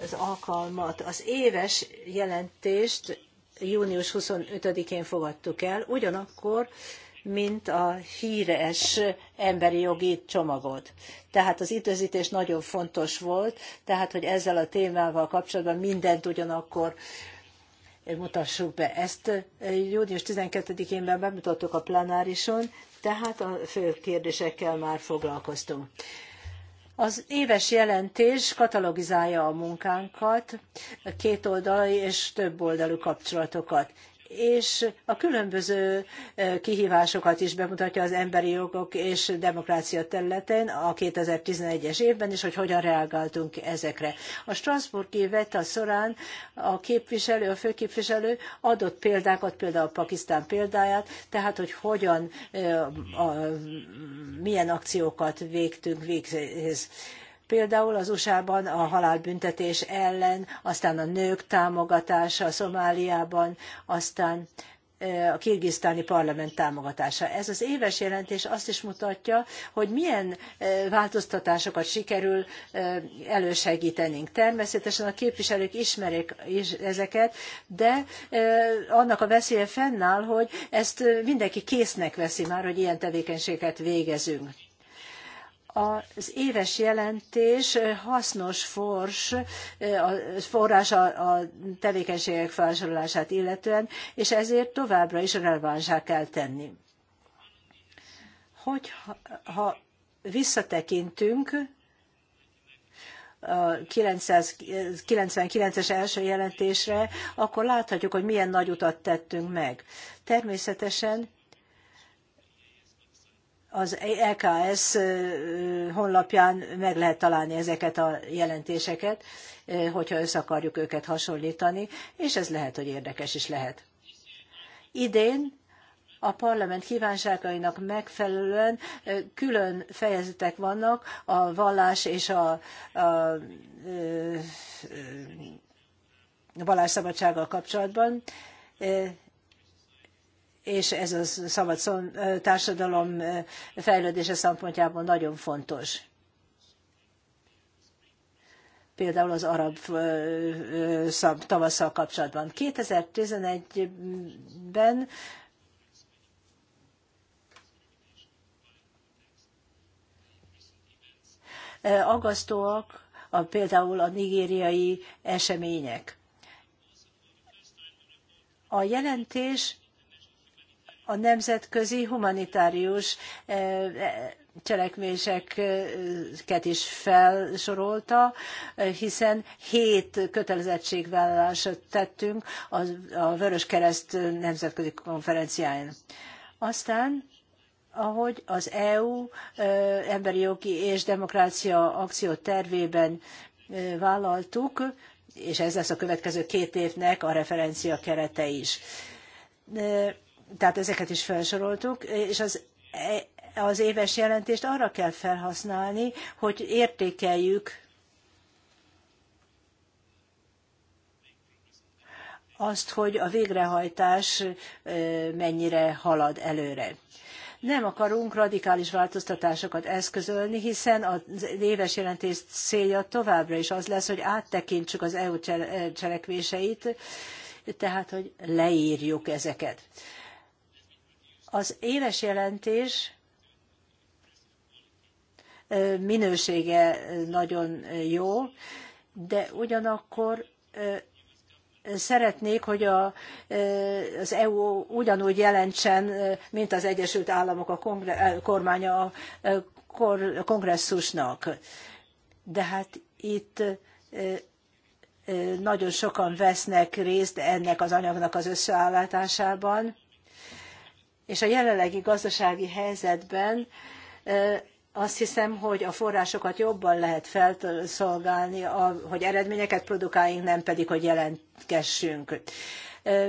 az alkalmat. Az éves jelentést június 25-én fogadtuk el, ugyanakkor mint a híres emberi jogi csomagot. Tehát az időzítés nagyon fontos volt, tehát hogy ezzel a témával kapcsolatban mindent ugyanakkor mutassuk be. Ezt eh, június 12-én bemutattuk a plenárison, tehát a fő kérdésekkel már foglalkoztunk. Az éves jelentés katalogizálja a munkánkat, kétoldalai és többoldalú kapcsolatokat, és a különböző e, kihívásokat is bemutatja az emberi jogok és demokrácia területén a 2011-es évben, és hogy hogyan reagáltunk ezekre. A Strasburgi veta során a képviselő, a főképviselő adott példákat, például a Pakisztán példáját, tehát hogy hogyan, a, e, a, milyen akciókat végtünk végzés Például az USA-ban a halálbüntetés ellen, aztán a nők támogatása a Szomáliában, aztán a kirgisztáni parlament támogatása. Ez az éves jelentés azt is mutatja, hogy milyen változtatásokat sikerül elősegítenünk. Természetesen a képviselők ismerik is ezeket, de annak a veszélye fennáll, hogy ezt mindenki késznek veszi már, hogy ilyen tevékenységet végezünk az éves jelentés hasznos fors, forrás a, a tevékenységek felsorolását illetően, és ezért továbbra is relevánsá kell tenni. Hogy ha visszatekintünk a 999-es első jelentésre, akkor láthatjuk, hogy milyen nagy utat tettünk meg. Természetesen az EKS honlapján meg lehet találni ezeket a jelentéseket, hogyha össze akarjuk őket hasonlítani, és ez lehet, hogy érdekes is lehet. Idén a parlament kívánságainak megfelelően külön fejezetek vannak a vallás és a, a, a, a vallásszabadsággal kapcsolatban és ez a szabad társadalom fejlődése szempontjából nagyon fontos. Például az arab tavasszal kapcsolatban. 2011-ben aggasztóak a, például a nigériai események. A jelentés a nemzetközi humanitárius eh, eh, cselekvéseket is felsorolta, eh, hiszen hét kötelezettségvállalást tettünk a Vörös Kereszt nemzetközi konferenciáján. Aztán ahogy az EU emberi jogi és demokrácia akció tervében vállaltuk, és ez lesz a következő két évnek a referencia kerete is tehát ezeket is felsoroltuk, és az e, az éves jelentést arra kell felhasználni, hogy értékeljük azt, hogy a végrehajtás mennyire halad előre. Nem akarunk radikális változtatásokat eszközölni, hiszen az éves jelentés célja továbbra is az lesz, hogy áttekintsük az EU cselekvéseit, tehát hogy leírjuk ezeket. Az éves jelentés minősége nagyon jó, de ugyanakkor szeretnék, hogy a, az EU ugyanúgy jelentsen, mint az Egyesült Államok a kormánya a kongresszusnak. De hát itt nagyon sokan vesznek részt ennek az anyagnak az összeállításában, és a jelenlegi gazdasági helyzetben azt hiszem, hogy a forrásokat jobban lehet felszolgálni, hogy eredményeket produkáljunk, nem pedig, hogy jelentkessünk.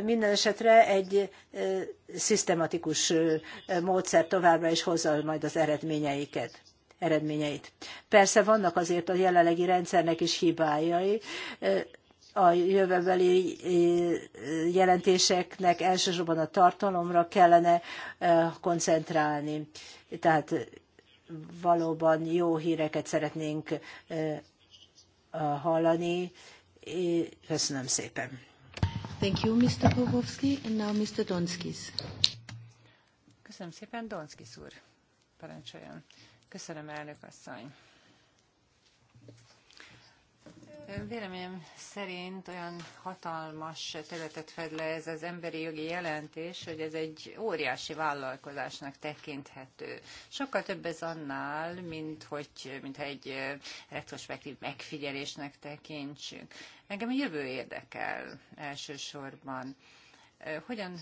Minden esetre egy szisztematikus módszer továbbra is hozza majd az eredményeiket eredményeit. Persze vannak azért a jelenlegi rendszernek is hibájai, a jövőbeli eh, jelentéseknek elsősorban a tartalomra kellene eh, koncentrálni. Tehát valóban jó híreket szeretnénk eh, hallani. Köszönöm szépen. Thank you, Mr. Popovsky, and now Mr. Donskis. Köszönöm szépen, Donskis úr. Parancsoljon. Köszönöm, elnök asszony. Véleményem szerint olyan hatalmas területet fed le ez az emberi jogi jelentés, hogy ez egy óriási vállalkozásnak tekinthető. Sokkal több ez annál, mint hogy, mint egy retrospektív megfigyelésnek tekintsünk. Engem a jövő érdekel elsősorban. Hogyan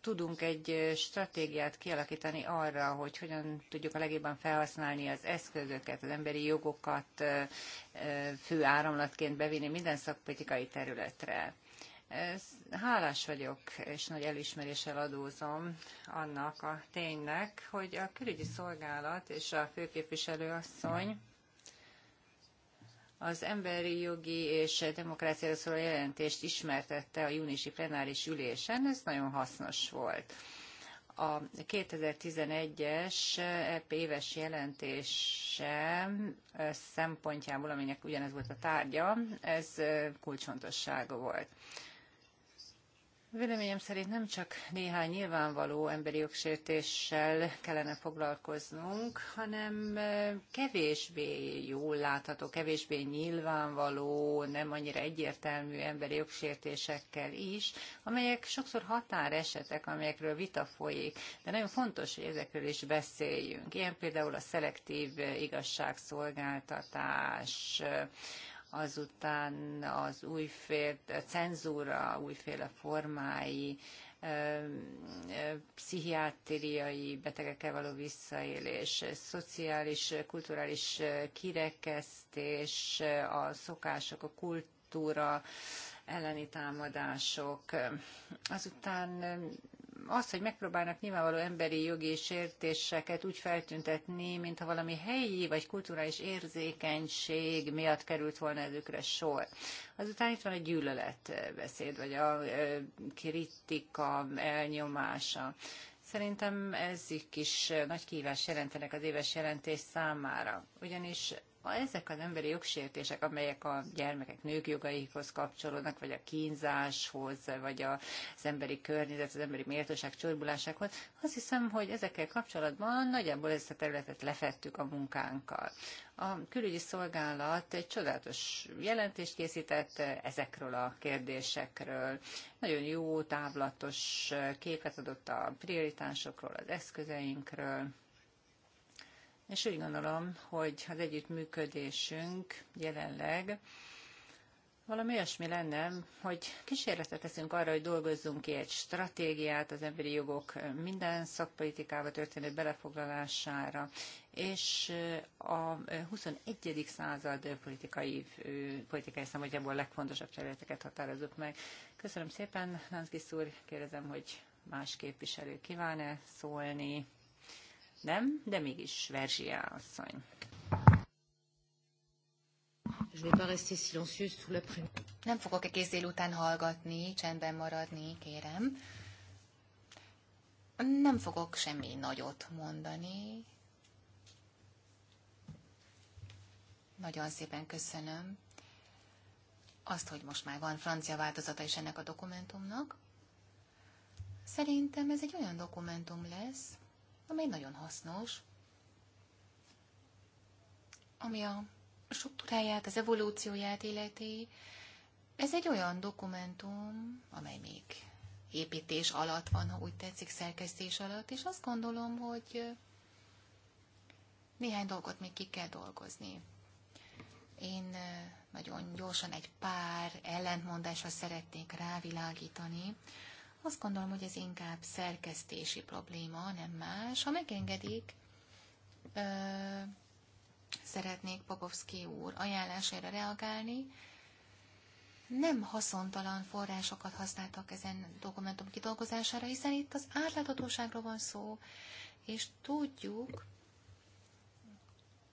tudunk egy stratégiát kialakítani arra, hogy hogyan tudjuk a legjobban felhasználni az eszközöket, az emberi jogokat fő áramlatként bevinni minden szakpolitikai területre. Hálás vagyok, és nagy elismeréssel adózom annak a ténynek, hogy a külügyi szolgálat és a főképviselőasszony az emberi jogi és demokráciára szóló jelentést ismertette a júniusi plenáris ülésen, ez nagyon hasznos volt. A 2011-es EP éves jelentése szempontjából, aminek ugyanez volt a tárgya, ez kulcsfontosságú volt. Véleményem szerint nem csak néhány nyilvánvaló emberi jogsértéssel kellene foglalkoznunk, hanem e, kevésbé jól látható, kevésbé nyilvánvaló, nem annyira egyértelmű emberi jogsértésekkel is, amelyek sokszor határesetek, amelyekről vita folyik, de nagyon fontos, hogy ezekről is beszéljünk. Ilyen például a szelektív igazságszolgáltatás, azután az újfél, a cenzúra újféle formái, pszichiátriai betegekkel való visszaélés, szociális, kulturális kirekesztés, a szokások, a kultúra elleni támadások. Azután az, hogy megpróbálnak nyilvánvaló emberi jogi sértéseket úgy feltüntetni, mintha valami helyi vagy kulturális érzékenység miatt került volna ezükre sor. Azután itt van egy gyűlöletbeszéd, vagy a kritika elnyomása. Szerintem ezik is nagy kívás jelentenek az éves jelentés számára, ugyanis ezek az emberi jogsértések, amelyek a gyermekek nők jogaikhoz kapcsolódnak, vagy a kínzáshoz, vagy az emberi környezet, az emberi méltóság csorbulásához, azt hiszem, hogy ezekkel kapcsolatban nagyjából ezt a területet lefettük a munkánkkal. A külügyi szolgálat egy csodálatos jelentést készített ezekről a kérdésekről. Nagyon jó, távlatos képet adott a prioritásokról, az eszközeinkről és úgy gondolom, hogy az együttműködésünk jelenleg valami olyasmi lenne, hogy kísérletet teszünk arra, hogy dolgozzunk ki egy stratégiát az emberi jogok minden szakpolitikába történő belefoglalására, és a 21. század politikai, politikai szempontjából legfontosabb területeket határozunk meg. Köszönöm szépen, Lanszki úr, kérdezem, hogy más képviselő kíván-e szólni. Nem, de mégis Verzsia asszony. Nem fogok egész délután hallgatni, csendben maradni, kérem. Nem fogok semmi nagyot mondani. Nagyon szépen köszönöm azt, hogy most már van francia változata is ennek a dokumentumnak. Szerintem ez egy olyan dokumentum lesz, ami nagyon hasznos, ami a struktúráját, az evolúcióját illeti. Ez egy olyan dokumentum, amely még építés alatt van, ha úgy tetszik, szerkesztés alatt, és azt gondolom, hogy néhány dolgot még ki kell dolgozni. Én eh, nagyon gyorsan egy pár ellentmondásra szeretnék rávilágítani, azt gondolom, hogy ez inkább szerkesztési probléma, nem más. Ha megengedik, ö, szeretnék Popovski úr ajánlására reagálni. Nem haszontalan forrásokat használtak ezen dokumentum kidolgozására, hiszen itt az átláthatóságról van szó, és tudjuk,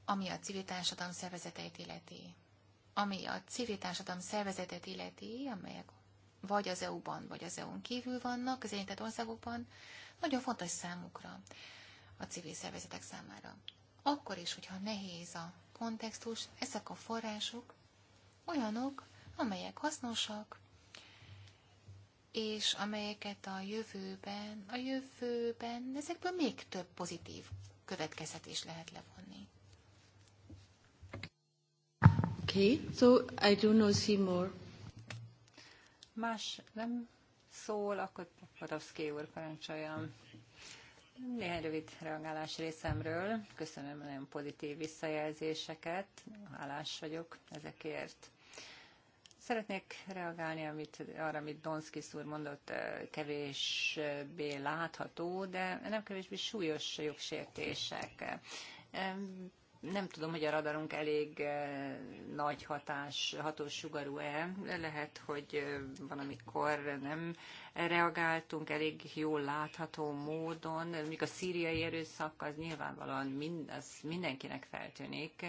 ami a civil társadalom szervezeteit illeti. Ami a civil társadalom szervezetet illeti, amelyek vagy az EU-ban, vagy az EU-n kívül vannak, az érintett országokban, nagyon fontos számukra, a civil szervezetek számára. Akkor is, hogyha nehéz a kontextus, ezek a források olyanok, amelyek hasznosak, és amelyeket a jövőben, a jövőben ezekből még több pozitív következtetés lehet levonni. Okay, so I do not see more más nem szól, akkor Podovszki úr parancsoljam. Néhány rövid reagálás részemről. Köszönöm nagyon pozitív visszajelzéseket. Hálás vagyok ezekért. Szeretnék reagálni amit, arra, amit Donszki úr mondott, eh, kevésbé látható, de nem kevésbé súlyos jogsértések nem tudom, hogy a radarunk elég eh, nagy hatás, hatós sugarú-e. Lehet, hogy eh, van, amikor nem reagáltunk elég jól látható módon. Még a szíriai erőszak az nyilvánvalóan mind, az mindenkinek feltűnik,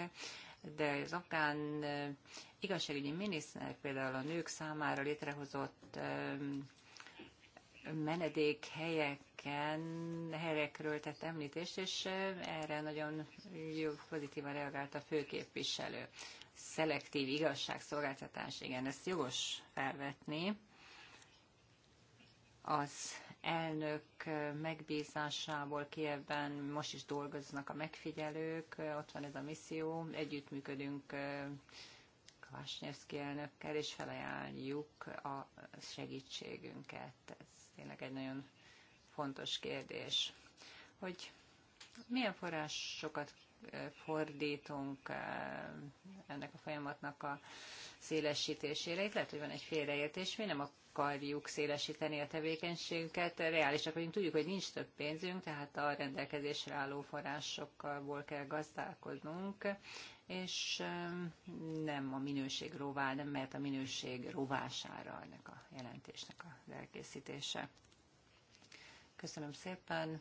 de az afgán eh, igazságügyi miniszter például a nők számára létrehozott menedékhelyeken, helyekről tett említést, és erre nagyon jó, pozitívan reagált a főképviselő. Szelektív igazságszolgáltatás, igen, ezt jogos felvetni. Az elnök megbízásából Kievben most is dolgoznak a megfigyelők, ott van ez a misszió, együttműködünk Kvásnyevszki elnökkel, és felajánljuk a segítségünket. Ez tényleg egy nagyon fontos kérdés, hogy milyen forrásokat fordítunk ennek a folyamatnak a szélesítésére. Itt lehet, hogy van egy félreértés, mi nem akarjuk szélesíteni a tevékenységünket, reálisak vagyunk, tudjuk, hogy nincs több pénzünk, tehát a rendelkezésre álló forrásokból kell gazdálkodnunk, és nem a minőség rová, nem mert a minőség rovására ennek a jelentésnek a elkészítése. Köszönöm szépen.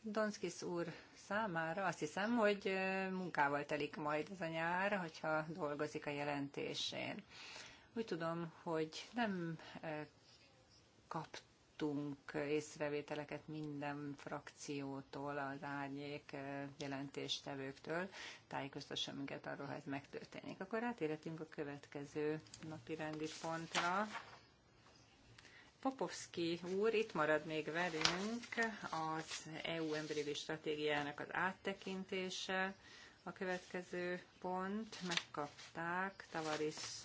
Donskis úr számára azt hiszem, hogy munkával telik majd ez a nyár, hogyha dolgozik a jelentésén. Úgy tudom, hogy nem kapt kaptunk észrevételeket minden frakciótól, az árnyék jelentéstevőktől. tájékoztassa minket arról, hogy ez megtörténik. Akkor átérhetünk a következő napi rendi pontra. Popovski úr itt marad még velünk, az EU emberi stratégiának az áttekintése. A következő pont, megkapták Tavaris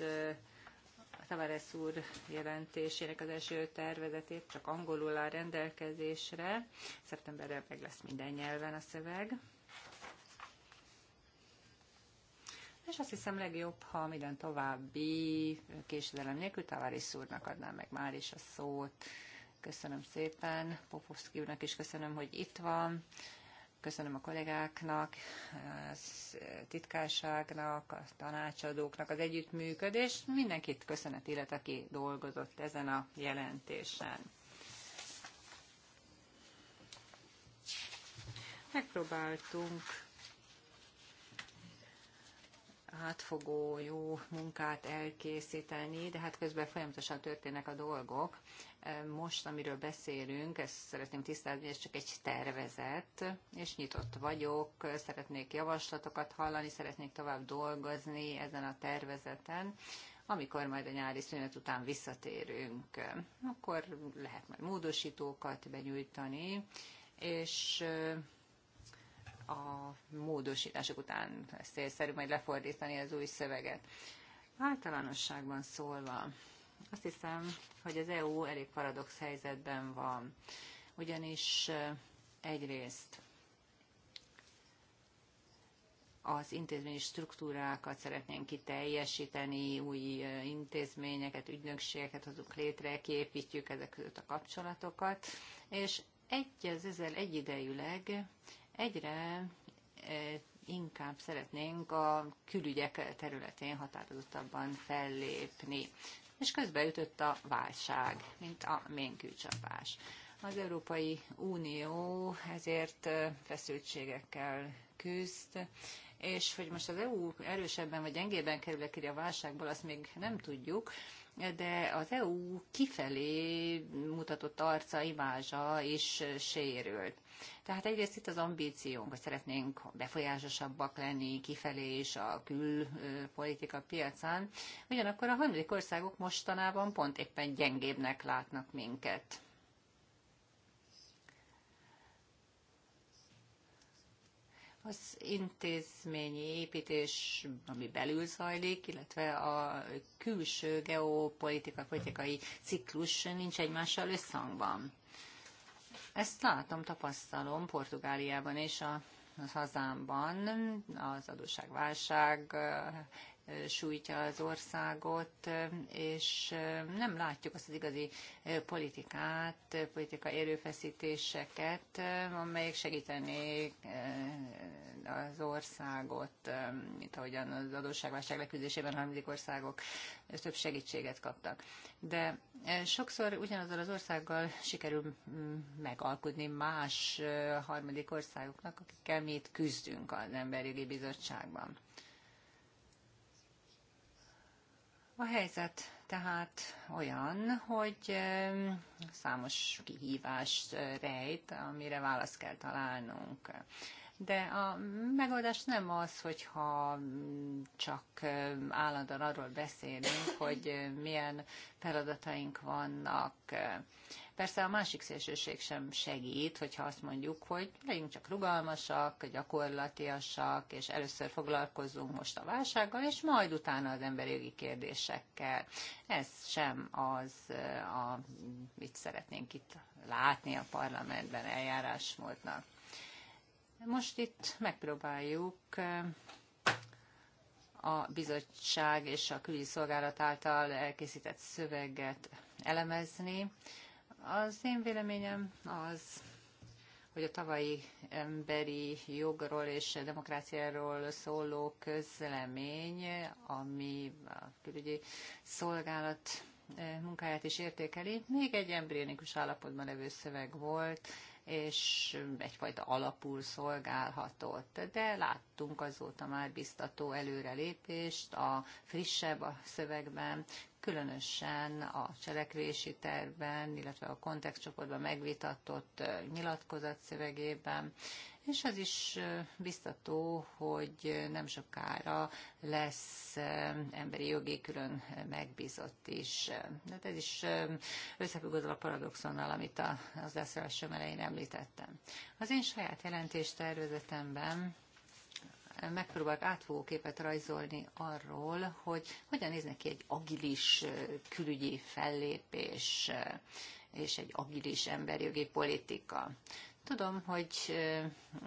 Tavares úr jelentésének az első tervezetét csak angolul áll rendelkezésre. Szeptemberre meg lesz minden nyelven a szöveg. És azt hiszem legjobb, ha minden további késedelem nélkül Tavares úrnak adnám meg már is a szót. Köszönöm szépen, Popovszki úrnak is köszönöm, hogy itt van Köszönöm a kollégáknak, a titkárságnak, a tanácsadóknak az együttműködést. Mindenkit köszönet illet, aki dolgozott ezen a jelentésen. Megpróbáltunk átfogó, jó munkát elkészíteni, de hát közben folyamatosan történnek a dolgok most, amiről beszélünk, ezt szeretném tisztázni, ez csak egy tervezet, és nyitott vagyok, szeretnék javaslatokat hallani, szeretnék tovább dolgozni ezen a tervezeten, amikor majd a nyári szünet után visszatérünk, akkor lehet majd módosítókat benyújtani, és a módosítások után célszerű majd lefordítani az új szöveget. Általánosságban szólva, azt hiszem, hogy az EU elég paradox helyzetben van. Ugyanis egyrészt az intézményi struktúrákat szeretnénk kiteljesíteni, új intézményeket, ügynökségeket hozunk létre, képítjük ezek között a kapcsolatokat, és egy, az ezzel egyidejűleg egyre inkább szeretnénk a külügyek területén határozottabban fellépni és ütött a válság, mint a ménkőcsapás. Az Európai Unió ezért feszültségekkel küzd, és hogy most az EU erősebben vagy gyengében kerül ki a válságból, azt még nem tudjuk, de az EU kifelé mutatott arca, imázsa is sérült. Tehát egyrészt itt az ambíciónk, hogy szeretnénk befolyásosabbak lenni kifelé és a külpolitika piacán, ugyanakkor a harmadik országok mostanában pont éppen gyengébbnek látnak minket. az intézményi építés, ami belül zajlik, illetve a külső geopolitika, politikai ciklus nincs egymással összhangban. Ezt látom, tapasztalom Portugáliában és a az hazámban az adósságválság sújtja az országot, és nem látjuk azt az igazi politikát, politika erőfeszítéseket, amelyek segítenék az országot, mint ahogyan az adósságválság leküzdésében harmadik országok több segítséget kaptak. De eh, sokszor ugyanazzal az országgal sikerül megalkudni más eh, harmadik országoknak, akikkel mi itt küzdünk az Emberjogi Bizottságban. A helyzet tehát olyan, hogy számos kihívást eh, rejt, amire választ kell találnunk de a megoldás nem az, hogyha csak állandóan arról beszélünk, hogy milyen feladataink vannak. Persze a másik szélsőség sem segít, hogyha azt mondjuk, hogy legyünk csak rugalmasak, gyakorlatiasak, és először foglalkozzunk most a válsággal, és majd utána az emberi jogi kérdésekkel. Ez sem az, amit mit szeretnénk itt látni a parlamentben eljárásmódnak. Most itt megpróbáljuk eh, a bizottság és a külügyi szolgálat által elkészített szöveget elemezni. Az én véleményem az, hogy a tavalyi emberi jogról és demokráciáról szóló közlemény, ami a külügyi szolgálat eh, munkáját is értékeli, még egy embrionikus állapotban levő szöveg volt, és egyfajta alapul szolgálhatott. De láttunk azóta már biztató előrelépést a frissebb a szövegben, különösen a cselekvési tervben, illetve a kontextcsoportban megvitatott nyilatkozat szövegében, és az is biztató, hogy nem sokára lesz emberi jogi külön megbízott is. De hát ez is összefügg a paradoxonnal, amit az elszállásom elején említettem. Az én saját tervezetemben megpróbálok átfogó képet rajzolni arról, hogy hogyan néz neki egy agilis külügyi fellépés és egy agilis emberjogi politika. Tudom, hogy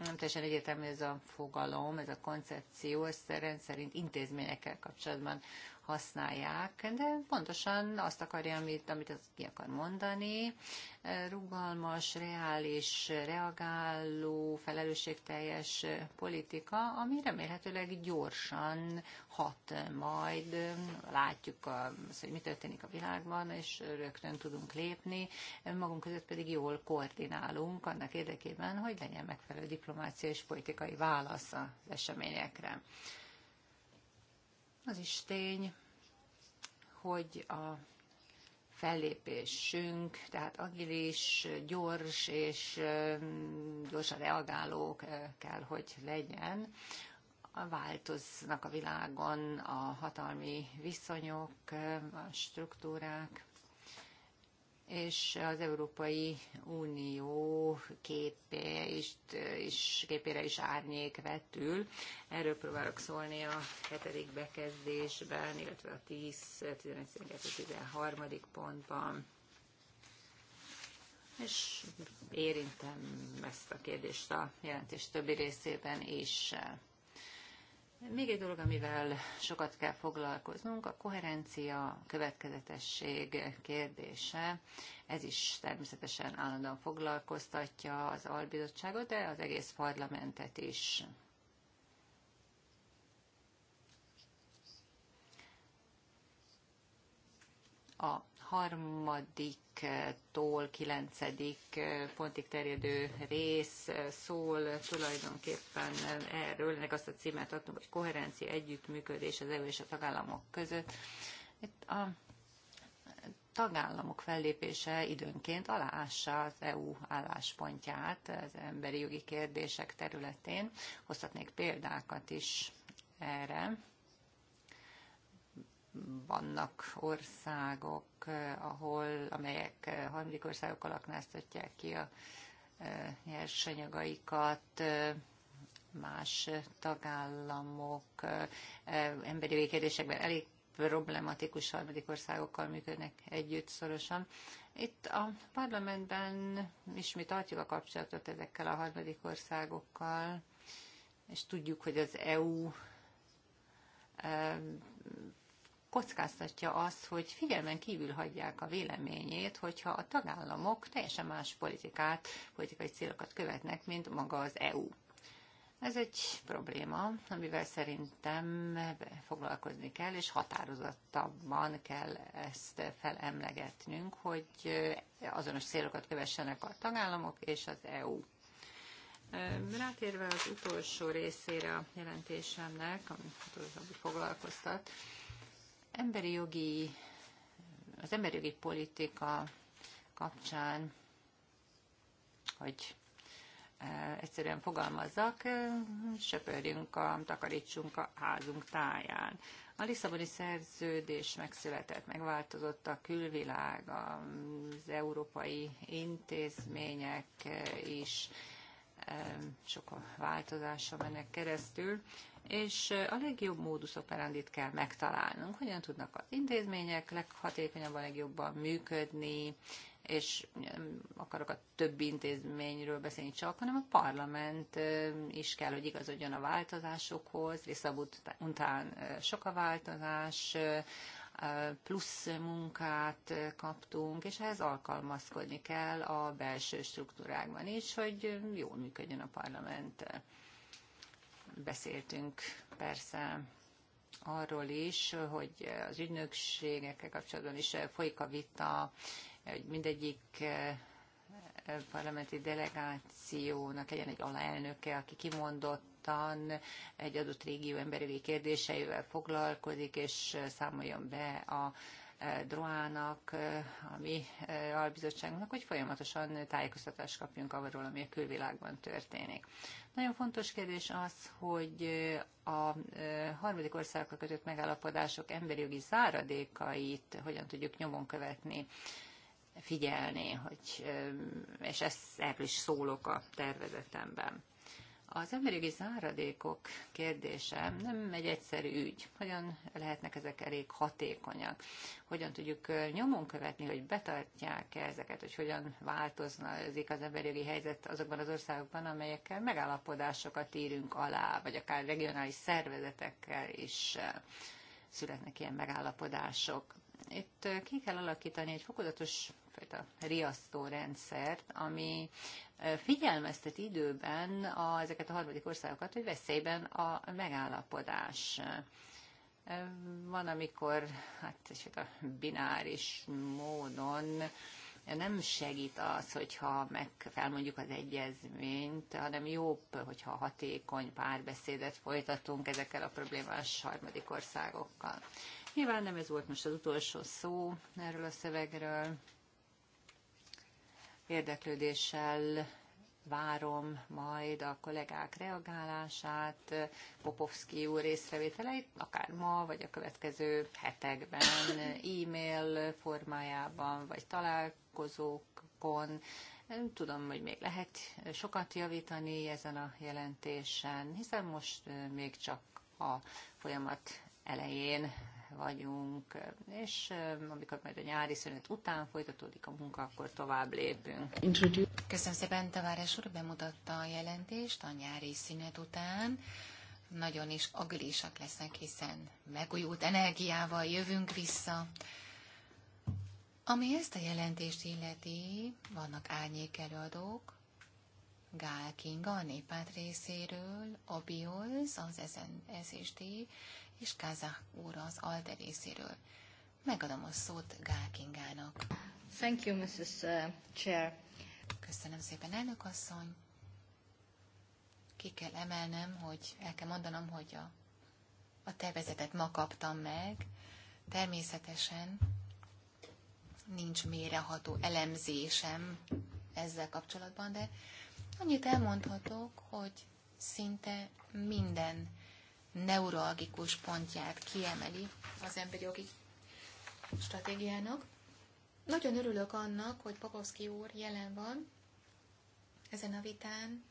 nem teljesen egyértelmű ez a fogalom, ez a koncepció, ez rendszerint intézményekkel kapcsolatban használják, de pontosan azt akarja, amit, amit az ki akar mondani, rugalmas, reális, reagáló, felelősségteljes politika, ami remélhetőleg gyorsan hat majd, látjuk, az, hogy mi történik a világban, és rögtön tudunk lépni, magunk között pedig jól koordinálunk annak érdekében, hogy legyen megfelelő diplomácia és politikai válasz az eseményekre. Az is tény, hogy a fellépésünk, tehát agilis, gyors és gyorsan reagáló kell, hogy legyen. Változnak a világon a hatalmi viszonyok, a struktúrák, és az Európai Unió képe is, is, képére is árnyék vetül. Erről próbálok szólni a hetedik bekezdésben, illetve a 10, 11, 12, 13. pontban. És érintem ezt a kérdést a jelentés többi részében is. Még egy dolog, amivel sokat kell foglalkoznunk, a koherencia, következetesség kérdése. Ez is természetesen állandóan foglalkoztatja az albizottságot, de az egész parlamentet is. A harmadiktól kilencedik pontig terjedő rész szól tulajdonképpen erről, ennek azt a címet adtunk, hogy koherencia, együttműködés az EU és a tagállamok között. Itt a tagállamok fellépése időnként aláássa az EU álláspontját az emberi jogi kérdések területén. Hozhatnék példákat is erre vannak országok, eh, ahol, amelyek eh, harmadik országokkal aknáztatják ki a eh, nyersanyagaikat, más tagállamok emberi végkérdésekben elég problematikus harmadik országokkal működnek együtt szorosan. Itt a parlamentben is mi tartjuk a kapcsolatot ezekkel a harmadik országokkal, és tudjuk, hogy az EU kockáztatja azt, hogy figyelmen kívül hagyják a véleményét, hogyha a tagállamok teljesen más politikát, politikai célokat követnek, mint maga az EU. Ez egy probléma, amivel szerintem foglalkozni kell, és határozottabban kell ezt felemlegetnünk, hogy azonos célokat kövessenek a tagállamok és az EU. Rátérve az utolsó részére a jelentésemnek, amit foglalkoztat, Emberi jogi, az emberi jogi politika kapcsán, hogy e, egyszerűen fogalmazzak, e, söpörjünk, a, takarítsunk a házunk táján. A Lisszaboni szerződés megszületett, megváltozott a külvilág, az európai intézmények is e, sok változása mennek keresztül, és a legjobb módus operandit kell megtalálnunk, hogyan tudnak az intézmények leghatékonyabban, legjobban működni, és akarok a többi intézményről beszélni csak, hanem a parlament is kell, hogy igazodjon a változásokhoz. Lisszabut után sok a változás, plusz munkát kaptunk, és ehhez alkalmazkodni kell a belső struktúrákban is, hogy jól működjön a parlament beszéltünk persze arról is, hogy az ügynökségekkel kapcsolatban is folyik a vita, hogy mindegyik eh, parlamenti delegációnak legyen egy alelnöke, aki kimondottan egy adott régió emberi kérdéseivel foglalkozik, és számoljon be a E, Droának, e, a mi e, albizottságunknak, hogy folyamatosan tájékoztatást kapjunk arról, ami a külvilágban történik. Nagyon fontos kérdés az, hogy a harmadik országokkal kötött megállapodások emberi jogi záradékait hogyan tudjuk nyomon követni figyelni, hogy, és ezt erről is szólok a tervezetemben. Az emberi záradékok kérdése nem egy egyszerű ügy. Hogyan lehetnek ezek elég hatékonyak? Hogyan tudjuk nyomon követni, hogy betartják -e ezeket, hogy hogyan változnak az emberi helyzet azokban az országokban, amelyekkel megállapodásokat írunk alá, vagy akár regionális szervezetekkel is születnek ilyen megállapodások itt eh, ki kell alakítani egy fokozatos fajta rendszer, ami eh, figyelmeztet időben a, ezeket a harmadik országokat, hogy veszélyben a megállapodás. Eh, van, amikor hát és a bináris módon nem segít az, hogyha meg felmondjuk az egyezményt, hanem jobb, hogyha hatékony párbeszédet folytatunk ezekkel a problémás harmadik országokkal. Nyilván nem ez volt most az utolsó szó erről a szövegről. Érdeklődéssel várom majd a kollégák reagálását, Popovski úr részrevételeit, akár ma, vagy a következő hetekben, e-mail formájában, vagy találkozókon. Nem tudom, hogy még lehet sokat javítani ezen a jelentésen, hiszen most még csak a folyamat elején vagyunk, és amikor majd a nyári szünet után folytatódik a munka, akkor tovább lépünk. Köszönöm szépen, Tavárás úr bemutatta a jelentést a nyári szünet után. Nagyon is agilisak lesznek, hiszen megújult energiával jövünk vissza. Ami ezt a jelentést illeti, vannak árnyékelőadók, Gál Kinga a néppárt részéről, Obiolz, az SZST és Kázák úr az ALDE részéről. Megadom a szót Gál Kingának. Thank you, Mrs. Uh, Chair. Köszönöm szépen, elnök asszony. Ki kell emelnem, hogy el kell mondanom, hogy a, a tervezetet ma kaptam meg. Természetesen nincs méreható elemzésem ezzel kapcsolatban, de annyit elmondhatok, hogy szinte minden neuralgikus pontját kiemeli az emberi jogi stratégiának. Nagyon örülök annak, hogy Papovszki úr jelen van ezen a vitán,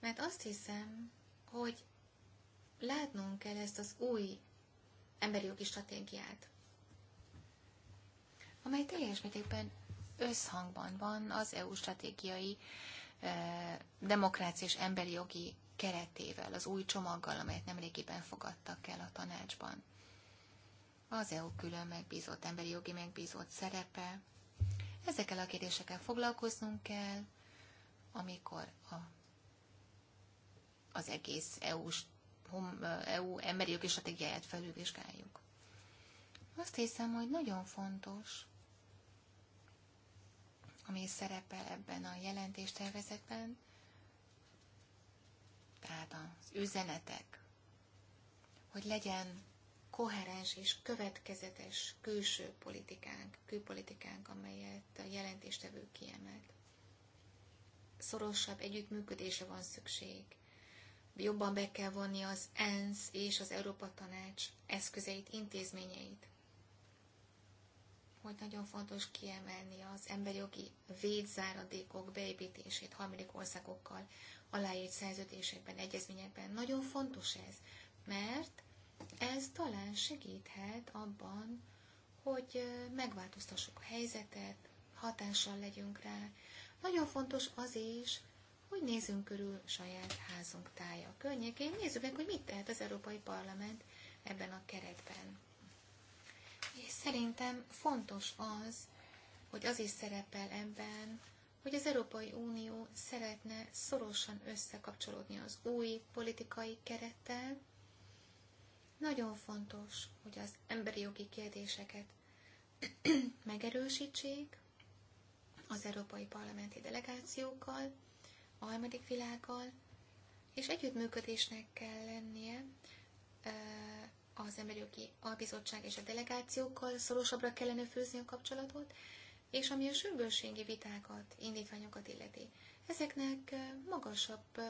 mert azt hiszem, hogy látnunk kell ezt az új emberi jogi stratégiát, amely teljes mértékben összhangban van az EU stratégiai eh, demokrácia és emberi jogi keretével, az új csomaggal, amelyet nemrégiben fogadtak el a tanácsban. Az EU külön megbízott, emberi jogi megbízott szerepe. Ezekkel a kérdésekkel foglalkoznunk kell, amikor a, az egész EU-s EU emberi jogi stratégiáját felülvizsgáljuk. Azt hiszem, hogy nagyon fontos, ami szerepel ebben a jelentéstervezetben, tehát az üzenetek, hogy legyen koherens és következetes külső politikánk, külpolitikánk, amelyet a jelentéstevő kiemelt. Szorosabb együttműködése van szükség. Jobban be kell vonni az ENSZ és az Európa Tanács eszközeit, intézményeit. Hogy nagyon fontos kiemelni az emberi jogi védzáradékok beépítését harmadik országokkal, aláírt szerződésekben, egyezményekben. Nagyon fontos ez, mert ez talán segíthet abban, hogy megváltoztassuk a helyzetet, hatással legyünk rá. Nagyon fontos az is, hogy nézzünk körül saját házunk tája környékén, nézzük meg, hogy mit tehet az Európai Parlament ebben a keretben. És szerintem fontos az, hogy az is szerepel ebben, hogy az Európai Unió szeretne szorosan összekapcsolódni az új politikai kerettel. Nagyon fontos, hogy az emberi jogi kérdéseket <clears throat> megerősítsék az Európai Parlamenti delegációkkal, a harmadik világgal, és együttműködésnek kell lennie az Emberi Jogi Albizottság és a delegációkkal szorosabbra kellene fűzni a kapcsolatot, és ami a sürgősségi vitákat, indítványokat illeti, ezeknek magasabb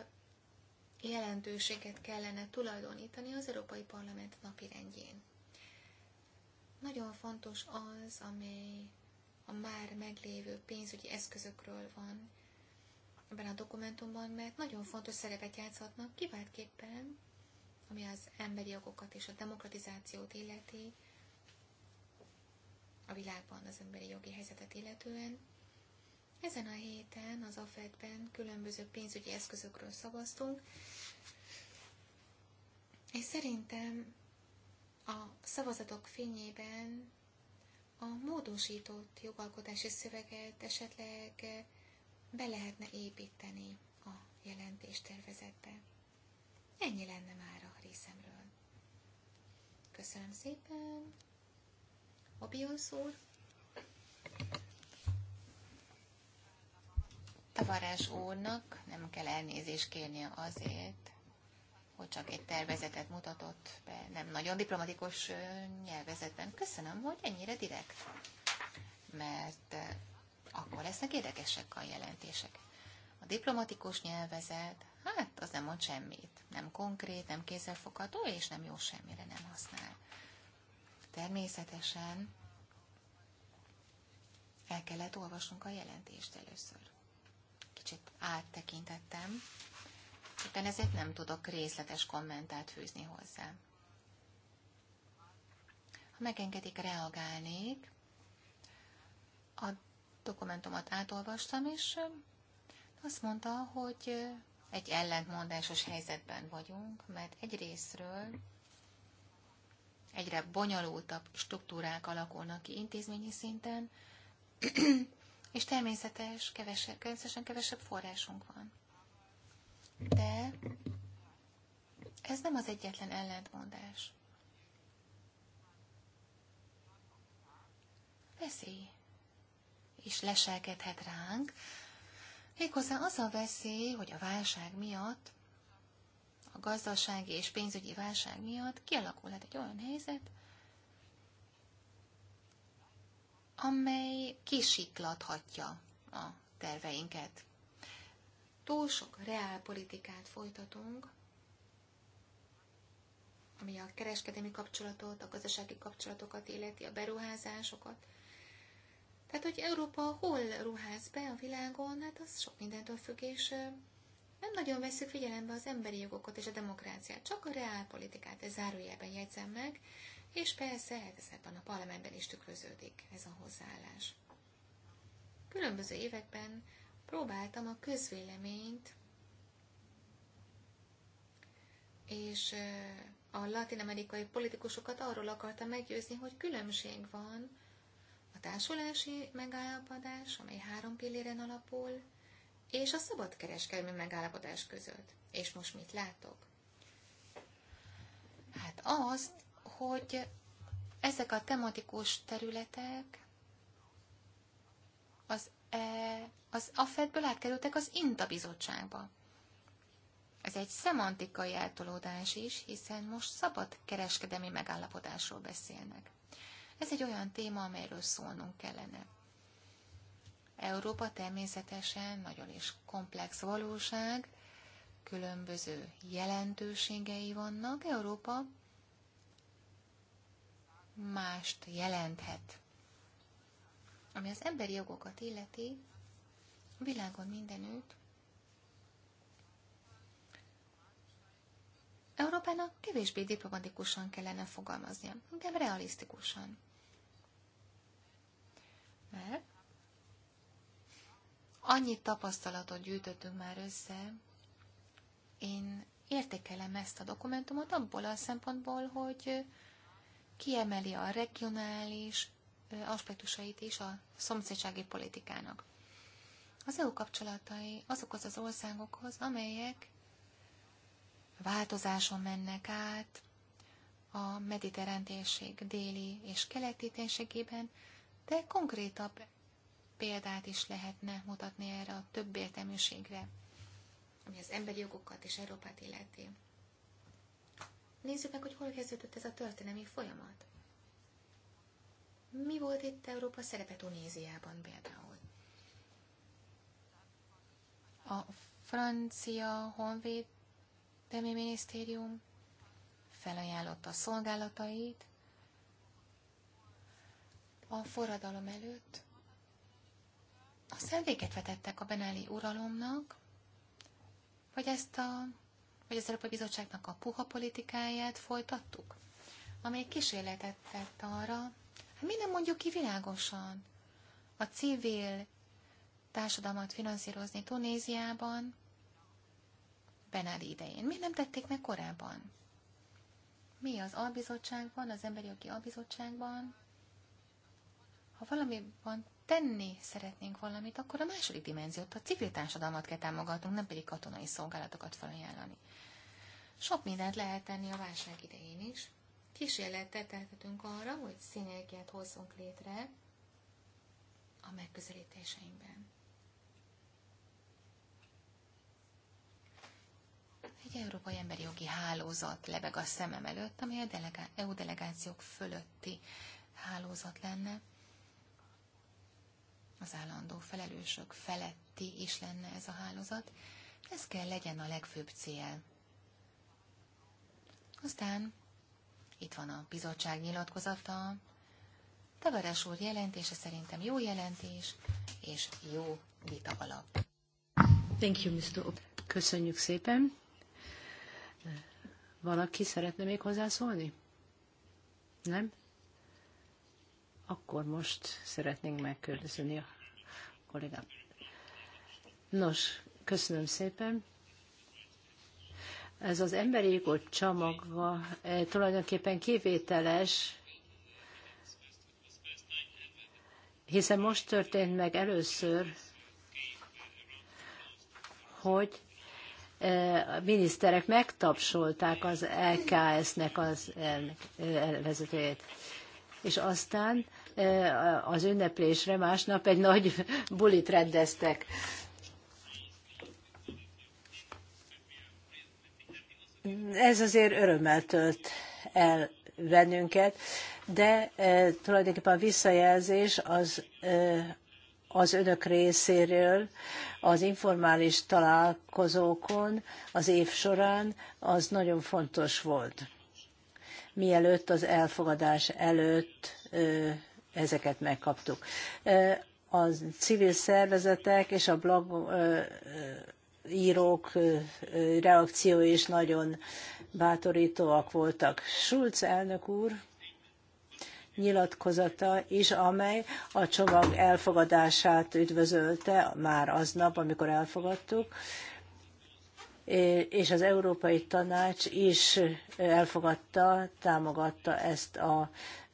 jelentőséget kellene tulajdonítani az Európai Parlament rendjén. Nagyon fontos az, amely a már meglévő pénzügyi eszközökről van ebben a dokumentumban, mert nagyon fontos szerepet játszhatnak, kiváltképpen, ami az emberi jogokat és a demokratizációt illeti, a világban az emberi jogi helyzetet illetően. Ezen a héten az AFED-ben különböző pénzügyi eszközökről szavaztunk, és szerintem a szavazatok fényében a módosított jogalkotási szöveget esetleg be lehetne építeni a jelentéstervezetbe. Ennyi lenne már a részemről. Köszönöm szépen! A úr. Tavarás úrnak nem kell elnézést kérnie azért, hogy csak egy tervezetet mutatott be, nem nagyon diplomatikus nyelvezetben. Köszönöm, hogy ennyire direkt, mert akkor lesznek érdekesek a jelentések. A diplomatikus nyelvezet, hát az nem mond semmit. Nem konkrét, nem kézzelfogható, és nem jó semmire nem használ. Természetesen el kellett olvasnunk a jelentést először. Kicsit áttekintettem, de ezért nem tudok részletes kommentát fűzni hozzá. Ha megengedik, reagálnék. A dokumentumot átolvastam, és azt mondta, hogy egy ellentmondásos helyzetben vagyunk, mert egyrésztről egyre bonyolultabb struktúrák alakulnak ki intézményi szinten, és természetes, kevesebb, természetesen kevesebb forrásunk van. De ez nem az egyetlen ellentmondás. Veszély is leselkedhet ránk, méghozzá az a veszély, hogy a válság miatt a gazdasági és pénzügyi válság miatt kialakulhat egy olyan helyzet, amely kisiklathatja a terveinket. Túl sok reálpolitikát folytatunk, ami a kereskedelmi kapcsolatot, a gazdasági kapcsolatokat illeti, a beruházásokat. Tehát, hogy Európa hol ruház be a világon, hát az sok mindentől függ, és nem nagyon veszük figyelembe az emberi jogokat és a demokráciát, csak a reálpolitikát, ez zárójelben jegyzem meg, és persze ez ebben a parlamentben is tükröződik ez a hozzáállás. Különböző években próbáltam a közvéleményt és a latin-amerikai politikusokat arról akarta meggyőzni, hogy különbség van a társulási megállapodás, amely három pilléren alapul, és a szabadkereskedelmi megállapodás között. És most mit látok? Hát azt, hogy ezek a tematikus területek az, e, az AFED-ből átkerültek az INTA bizottságba. Ez egy szemantikai eltolódás is, hiszen most szabad kereskedemi megállapodásról beszélnek. Ez egy olyan téma, amelyről szólnunk kellene. Európa természetesen nagyon is komplex valóság, különböző jelentőségei vannak. Európa mást jelenthet. Ami az emberi jogokat illeti, a világon mindenütt, Európának kevésbé diplomatikusan kellene fogalmaznia, inkább realisztikusan. Mert Annyi tapasztalatot gyűjtöttünk már össze, én értékelem ezt a dokumentumot abból a szempontból, hogy kiemeli a regionális aspektusait is a szomszédsági politikának. Az EU kapcsolatai azokhoz az országokhoz, amelyek változáson mennek át a mediterrán térség déli és keleti térségében, de konkrétabb példát is lehetne mutatni erre a több értelműségre, ami az emberi jogokat és Európát illeti. Nézzük meg, hogy hol kezdődött ez a történelmi folyamat. Mi volt itt Európa szerepe Tunéziában például? A francia honvédelmi minisztérium felajánlotta a szolgálatait a forradalom előtt, a véget vetettek a Benelli uralomnak, vagy ezt a, vagy az Európai Bizottságnak a puha politikáját folytattuk, amely kísérletet tett arra, hát mi nem mondjuk ki világosan, a civil társadalmat finanszírozni Tunéziában, Benelli idején. Mi nem tették meg korábban? Mi az albizottságban, az emberi jogi albizottságban ha van tenni szeretnénk valamit, akkor a második dimenziót, a civil társadalmat kell támogatnunk, nem pedig katonai szolgálatokat felajánlani. Sok mindent lehet tenni a válság idején is. Kísérletet tehetünk arra, hogy szinergiát hozzunk létre a megközelítéseinkben. Egy európai emberi jogi hálózat lebeg a szemem előtt, amely a delegá- EU delegációk fölötti hálózat lenne az állandó felelősök feletti is lenne ez a hálózat. Ez kell legyen a legfőbb cél. Aztán itt van a bizottság nyilatkozata, Tavares úr jelentése szerintem jó jelentés és jó vita alap. Thank you, Mr. Köszönjük szépen. Valaki szeretne még hozzászólni? Nem? Akkor most szeretnénk megkérdezni a kolléga. Nos, köszönöm szépen. Ez az emberi jogok csomagva e, tulajdonképpen kivételes, hiszen most történt meg először, hogy e, a miniszterek megtapsolták az LKS-nek az elvezetőjét. E, És aztán Eh, az ünneplésre másnap egy nagy <laughs> bulit rendeztek. Ez azért örömmel tölt el bennünket, de e, tulajdonképpen a visszajelzés az e, az önök részéről az informális találkozókon az év során az nagyon fontos volt. Mielőtt az elfogadás előtt ezeket megkaptuk. A civil szervezetek és a blog írók reakció is nagyon bátorítóak voltak. Schulz elnök úr nyilatkozata is, amely a csomag elfogadását üdvözölte már aznap, amikor elfogadtuk, és az Európai Tanács is elfogadta, támogatta ezt a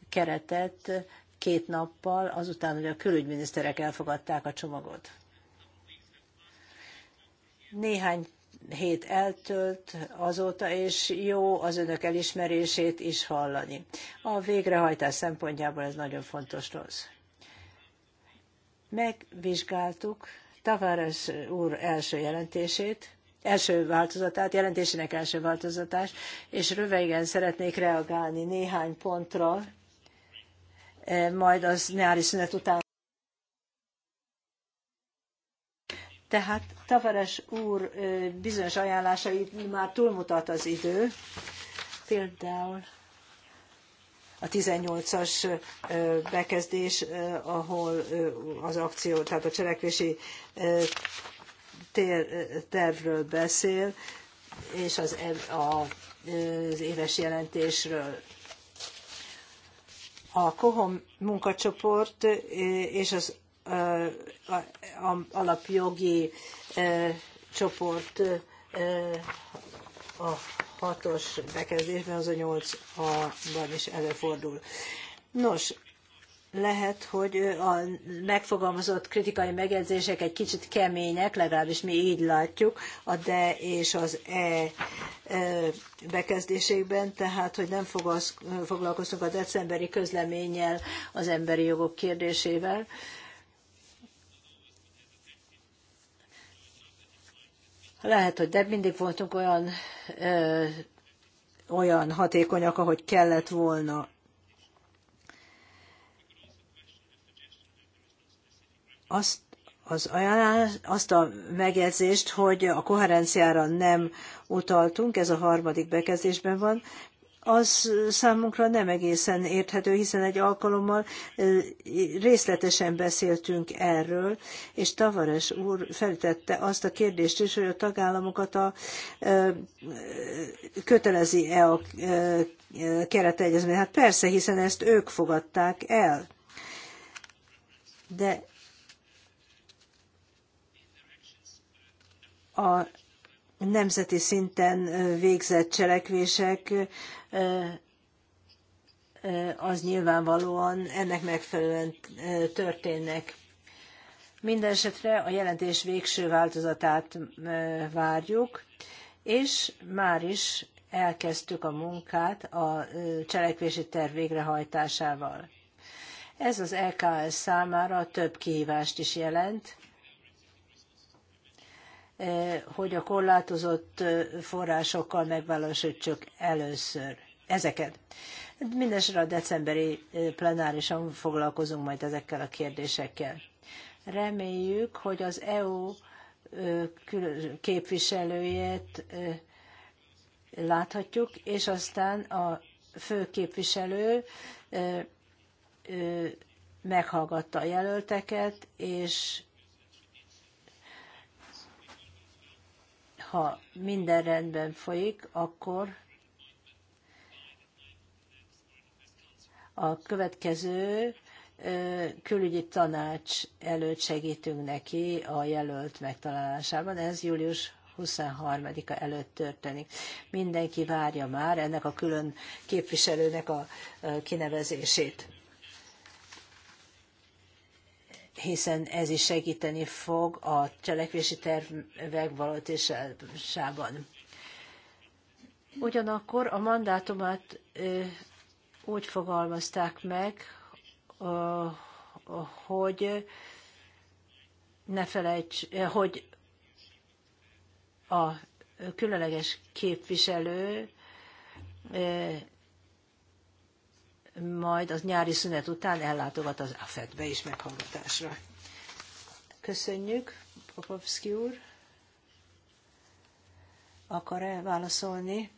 keretet, két nappal azután, hogy a külügyminiszterek elfogadták a csomagot. Néhány hét eltölt azóta, és jó az önök elismerését is hallani. A végrehajtás szempontjából ez nagyon fontos rossz. Megvizsgáltuk Tavares úr első jelentését, első változatát, jelentésének első változatás és röviden szeretnék reagálni néhány pontra, E, majd az nyári szünet után. Tehát Tavares úr e, bizonyos ajánlásait már túlmutat az idő, például a 18-as e, bekezdés, ahol az akció, tehát a cselekvési tervről beszél, és az, az éves jelentésről. A KOHOM munkacsoport és az alapjogi csoport a hatos bekezdésben, az a nyolc a ban is előfordul. Nos, lehet, hogy a megfogalmazott kritikai megjegyzések egy kicsit kemények, legalábbis mi így látjuk, a de és az e bekezdésekben, tehát hogy nem foglalkoztunk a decemberi közleménnyel az emberi jogok kérdésével. Lehet, hogy de mindig voltunk olyan, olyan hatékonyak, ahogy kellett volna azt, az ajánlás, azt a megjegyzést, hogy a koherenciára nem utaltunk, ez a harmadik bekezdésben van, az számunkra nem egészen érthető, hiszen egy alkalommal részletesen beszéltünk erről, és Tavares úr feltette azt a kérdést is, hogy a tagállamokat a, kötelezi-e a keretegyezmény. Hát persze, hiszen ezt ők fogadták el. De a nemzeti szinten végzett cselekvések az nyilvánvalóan ennek megfelelően történnek. Mindenesetre a jelentés végső változatát várjuk, és már is elkezdtük a munkát a cselekvési terv végrehajtásával. Ez az EKS számára több kihívást is jelent, Eh, hogy a korlátozott eh, forrásokkal megvalósítsuk először ezeket. Mindenesetre a decemberi eh, plenárison foglalkozunk majd ezekkel a kérdésekkel. Reméljük, hogy az EU képviselőjét láthatjuk, és aztán a fő képviselő meghallgatta a jelölteket, és ha minden rendben folyik, akkor a következő külügyi tanács előtt segítünk neki a jelölt megtalálásában. Ez július 23-a előtt történik. Mindenki várja már ennek a külön képviselőnek a kinevezését hiszen ez is segíteni fog a cselekvési tervek valótésában. Ugyanakkor a mandátumát úgy fogalmazták meg, hogy ne felejts, hogy a különleges képviselő majd az nyári szünet után ellátogat az AFED-be is meghallgatásra. Köszönjük, Popovski úr. Akar-e válaszolni?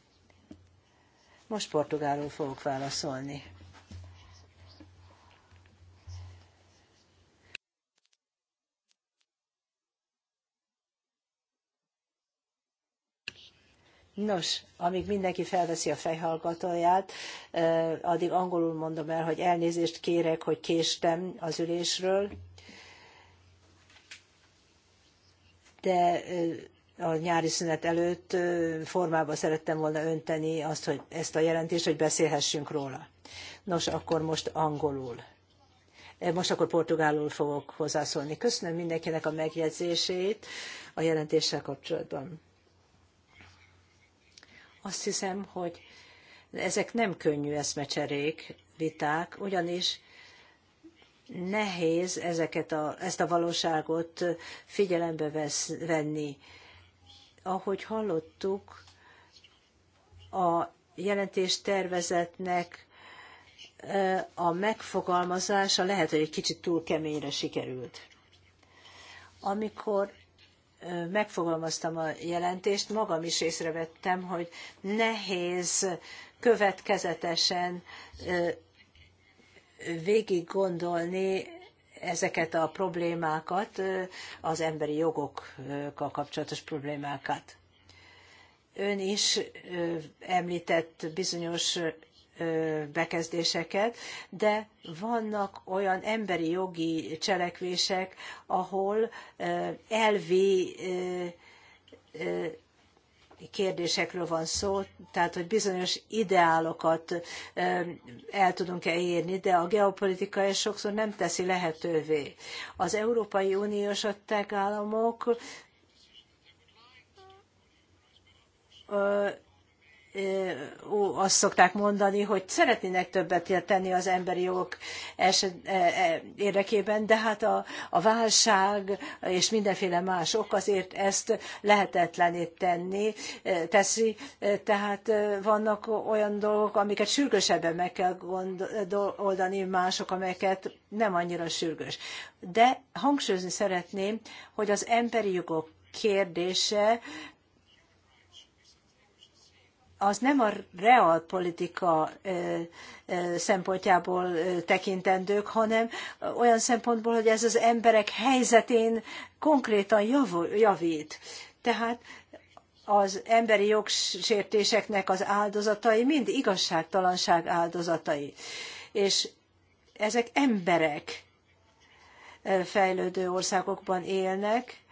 Most portugálul fogok válaszolni. Nos, amíg mindenki felveszi a fejhallgatóját, addig angolul mondom el, hogy elnézést kérek, hogy késtem az ülésről, de a nyári szünet előtt formába szerettem volna önteni azt, hogy ezt a jelentést, hogy beszélhessünk róla. Nos, akkor most angolul. Most akkor portugálul fogok hozzászólni. Köszönöm mindenkinek a megjegyzését a jelentéssel kapcsolatban. Azt hiszem, hogy ezek nem könnyű eszmecserék, viták, ugyanis nehéz ezeket a, ezt a valóságot figyelembe vesz, venni. Ahogy hallottuk, a jelentés tervezetnek a megfogalmazása lehet, hogy egy kicsit túl keményre sikerült. Amikor megfogalmaztam a jelentést, magam is észrevettem, hogy nehéz következetesen végig gondolni ezeket a problémákat, az emberi jogokkal kapcsolatos problémákat. Ön is említett bizonyos bekezdéseket, de vannak olyan emberi jogi cselekvések, ahol elvi kérdésekről van szó, tehát hogy bizonyos ideálokat el tudunk-e érni, de a geopolitika ezt sokszor nem teszi lehetővé. Az Európai Uniós tagállamok azt szokták mondani, hogy szeretnének többet tenni az emberi jogok eset, e, e, érdekében, de hát a, a válság és mindenféle más ok azért ezt lehetetlené tenni, e, teszi. Tehát vannak olyan dolgok, amiket sürgősebben meg kell oldani, mások, amelyeket nem annyira sürgős. De hangsúlyozni szeretném, hogy az emberi jogok kérdése az nem a realpolitika szempontjából tekintendők, hanem olyan szempontból, hogy ez az emberek helyzetén konkrétan javít. Tehát az emberi jogsértéseknek az áldozatai mind igazságtalanság áldozatai. És ezek emberek fejlődő országokban élnek,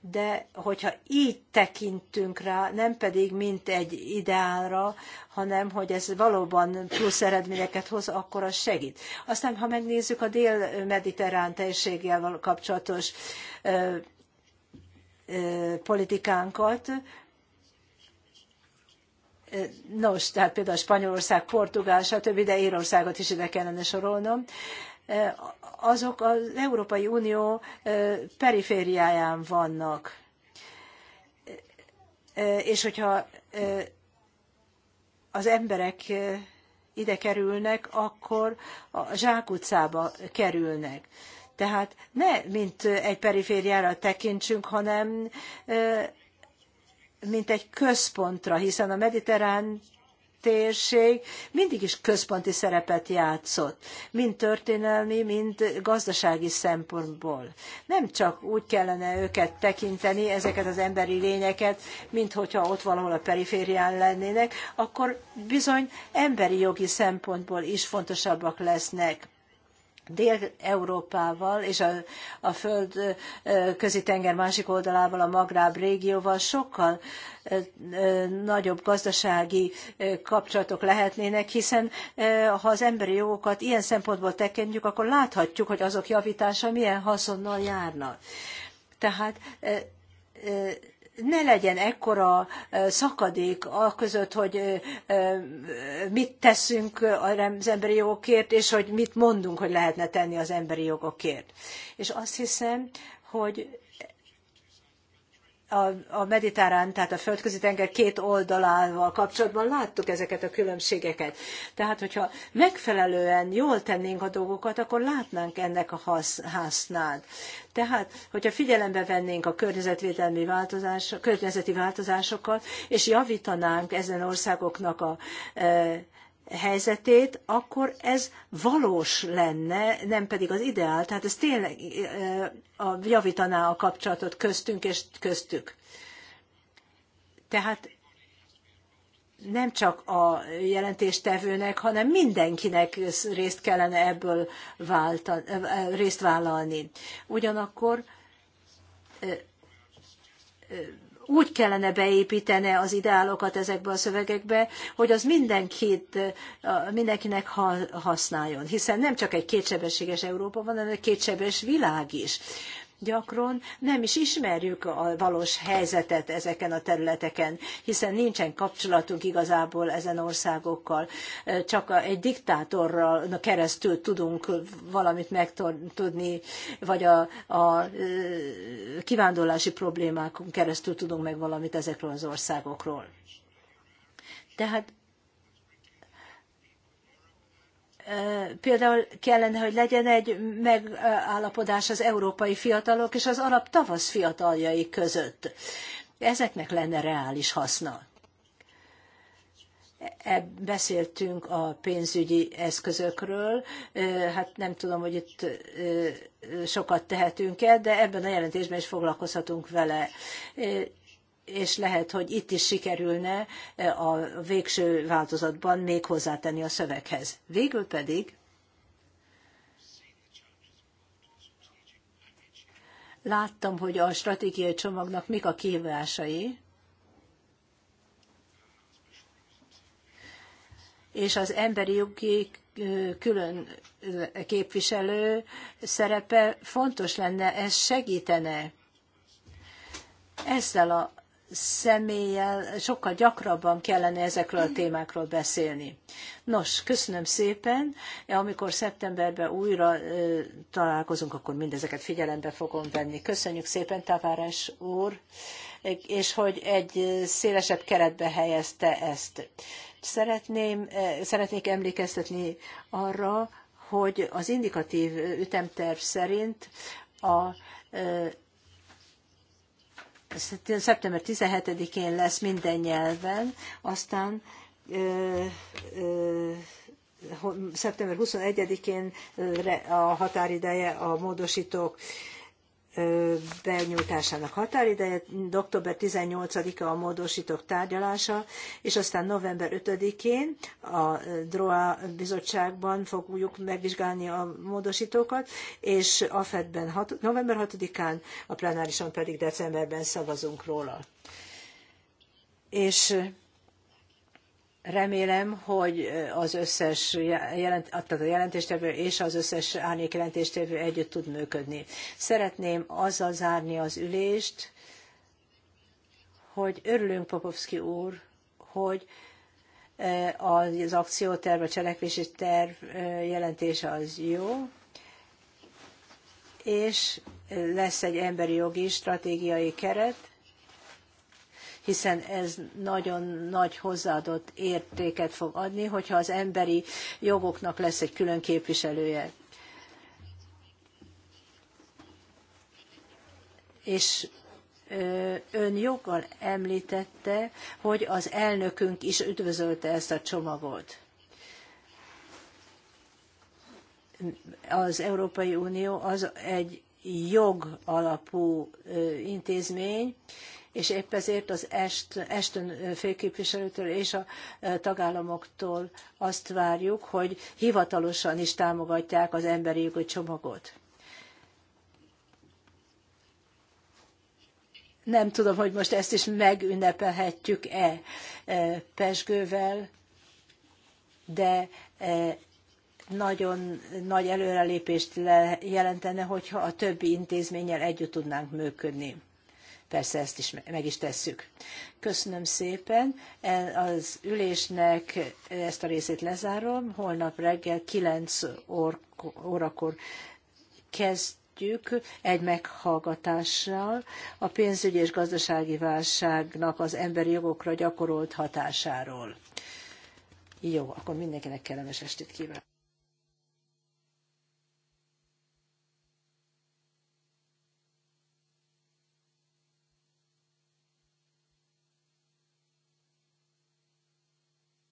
de hogyha így tekintünk rá, nem pedig mint egy ideálra, hanem hogy ez valóban plusz eredményeket hoz, akkor az segít. Aztán, ha megnézzük a dél-mediterrán térséggel kapcsolatos ö, ö, politikánkat, Nos, tehát például Spanyolország, Portugál, stb., de Írországot is ide kellene sorolnom azok az Európai Unió perifériáján vannak. És hogyha az emberek ide kerülnek, akkor a zsákutcába kerülnek. Tehát ne mint egy perifériára tekintsünk, hanem mint egy központra, hiszen a mediterrán térség mindig is központi szerepet játszott, mind történelmi, mind gazdasági szempontból. Nem csak úgy kellene őket tekinteni, ezeket az emberi lényeket, mint hogyha ott valahol a periférián lennének, akkor bizony emberi jogi szempontból is fontosabbak lesznek Dél-Európával és a, a föld közi tenger másik oldalával, a Magráb régióval sokkal nagyobb gazdasági kapcsolatok lehetnének, hiszen ha az emberi jogokat ilyen szempontból tekintjük, akkor láthatjuk, hogy azok javítása milyen haszonnal járna. Tehát ne legyen ekkora szakadék a között, hogy mit teszünk az emberi jogokért, és hogy mit mondunk, hogy lehetne tenni az emberi jogokért. És azt hiszem, hogy a, a mediterrán, tehát a földközi tenger két oldalával kapcsolatban láttuk ezeket a különbségeket. Tehát, hogyha megfelelően jól tennénk a dolgokat, akkor látnánk ennek a hasznát. Tehát, hogyha figyelembe vennénk a környezetvédelmi változás, környezeti változásokat, és javítanánk ezen országoknak a e, helyzetét, akkor ez valós lenne, nem pedig az ideál. Tehát ez tényleg javítaná a kapcsolatot köztünk és köztük. Tehát nem csak a jelentéstevőnek, hanem mindenkinek részt kellene ebből válta, részt vállalni. Ugyanakkor úgy kellene beépíteni az ideálokat ezekbe a szövegekbe, hogy az mindenkit, mindenkinek használjon. Hiszen nem csak egy kétsebességes Európa van, hanem egy kétsebes világ is gyakran nem is ismerjük a valós helyzetet ezeken a területeken, hiszen nincsen kapcsolatunk igazából ezen országokkal. Csak egy diktátorral keresztül tudunk valamit megtudni, vagy a, a kivándorlási problémákon keresztül tudunk meg valamit ezekről az országokról. Tehát Például kellene, hogy legyen egy megállapodás az európai fiatalok és az arab tavasz fiataljai között. Ezeknek lenne reális haszna. E, beszéltünk a pénzügyi eszközökről, hát nem tudom, hogy itt sokat tehetünk-e, de ebben a jelentésben is foglalkozhatunk vele és lehet, hogy itt is sikerülne e, a végső változatban még hozzátenni a szöveghez. Végül pedig láttam, hogy a stratégiai csomagnak mik a kihívásai, és az emberi jogi e, külön e, képviselő szerepe fontos lenne, ez segítene. Ezzel a személlyel sokkal gyakrabban kellene ezekről a témákról beszélni. Nos, köszönöm szépen. Amikor szeptemberben újra találkozunk, akkor mindezeket figyelembe fogom venni. Köszönjük szépen, Tavares úr, és hogy egy szélesebb keretbe helyezte ezt. Szeretném, szeretnék emlékeztetni arra, hogy az indikatív ütemterv szerint a szeptember 17-én lesz minden nyelven, aztán ö, ö, szeptember 21-én a határideje a módosítók benyújtásának határideje, október 18-a a módosítók tárgyalása, és aztán november 5-én a DROA bizottságban fogjuk megvizsgálni a módosítókat, és a FED-ben november 6-án, a plenárison pedig decemberben szavazunk róla. És Remélem, hogy eh, az összes jelent, tehát a jelentéstevő és az összes árnyék jelentéstevő együtt tud működni. Szeretném azzal zárni az ülést, hogy örülünk Popovski úr, hogy eh, az akcióterv, a cselekvési terv eh, jelentése az jó, és lesz egy emberi jogi stratégiai keret, hiszen ez nagyon nagy hozzáadott értéket fog adni, hogyha az emberi jogoknak lesz egy külön képviselője. És ön joggal említette, hogy az elnökünk is üdvözölte ezt a csomagot. Az Európai Unió az egy jog alapú intézmény, és épp ezért az est, Esten főképviselőtől és a e, tagállamoktól azt várjuk, hogy hivatalosan is támogatják az emberi jogi csomagot. Nem tudom, hogy most ezt is megünnepelhetjük-e e, Pesgővel, de e, nagyon nagy előrelépést jelentene, hogyha a többi intézménnyel együtt tudnánk működni. Persze ezt is meg is tesszük. Köszönöm szépen. E, az ülésnek ezt a részét lezárom. Holnap reggel 9 órakor kezdjük egy meghallgatással a pénzügyi és gazdasági válságnak az emberi jogokra gyakorolt hatásáról. Jó, akkor mindenkinek kellemes estét kívánok.